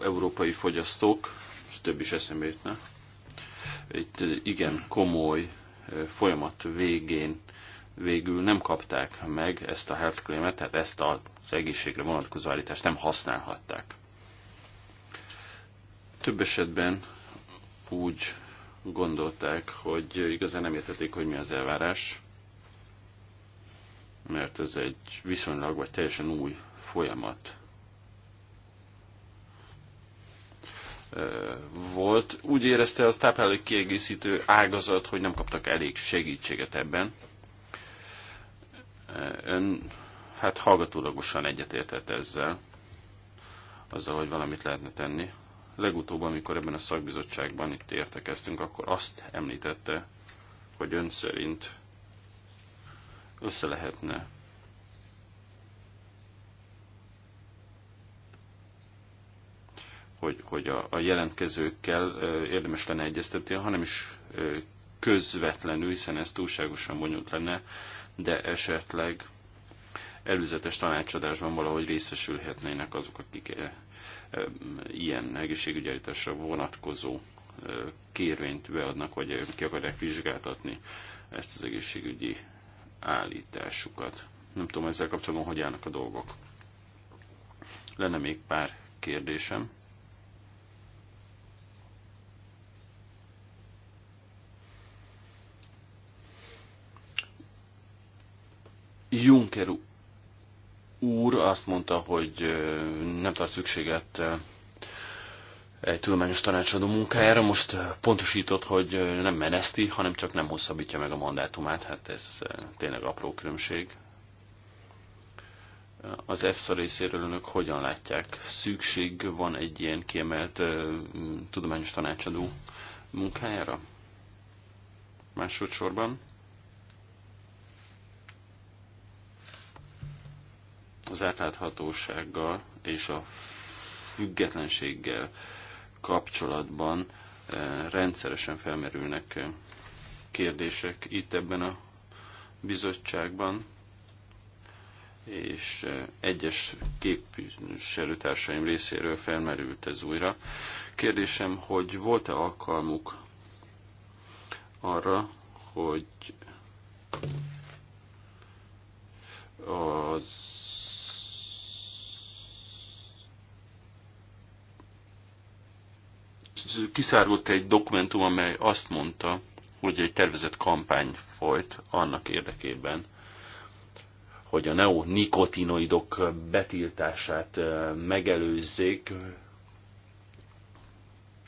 európai fogyasztók, és több is eszembe jutna itt igen komoly folyamat végén végül nem kapták meg ezt a health claimet, tehát ezt az egészségre vonatkozó állítást nem használhatták. Több esetben úgy gondolták, hogy igazán nem értették, hogy mi az elvárás, mert ez egy viszonylag vagy teljesen új folyamat volt. Úgy érezte az kiegészítő ágazat, hogy nem kaptak elég segítséget ebben. Ön hát hallgatólagosan egyetértett ezzel, azzal, hogy valamit lehetne tenni. Legutóbb, amikor ebben a szakbizottságban itt értekeztünk, akkor azt említette, hogy ön szerint össze lehetne hogy, hogy a, a jelentkezőkkel érdemes lenne egyeztetni, hanem is közvetlenül, hiszen ez túlságosan bonyolult lenne, de esetleg előzetes tanácsadásban valahogy részesülhetnének azok, akik ilyen egészségügyi vonatkozó e, kérvényt beadnak, vagy ki akarják vizsgáltatni ezt az egészségügyi állításukat. Nem tudom ezzel kapcsolatban, hogy állnak a dolgok. Lenne még pár kérdésem. Juncker úr azt mondta, hogy nem tart szükséget egy tudományos tanácsadó munkájára, most pontosított, hogy nem meneszti, hanem csak nem hosszabbítja meg a mandátumát, hát ez tényleg apró különbség. Az EFSA részéről önök hogyan látják? Szükség van egy ilyen kiemelt tudományos tanácsadó munkájára? Másodszorban az átláthatósággal és a függetlenséggel kapcsolatban eh, rendszeresen felmerülnek eh, kérdések itt ebben a bizottságban, és eh, egyes képviselőtársaim részéről felmerült ez újra. Kérdésem, hogy volt-e alkalmuk arra, hogy az kiszárgott egy dokumentum, amely azt mondta, hogy egy tervezett kampány folyt annak érdekében, hogy a neonikotinoidok betiltását megelőzzék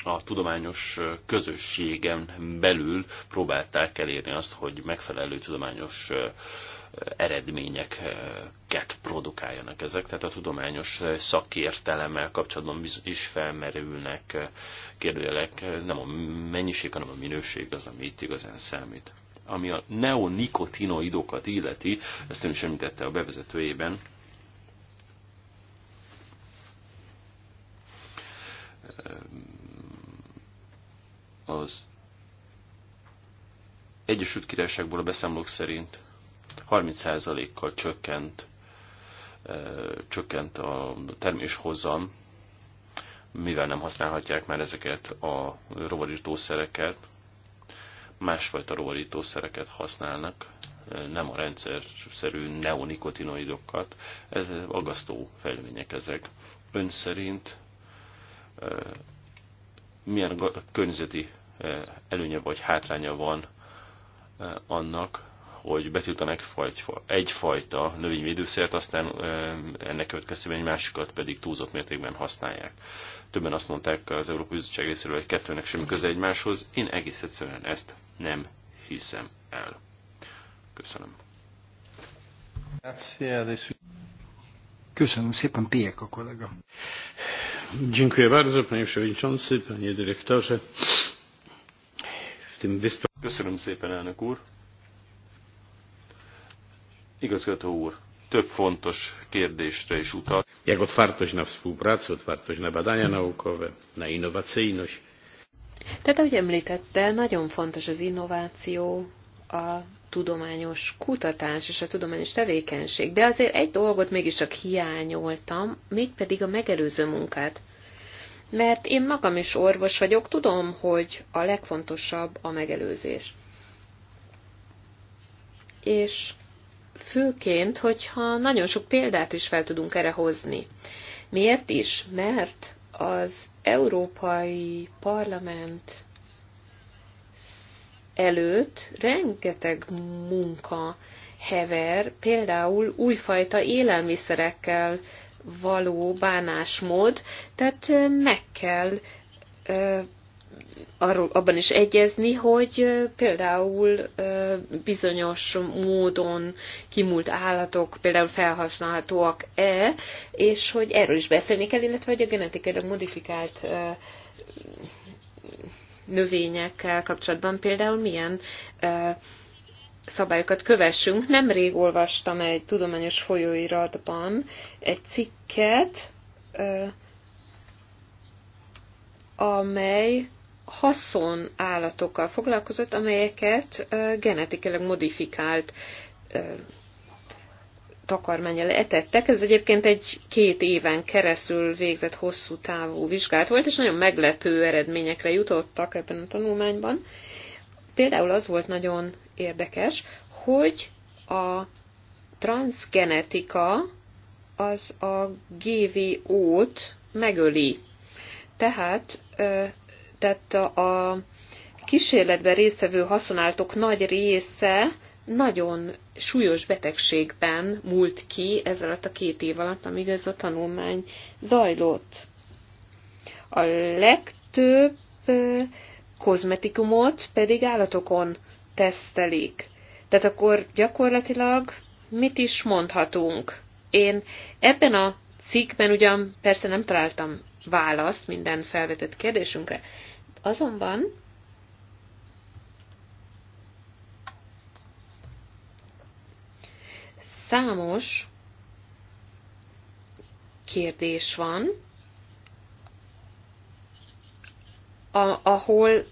a tudományos közösségen belül próbálták elérni azt, hogy megfelelő tudományos eredményeket produkáljanak ezek, tehát a tudományos szakértelemmel kapcsolatban is felmerülnek kérdőjelek, nem a mennyiség, hanem a minőség az, ami itt igazán számít. Ami a neonikotinoidokat illeti, ezt ön is említette a bevezetőjében, az Egyesült Királyságból a beszámolók szerint 30%-kal csökkent, csökkent a terméshozam, mivel nem használhatják már ezeket a rovarítószereket, másfajta rovarítószereket használnak, nem a szerű neonikotinoidokat. Ez agasztó fejlemények ezek. Ön szerint milyen környezeti előnye vagy hátránya van annak, hogy betiltanak egyfajta, növényvédőszert, aztán ennek következtében egy másikat pedig túlzott mértékben használják. Többen azt mondták az Európai Bizottság részéről, hogy kettőnek semmi köze egymáshoz. Én egész egyszerűen ezt nem hiszem el. Köszönöm. Köszönöm szépen, Piek a kollega. Dziękuję bardzo, panie przewodniczący, panie dyrektorze. W tym Köszönöm szépen, elnök úr. Igazgató úr, több fontos kérdésre is utal. Jak otwartość na współpracę, otwartość na badania naukowe, na innowacyjność. Tehát, ahogy említette, nagyon fontos az innováció, a tudományos kutatás és a tudományos tevékenység, de azért egy dolgot mégiscsak hiányoltam, mégpedig a megelőző munkát. Mert én magam is orvos vagyok, tudom, hogy a legfontosabb a megelőzés. És főként, hogyha nagyon sok példát is fel tudunk erre hozni. Miért is? Mert az Európai Parlament előtt rengeteg munka hever, például újfajta élelmiszerekkel való bánásmód, tehát meg kell arról abban is egyezni, hogy például bizonyos módon kimúlt állatok például felhasználhatóak-e, és hogy erről is beszélni kell, illetve hogy a genetikailag modifikált növényekkel kapcsolatban például milyen szabályokat kövessünk. Nemrég olvastam egy tudományos folyóiratban egy cikket, amely haszon állatokkal foglalkozott, amelyeket genetikailag modifikált takarmányjal etettek. Ez egyébként egy két éven keresztül végzett hosszú távú vizsgálat volt, és nagyon meglepő eredményekre jutottak ebben a tanulmányban. Például az volt nagyon érdekes, hogy a transgenetika az a GVO-t megöli. Tehát tehát a kísérletben résztvevő haszonáltok nagy része nagyon súlyos betegségben múlt ki ez alatt a két év alatt, amíg ez a tanulmány zajlott. A legtöbb kozmetikumot pedig állatokon tesztelik. Tehát akkor gyakorlatilag mit is mondhatunk? Én ebben a cikkben ugyan persze nem találtam választ minden felvetett kérdésünkre. Azonban számos kérdés van, ahol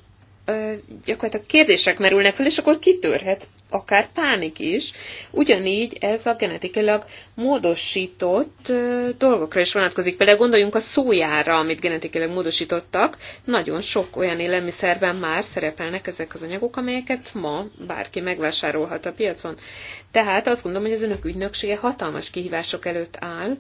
gyakorlatilag kérdések merülnek fel, és akkor kitörhet akár pánik is. Ugyanígy ez a genetikailag módosított dolgokra is vonatkozik. Például gondoljunk a szójára, amit genetikailag módosítottak. Nagyon sok olyan élelmiszerben már szerepelnek ezek az anyagok, amelyeket ma bárki megvásárolhat a piacon. Tehát azt gondolom, hogy az önök ügynöksége hatalmas kihívások előtt áll,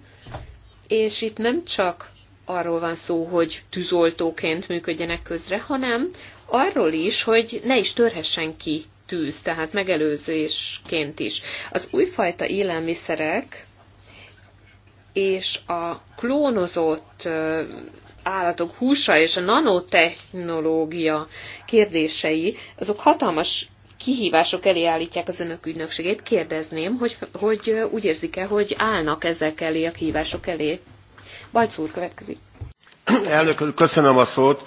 és itt nem csak arról van szó, hogy tűzoltóként működjenek közre, hanem arról is, hogy ne is törhessen ki tűz, tehát megelőzésként is. Az újfajta élelmiszerek és a klónozott állatok húsa és a nanotechnológia kérdései, azok hatalmas kihívások elé állítják az önök ügynökségét. Kérdezném, hogy, hogy úgy érzik-e, hogy állnak ezek elé a kihívások elé? Balc úr következik. Elnök köszönöm a szót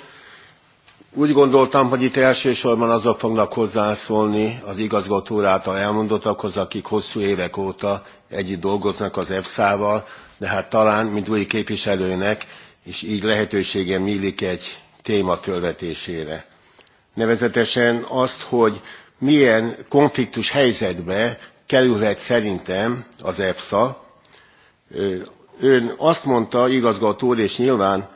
úgy gondoltam hogy itt elsősorban azok fognak hozzászólni az igazgató által elmondottakhoz akik hosszú évek óta együtt dolgoznak az efsa val de hát talán mint új képviselőnek és így lehetőségem nyílik egy téma fölvetésére nevezetesen azt hogy milyen konfliktus helyzetbe kerülhet szerintem az efsa. ön azt mondta igazgató úr és nyilván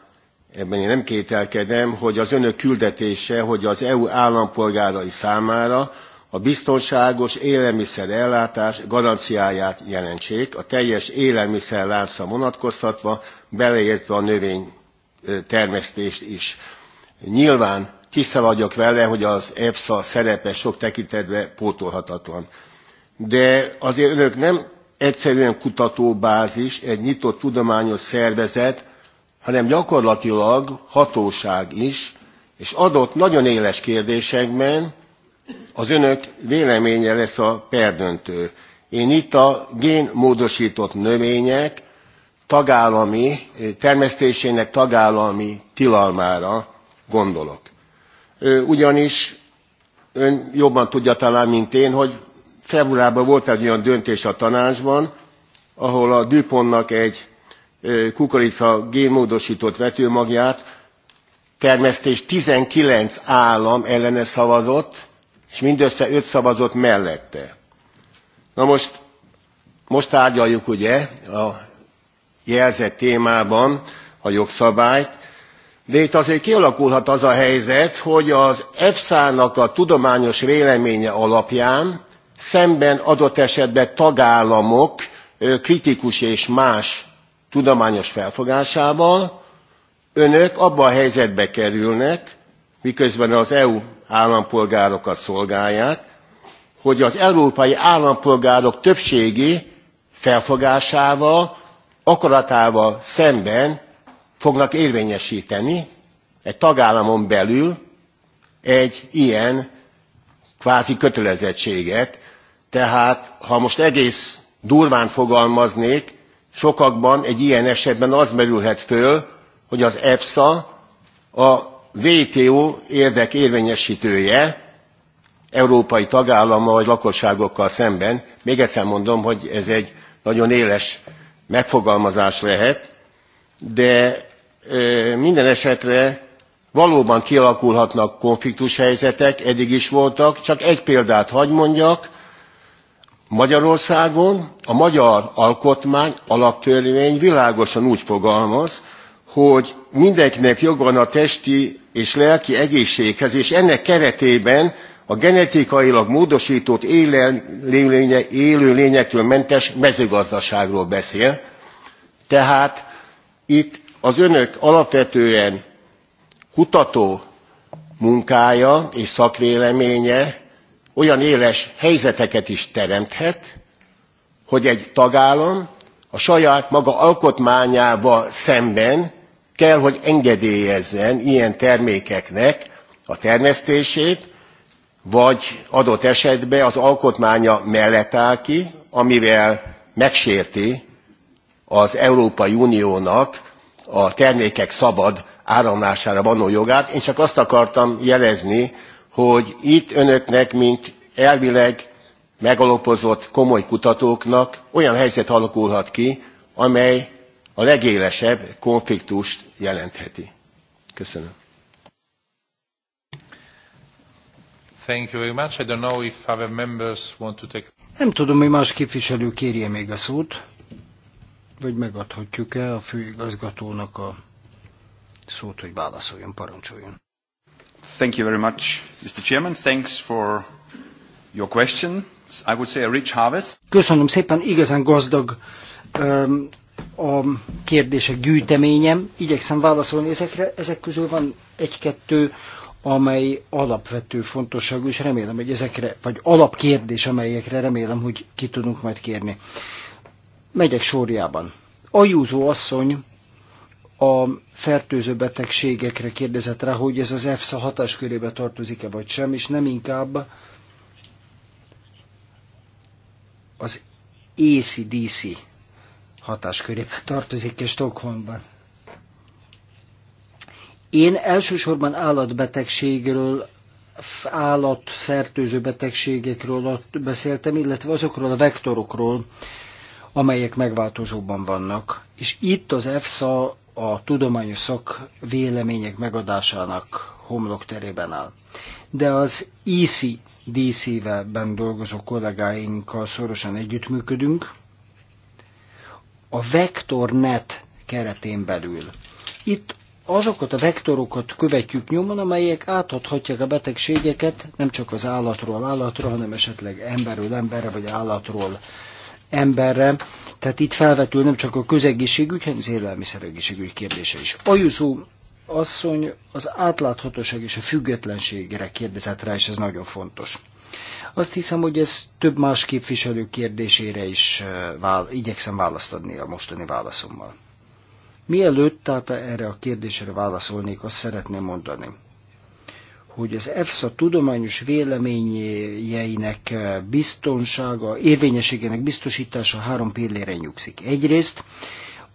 ebben én nem kételkedem hogy az önök küldetése hogy az eu állampolgárai számára a biztonságos élelmiszer ellátás garanciáját jelentsék a teljes élelmiszer lánca vonatkoztatva beleértve a növénytermesztést is. nyilván tisza vagyok vele hogy az efsa szerepe sok tekintetben pótolhatatlan de azért önök nem egyszerűen kutatóbázis egy nyitott tudományos szervezet hanem gyakorlatilag hatóság is, és adott nagyon éles kérdésekben az önök véleménye lesz a perdöntő. Én itt a génmódosított növények tagállami, termesztésének tagállami tilalmára gondolok. Ugyanis ön jobban tudja talán, mint én, hogy februárban volt egy olyan döntés a tanácsban, ahol a Dupontnak egy kukorica génmódostott vetőmagját termesztés nineteen állam ellene szavazott és mindössze five szavazott mellette. na most most tárgyaljuk ugye a jelzett témában a jogszabályt de itt azért kialakulhat az a helyzet hogy az efsa nak a tudományos véleménye alapján szemben adott esetben tagállamok kritikus és más tudományos felfogásával önök abba a helyzetbe kerülnek miközben az eu állampolgárokat szolgálják hogy az európai állampolgárok többségi felfogásával akaratával szemben fognak érvényesíteni egy tagállamon belül egy ilyen kvázi kötelezettséget tehát ha most egész durván fogalmaznék sokakban egy ilyen esetben az merülhet föl hogy az efsa a wto érdek érvényesítője, európai tagállama vagy lakosságokkal szemben még egyszer mondom hogy ez egy nagyon éles megfogalmazás lehet de minden esetre valóban kialakulhatnak konfliktushelyzetek eddig is voltak. csak egy példát hadd mondjak magyarországon a magyar alkotmány alaptörvény világosan úgy fogalmaz hogy mindenkinek joga van a testi és lelki egészséghez és ennek keretében a genetikailag élő lényektől mentes mezőgazdaságról beszél tehát itt az önök alapvetően kutató munkája és szakvéleménye olyan éles helyzeteket is teremthet, hogy egy tagállam a saját maga alkotmányával szemben kell, hogy engedélyezzen ilyen termékeknek a termesztését, vagy adott esetben az alkotmánya mellett áll ki, amivel megsérti az Európai Uniónak a termékek szabad áramlására való jogát. Én csak azt akartam jelezni, hogy itt önöknek mint elvileg megalapozott komoly kutatóknak olyan helyzet alakulhat ki amely a legélesebb konfliktust jelentheti. Köszönöm. Thank you very much. I don't know if other members want to take... Nem tudom, hogy más képviselő kérje még a szót, vagy megadhatjuk-e a főigazgatónak a szót, hogy válaszoljon, parancsoljon. Thank you very much, Mr. Chairman. Thanks for your question. I would say a rich harvest. Köszönöm szépen, igazán gazdag um, a kérdések gyűjteményem. Igyekszem válaszolni ezekre. Ezek közül van egy-kettő, amely alapvető fontosságú, és remélem, hogy ezekre, vagy alapkérdés, amelyekre remélem, hogy ki tudunk majd kérni. Megyek sorjában. Ajúzó asszony a fertőző betegségekre kérdezett rá, hogy ez az EFSA hatáskörébe tartozik-e vagy sem, és nem inkább az ACDC hatáskörébe tartozik-e Stockholmban. Én elsősorban állatbetegségről, állatfertőző betegségekről beszéltem, illetve azokról a vektorokról, amelyek megváltozóban vannak. És itt az EFSA a tudományos vélemények megadásának homlokterében áll. De az ECDC-ben dolgozó kollégáinkkal szorosan együttműködünk, a VectorNet keretén belül. Itt azokat a vektorokat követjük nyomon, amelyek átadhatják a betegségeket nem csak az állatról állatra, hanem esetleg emberről emberre, vagy állatról emberre. Tehát itt felvetül nem csak a közegészségügy, hanem az élelmiszeregészségügy kérdése is. Ajuzó asszony az átláthatóság és a függetlenségre kérdezett rá, és ez nagyon fontos. Azt hiszem, hogy ez több más képviselő kérdésére is eh, vál, igyekszem választ adni a mostani válaszommal. Mielőtt tehát erre a kérdésre válaszolnék, azt szeretném mondani, hogy az EFSA tudományos véleményeinek eh, biztonsága, érvényességének biztosítása három pillére nyugszik. Egyrészt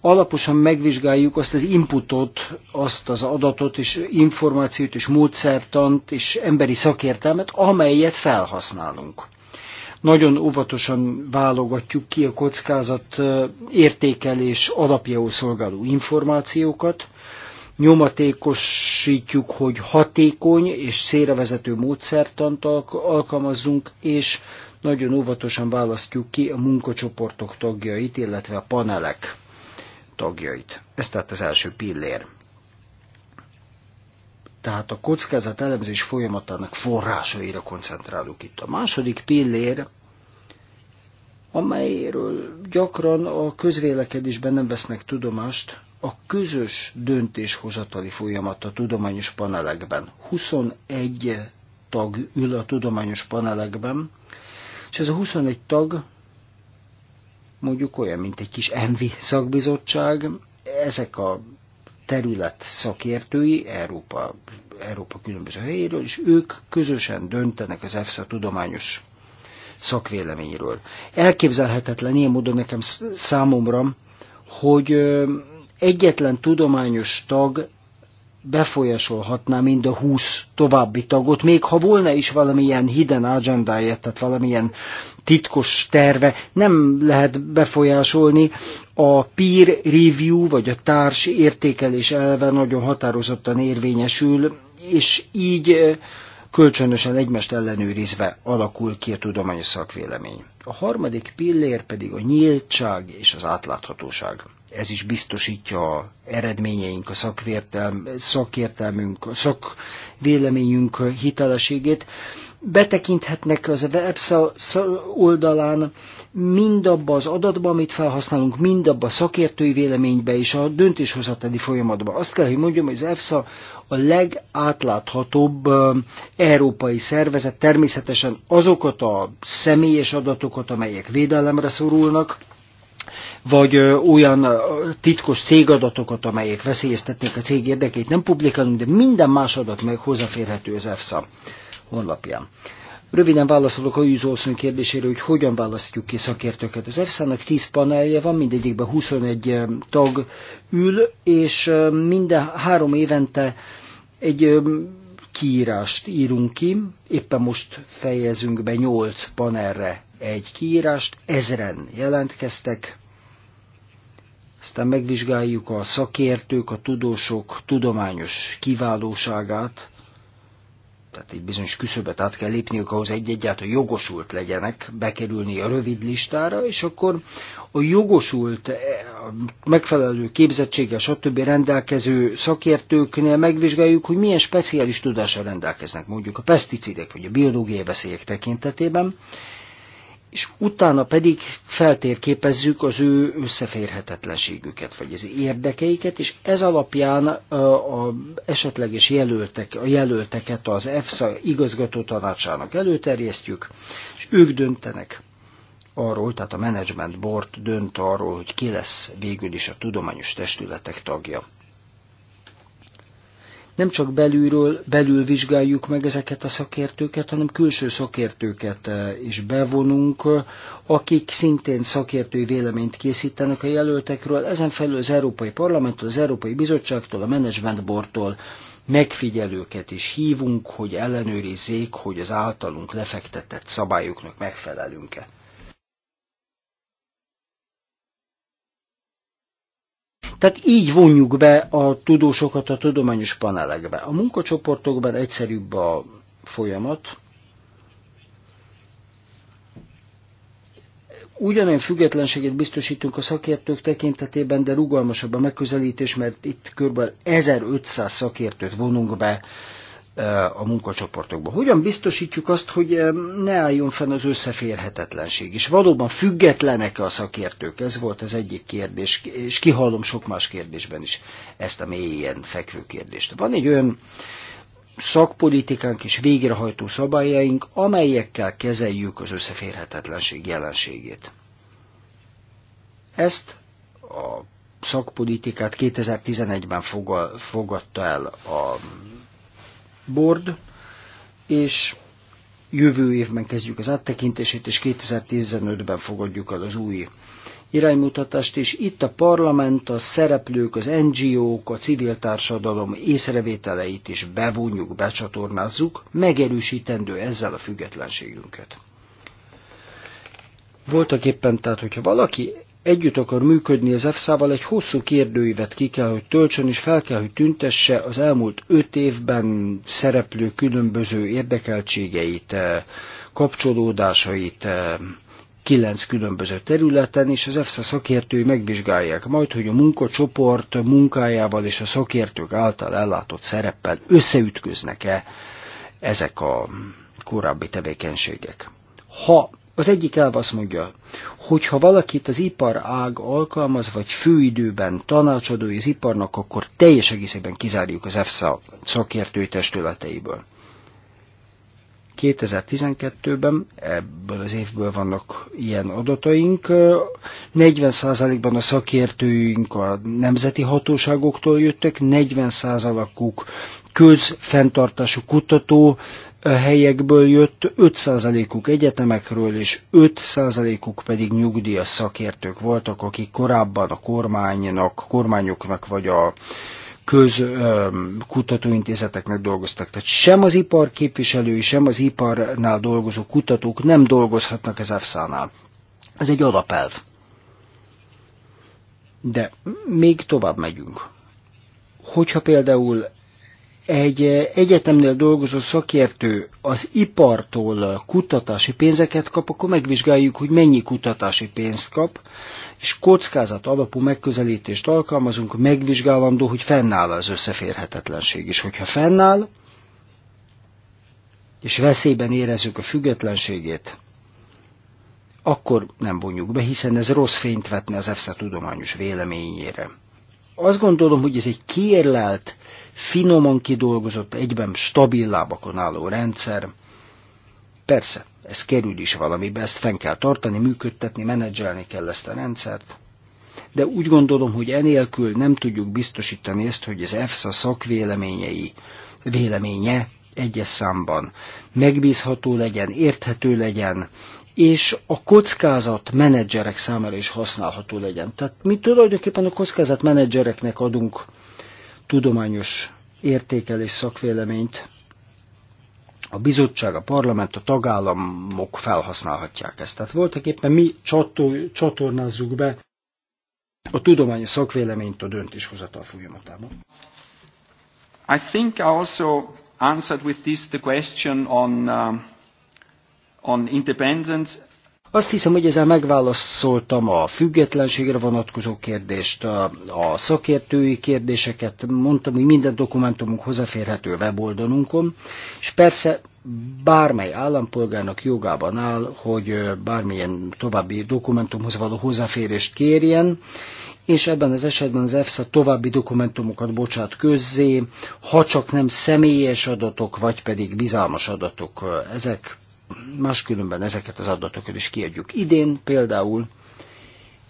alaposan megvizsgáljuk azt az inputot, azt az adatot és információt és módszertant és emberi szakértelmet, amelyet felhasználunk. Nagyon óvatosan válogatjuk ki a kockázat eh, értékelés alapjául szolgáló információkat, nyomatékosítjuk, hogy hatékony és szélrevezető módszertant alkalmazzunk, és nagyon óvatosan választjuk ki a munkacsoportok tagjait, illetve a panelek tagjait. Ez tehát az első pillér. Tehát a kockázat elemzés folyamatának forrásaira koncentrálunk itt. A második pillér, amelyről gyakran a közvélekedésben nem vesznek tudomást, a közös döntéshozatali folyamat a tudományos panelekben. 21 tag ül a tudományos panelekben, és ez a 21 tag mondjuk olyan, mint egy kis ENVI szakbizottság, ezek a terület szakértői Európa, Európa különböző helyéről, és ők közösen döntenek az EFSA tudományos szakvéleményről. Elképzelhetetlen ilyen módon nekem számomra, hogy egyetlen tudományos tag befolyásolhatná mind a húsz további tagot, még ha volna is valamilyen hidden agendája, tehát valamilyen titkos terve, nem lehet befolyásolni. A peer review, vagy a társ értékelés elve nagyon határozottan érvényesül, és így kölcsönösen egymást ellenőrizve alakul ki a tudományos szakvélemény. A harmadik pillér pedig a nyíltság és az átláthatóság ez is biztosítja a eredményeink, a szakértelm, szakértelmünk, a szakvéleményünk hitelességét. Betekinthetnek az websza oldalán mindabba az adatba, amit felhasználunk, mindabba a szakértői véleménybe és a döntéshozatali folyamatba. Azt kell, hogy mondjam, hogy az EFSA a legátláthatóbb európai szervezet természetesen azokat a személyes adatokat, amelyek védelemre szorulnak, vagy olyan titkos cégadatokat, amelyek veszélyeztetnék a cég érdekét nem publikálunk, de minden más adat meg hozzáférhető az EFSA honlapján. Röviden válaszolok a Jűzolszony kérdésére, hogy hogyan választjuk ki szakértőket. Az EFSA-nak 10 panelje van, mindegyikben 21 tag ül, és minden három évente egy kiírást írunk ki, éppen most fejezünk be 8 panelre egy kiírást, ezren jelentkeztek, aztán megvizsgáljuk a szakértők, a tudósok tudományos kiválóságát, tehát egy bizonyos küszöbet át kell lépniük ahhoz egy egyáltalán jogosult legyenek bekerülni a rövid listára, és akkor a jogosult, e, a megfelelő képzettséggel, stb. rendelkező szakértőknél megvizsgáljuk, hogy milyen speciális tudással rendelkeznek, mondjuk a peszticidek vagy a biológiai veszélyek tekintetében, és utána pedig feltérképezzük az ő összeférhetetlenségüket, vagy az érdekeiket, és ez alapján a esetleges jelöltek, a jelölteket az EFSA igazgató tanácsának előterjesztjük, és ők döntenek arról, tehát a Management Board dönt arról, hogy ki lesz végül is a tudományos testületek tagja nem csak belülről, belül vizsgáljuk meg ezeket a szakértőket, hanem külső szakértőket eh, is bevonunk, akik szintén szakértői véleményt készítenek a jelöltekről, ezen felül az Európai Parlamenttől, az Európai Bizottságtól, a Management Boardtól megfigyelőket is hívunk, hogy ellenőrizzék, hogy az általunk lefektetett szabályoknak megfelelünk-e. Tehát így vonjuk be a tudósokat a tudományos panelekbe. A munkacsoportokban egyszerűbb a folyamat. Ugyanolyan függetlenséget biztosítunk a szakértők tekintetében, de rugalmasabb a megközelítés, mert itt kb. 1500 szakértőt vonunk be a munkacsoportokban. Hogyan biztosítjuk azt, hogy eh, ne álljon fenn az összeférhetetlenség, és valóban függetlenek a szakértők? Ez volt az egyik kérdés, és kihallom sok más kérdésben is ezt a mélyen fekvő kérdést. Van egy olyan szakpolitikánk és végrehajtó szabályaink, amelyekkel kezeljük az összeférhetetlenség jelenségét. Ezt a szakpolitikát 2011-ben fogadta el a Board, és jövő évben kezdjük az áttekintését, és 2015-ben fogadjuk el az új iránymutatást, és itt a parlament, a szereplők, az NGO-k, a civil társadalom észrevételeit is bevonjuk, becsatornázzuk, megerősítendő ezzel a függetlenségünket. Voltak éppen, tehát hogyha valaki együtt akar működni az EFSA-val, egy hosszú kérdőívet ki kell, hogy töltsön, és fel kell, hogy tüntesse az elmúlt öt évben szereplő különböző érdekeltségeit, eh, kapcsolódásait, eh, kilenc különböző területen, és az EFSA szakértői megvizsgálják majd, hogy a munkacsoport munkájával és a szakértők által ellátott szereppel összeütköznek-e ezek a korábbi tevékenységek. Ha az egyik elv azt mondja, hogyha valakit az iparág alkalmaz, vagy főidőben tanácsadói az iparnak, akkor teljes egészében kizárjuk az EFSA szakértői testületeiből. 2012-ben, ebből az évből vannak ilyen adataink, 40%-ban a szakértőink a nemzeti hatóságoktól jöttek, 40%-uk közfenntartású kutató helyekből jött, 5%-uk egyetemekről és 5%-uk pedig nyugdíjas szakértők voltak, akik korábban a kormánynak, kormányoknak vagy a közkutatóintézeteknek dolgoztak. Tehát sem az ipar képviselői, sem az iparnál dolgozó kutatók nem dolgozhatnak az EFSA-nál. Ez egy alapelv. De még tovább megyünk. Hogyha például egy eh, egyetemnél dolgozó szakértő az ipartól kutatási pénzeket kap, akkor megvizsgáljuk, hogy mennyi kutatási pénzt kap, és kockázat alapú megközelítést alkalmazunk, megvizsgálandó, hogy fennáll az összeférhetetlenség. És hogyha fennáll, és veszélyben érezzük a függetlenségét, akkor nem vonjuk be, hiszen ez rossz fényt vetne az EFSA tudományos véleményére. Azt gondolom, hogy ez egy kérlelt, finoman kidolgozott, egyben stabil lábakon álló rendszer. Persze, ez kerül is valamibe, ezt fenn kell tartani, működtetni, menedzselni kell ezt a rendszert. De úgy gondolom, hogy enélkül nem tudjuk biztosítani ezt, hogy az EFSA szakvéleményei véleménye egyes számban megbízható legyen, érthető legyen, és a kockázat menedzserek számára is használható legyen. Tehát mi tulajdonképpen a kockázat menedzsereknek adunk tudományos értékelés szakvéleményt. A bizottság, a parlament, a tagállamok felhasználhatják ezt. Tehát voltak éppen mi csatornázzuk be a tudományos szakvéleményt a döntéshozatal folyamatában. I think I also answered with this the question on uh on independence. Azt hiszem, hogy ezzel megválaszoltam a függetlenségre vonatkozó kérdést, a szakértői kérdéseket, mondtam, hogy minden dokumentumunk hozzáférhető weboldalunkon, és persze bármely állampolgárnak jogában áll, hogy bármilyen további dokumentumhoz való hozzáférést kérjen, és ebben az esetben az EFSA további dokumentumokat bocsát közzé, ha csak nem személyes adatok, vagy pedig bizalmas adatok. Ezek máskülönben ezeket az adatokat is kiadjuk. Idén például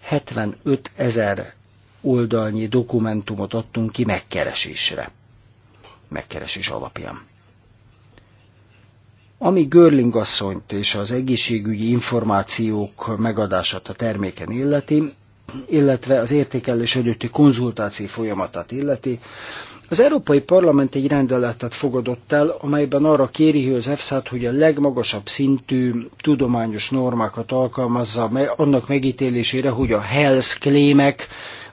75 ezer oldalnyi dokumentumot adtunk ki megkeresésre. Megkeresés alapján. Ami Görling asszonyt és az egészségügyi információk megadását a terméken illeti, illetve az értékelés előtti konzultáció folyamatát illeti. Az Európai Parlament egy rendeletet fogadott el, amelyben arra kéri hogy az efsa hogy a legmagasabb szintű tudományos normákat alkalmazza annak megítélésére, hogy a health claimek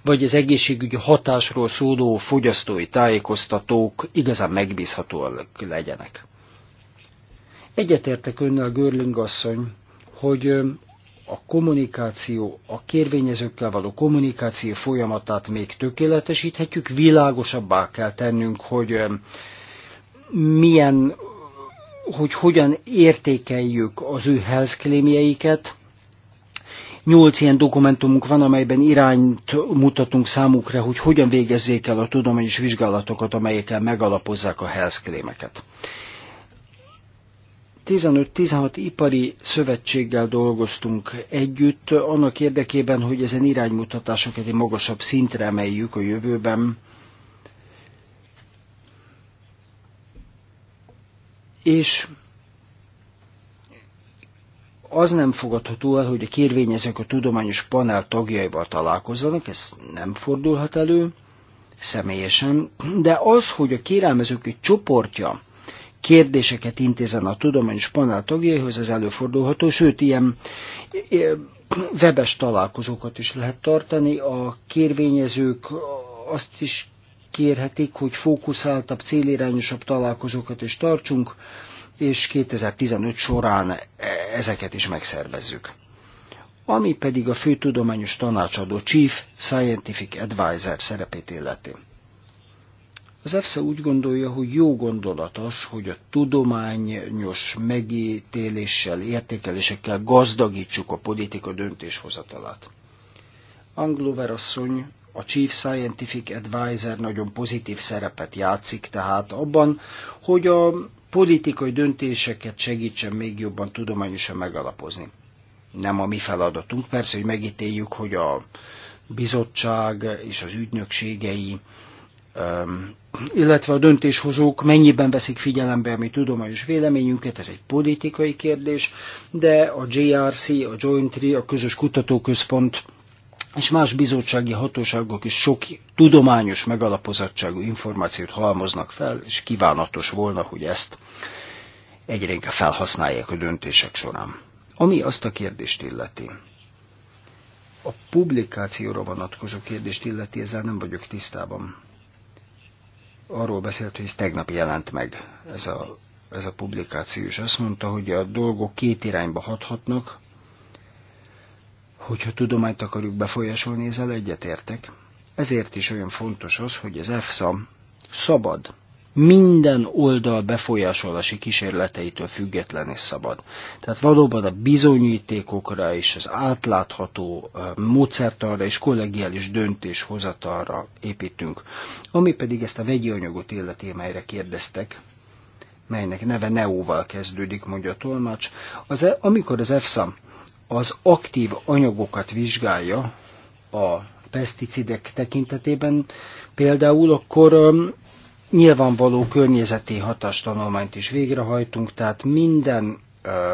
vagy az egészségügyi hatásról szóló fogyasztói tájékoztatók igazán megbízhatóak legyenek. Egyetértek önnel, Görling asszony, hogy a kommunikáció, a kérvényezőkkel való kommunikáció folyamatát még tökéletesíthetjük, világosabbá kell tennünk, hogy milyen, hogy hogyan értékeljük az ő helszklémjeiket. Nyolc ilyen dokumentumunk van, amelyben irányt mutatunk számukra, hogy hogyan végezzék el a tudományos vizsgálatokat, amelyekkel megalapozzák a helszklémeket. 15-16 ipari szövetséggel dolgoztunk együtt, annak érdekében, hogy ezen iránymutatásokat egy magasabb szintre emeljük a jövőben. És az nem fogadható el, hogy a kérvényezők a tudományos panel tagjaival találkozzanak, ez nem fordulhat elő személyesen, de az, hogy a kérelmezők egy csoportja kérdéseket intézen a tudományos panel tagjaihoz, ez előfordulható, sőt, ilyen webes találkozókat is lehet tartani. A kérvényezők azt is kérhetik, hogy fókuszáltabb, célirányosabb találkozókat is tartsunk, és 2015 során e-, ezeket is megszervezzük. Ami pedig a fő tudományos tanácsadó Chief Scientific Advisor szerepét illeti. Az EFSA úgy gondolja, hogy jó gondolat az, hogy a tudományos megítéléssel, értékelésekkel gazdagítsuk a politika döntéshozatalát. Anglover asszony, a Chief Scientific Advisor nagyon pozitív szerepet játszik tehát abban, hogy a politikai döntéseket segítsen még jobban tudományosan megalapozni. Nem a mi feladatunk, persze, hogy megítéljük, hogy a bizottság és az ügynökségei illetve a döntéshozók mennyiben veszik figyelembe a mi tudományos véleményünket, ez egy politikai kérdés, de a JRC, a Joint Re, a Közös Kutatóközpont és más bizottsági hatóságok is sok tudományos megalapozottságú információt halmoznak fel, és kívánatos volna, hogy ezt egyre inkább felhasználják a döntések során. Ami azt a kérdést illeti, a publikációra vonatkozó kérdést illeti, ezzel nem vagyok tisztában arról beszélt, hogy ez tegnap jelent meg ez a, ez a publikáció, és azt mondta, hogy a dolgok két irányba hathatnak, hogyha tudományt akarjuk befolyásolni, ezzel egyetértek. Ezért is olyan fontos az, hogy az EFSA szabad minden oldal befolyásolási kísérleteitől független és szabad. Tehát valóban a bizonyítékokra és az átlátható módszertarra és kollegiális döntéshozatalra építünk. Ami pedig ezt a vegyi anyagot illeti, amelyre kérdeztek, melynek neve Neóval kezdődik, mondja a tolmács, az, e- amikor az EFSA az aktív anyagokat vizsgálja a peszticidek tekintetében, például akkor nyilvánvaló környezeti hatástanulmányt is végrehajtunk, tehát minden ö,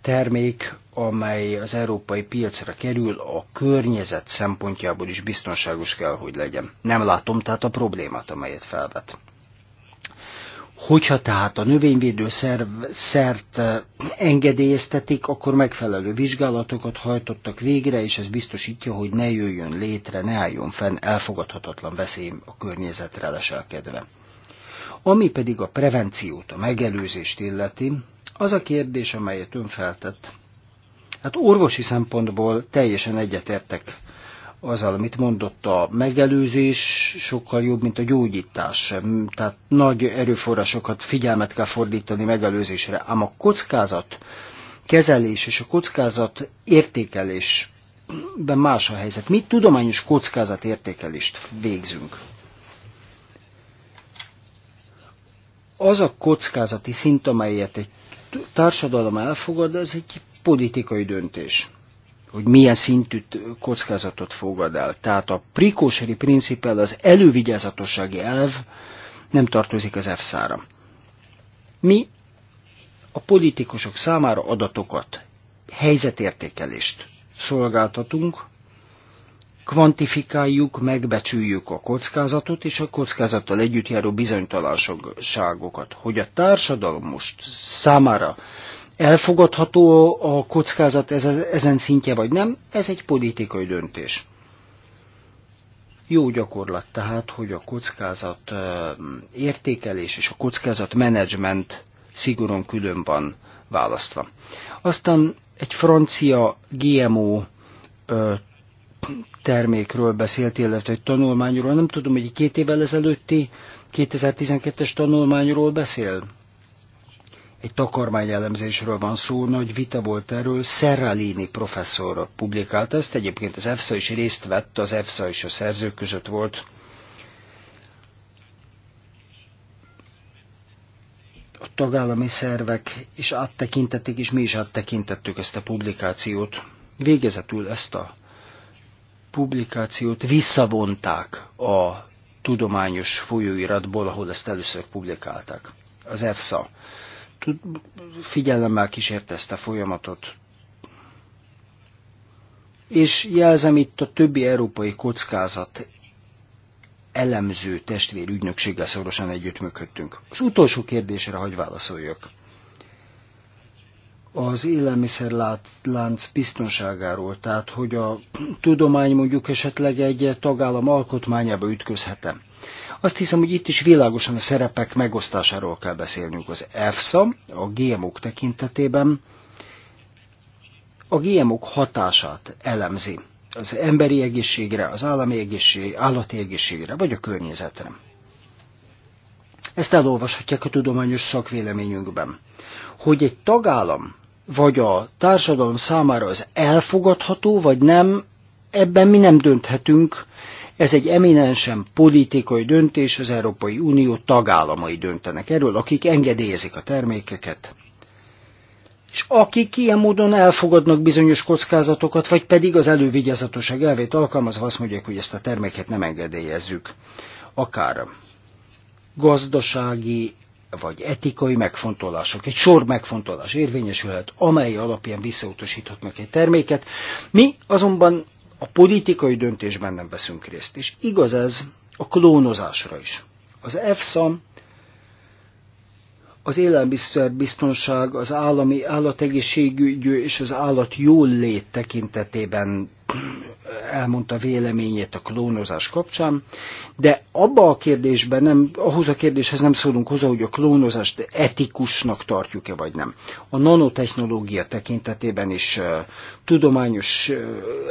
termék, amely az európai piacra kerül, a környezet szempontjából is biztonságos kell, hogy legyen. Nem látom tehát a problémát, amelyet felvet. Hogyha tehát a növényvédőszert engedélyeztetik, akkor megfelelő vizsgálatokat hajtottak végre, és ez biztosítja, hogy ne jöjjön létre, ne álljon fenn elfogadhatatlan veszély a környezetre leselkedve. Ami pedig a prevenciót, a megelőzést illeti, az a kérdés, amelyet ön feltett. Hát orvosi szempontból teljesen egyetértek azzal, amit mondott, a megelőzés sokkal jobb, mint a gyógyítás. Tehát nagy erőforrásokat, figyelmet kell fordítani megelőzésre. Ám a kockázat kezelés és a kockázat értékelésben más a helyzet. Mi tudományos kockázat értékelést végzünk? Az a kockázati szint, amelyet egy társadalom elfogad, az egy politikai döntés hogy milyen szintű kockázatot fogad el. Tehát a precautionary principle, az elővigyázatossági elv nem tartozik az EFSA-ra. Mi a politikusok számára adatokat, helyzetértékelést szolgáltatunk, kvantifikáljuk, megbecsüljük a kockázatot és a kockázattal együtt járó bizonytalanságokat, hogy a társadalom most számára elfogadható a kockázat ezen szintje, vagy nem, ez egy politikai döntés. Jó gyakorlat tehát, hogy a kockázat értékelés és a kockázat menedzsment szigorúan külön van választva. Aztán egy francia GMO termékről beszélt, illetve egy tanulmányról. Nem tudom, hogy két évvel ezelőtti 2012-es tanulmányról beszél egy takarmányelemzésről van szó, nagy vita volt erről, Serralini professzor publikálta ezt, egyébként az EFSA is részt vett, az EFSA és a szerzők között volt. A tagállami szervek is áttekintették, és mi is áttekintettük ezt a publikációt. Végezetül ezt a publikációt visszavonták a tudományos folyóiratból, ahol ezt először publikálták. Az EFSA Tud figyelemmel kísérte ezt a folyamatot. És jelzem itt a többi európai kockázat elemző testvér ügynökséggel szorosan együttműködtünk. Az utolsó kérdésre hagy válaszoljak. Az élelmiszerlánc biztonságáról, tehát hogy a tudomány mondjuk esetleg egy tagállam alkotmányába ütközhetem. Azt hiszem, hogy itt is világosan a szerepek megosztásáról kell beszélnünk. Az EFSA a GMO-k tekintetében a GMO-k hatását elemzi az emberi egészségre, az állami egészség, állati egészségre, vagy a környezetre. Ezt elolvashatják a tudományos szakvéleményünkben. Hogy egy tagállam vagy a társadalom számára az elfogadható, vagy nem, ebben mi nem dönthetünk, ez egy eminensen politikai döntés, az Európai Unió tagállamai döntenek erről, akik engedélyezik a termékeket, és akik ilyen módon elfogadnak bizonyos kockázatokat, vagy pedig az elővigyázatosság elvét alkalmazva azt mondják, hogy ezt a terméket nem engedélyezzük, akár gazdasági vagy etikai megfontolások, egy sor megfontolás érvényesülhet, amely alapján visszautasíthatnak egy terméket. Mi azonban a politikai döntésben nem veszünk részt, és igaz ez a klónozásra is. Az EFSA az élelmiszerbiztonság, az állami állategészségügy és az állat lét tekintetében elmondta véleményét a klónozás kapcsán, de abba a kérdésben nem, ahhoz a kérdéshez nem szólunk hozzá, hogy a klónozást etikusnak tartjuk-e vagy nem. A nanotechnológia tekintetében is uh, tudományos uh,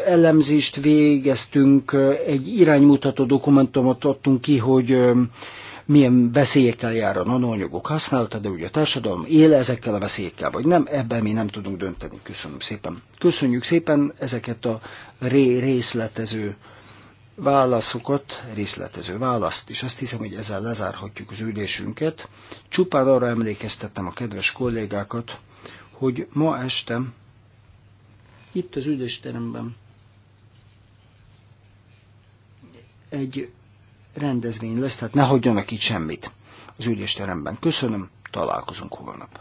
elemzést végeztünk, uh, egy iránymutató dokumentumot adtunk ki, hogy milyen veszélyekkel jár a nanoanyagok használata, de ugye a társadalom él ezekkel a veszélyekkel, vagy nem, ebben mi nem tudunk dönteni. Köszönöm szépen. Köszönjük szépen ezeket a ré részletező válaszokat, részletező választ, és azt hiszem, hogy ezzel lezárhatjuk az ülésünket. Csupán arra emlékeztettem a kedves kollégákat, hogy ma este itt az ülésteremben egy rendezvény lesz, tehát ne hagyjanak itt semmit az ülésteremben. Köszönöm, találkozunk holnap.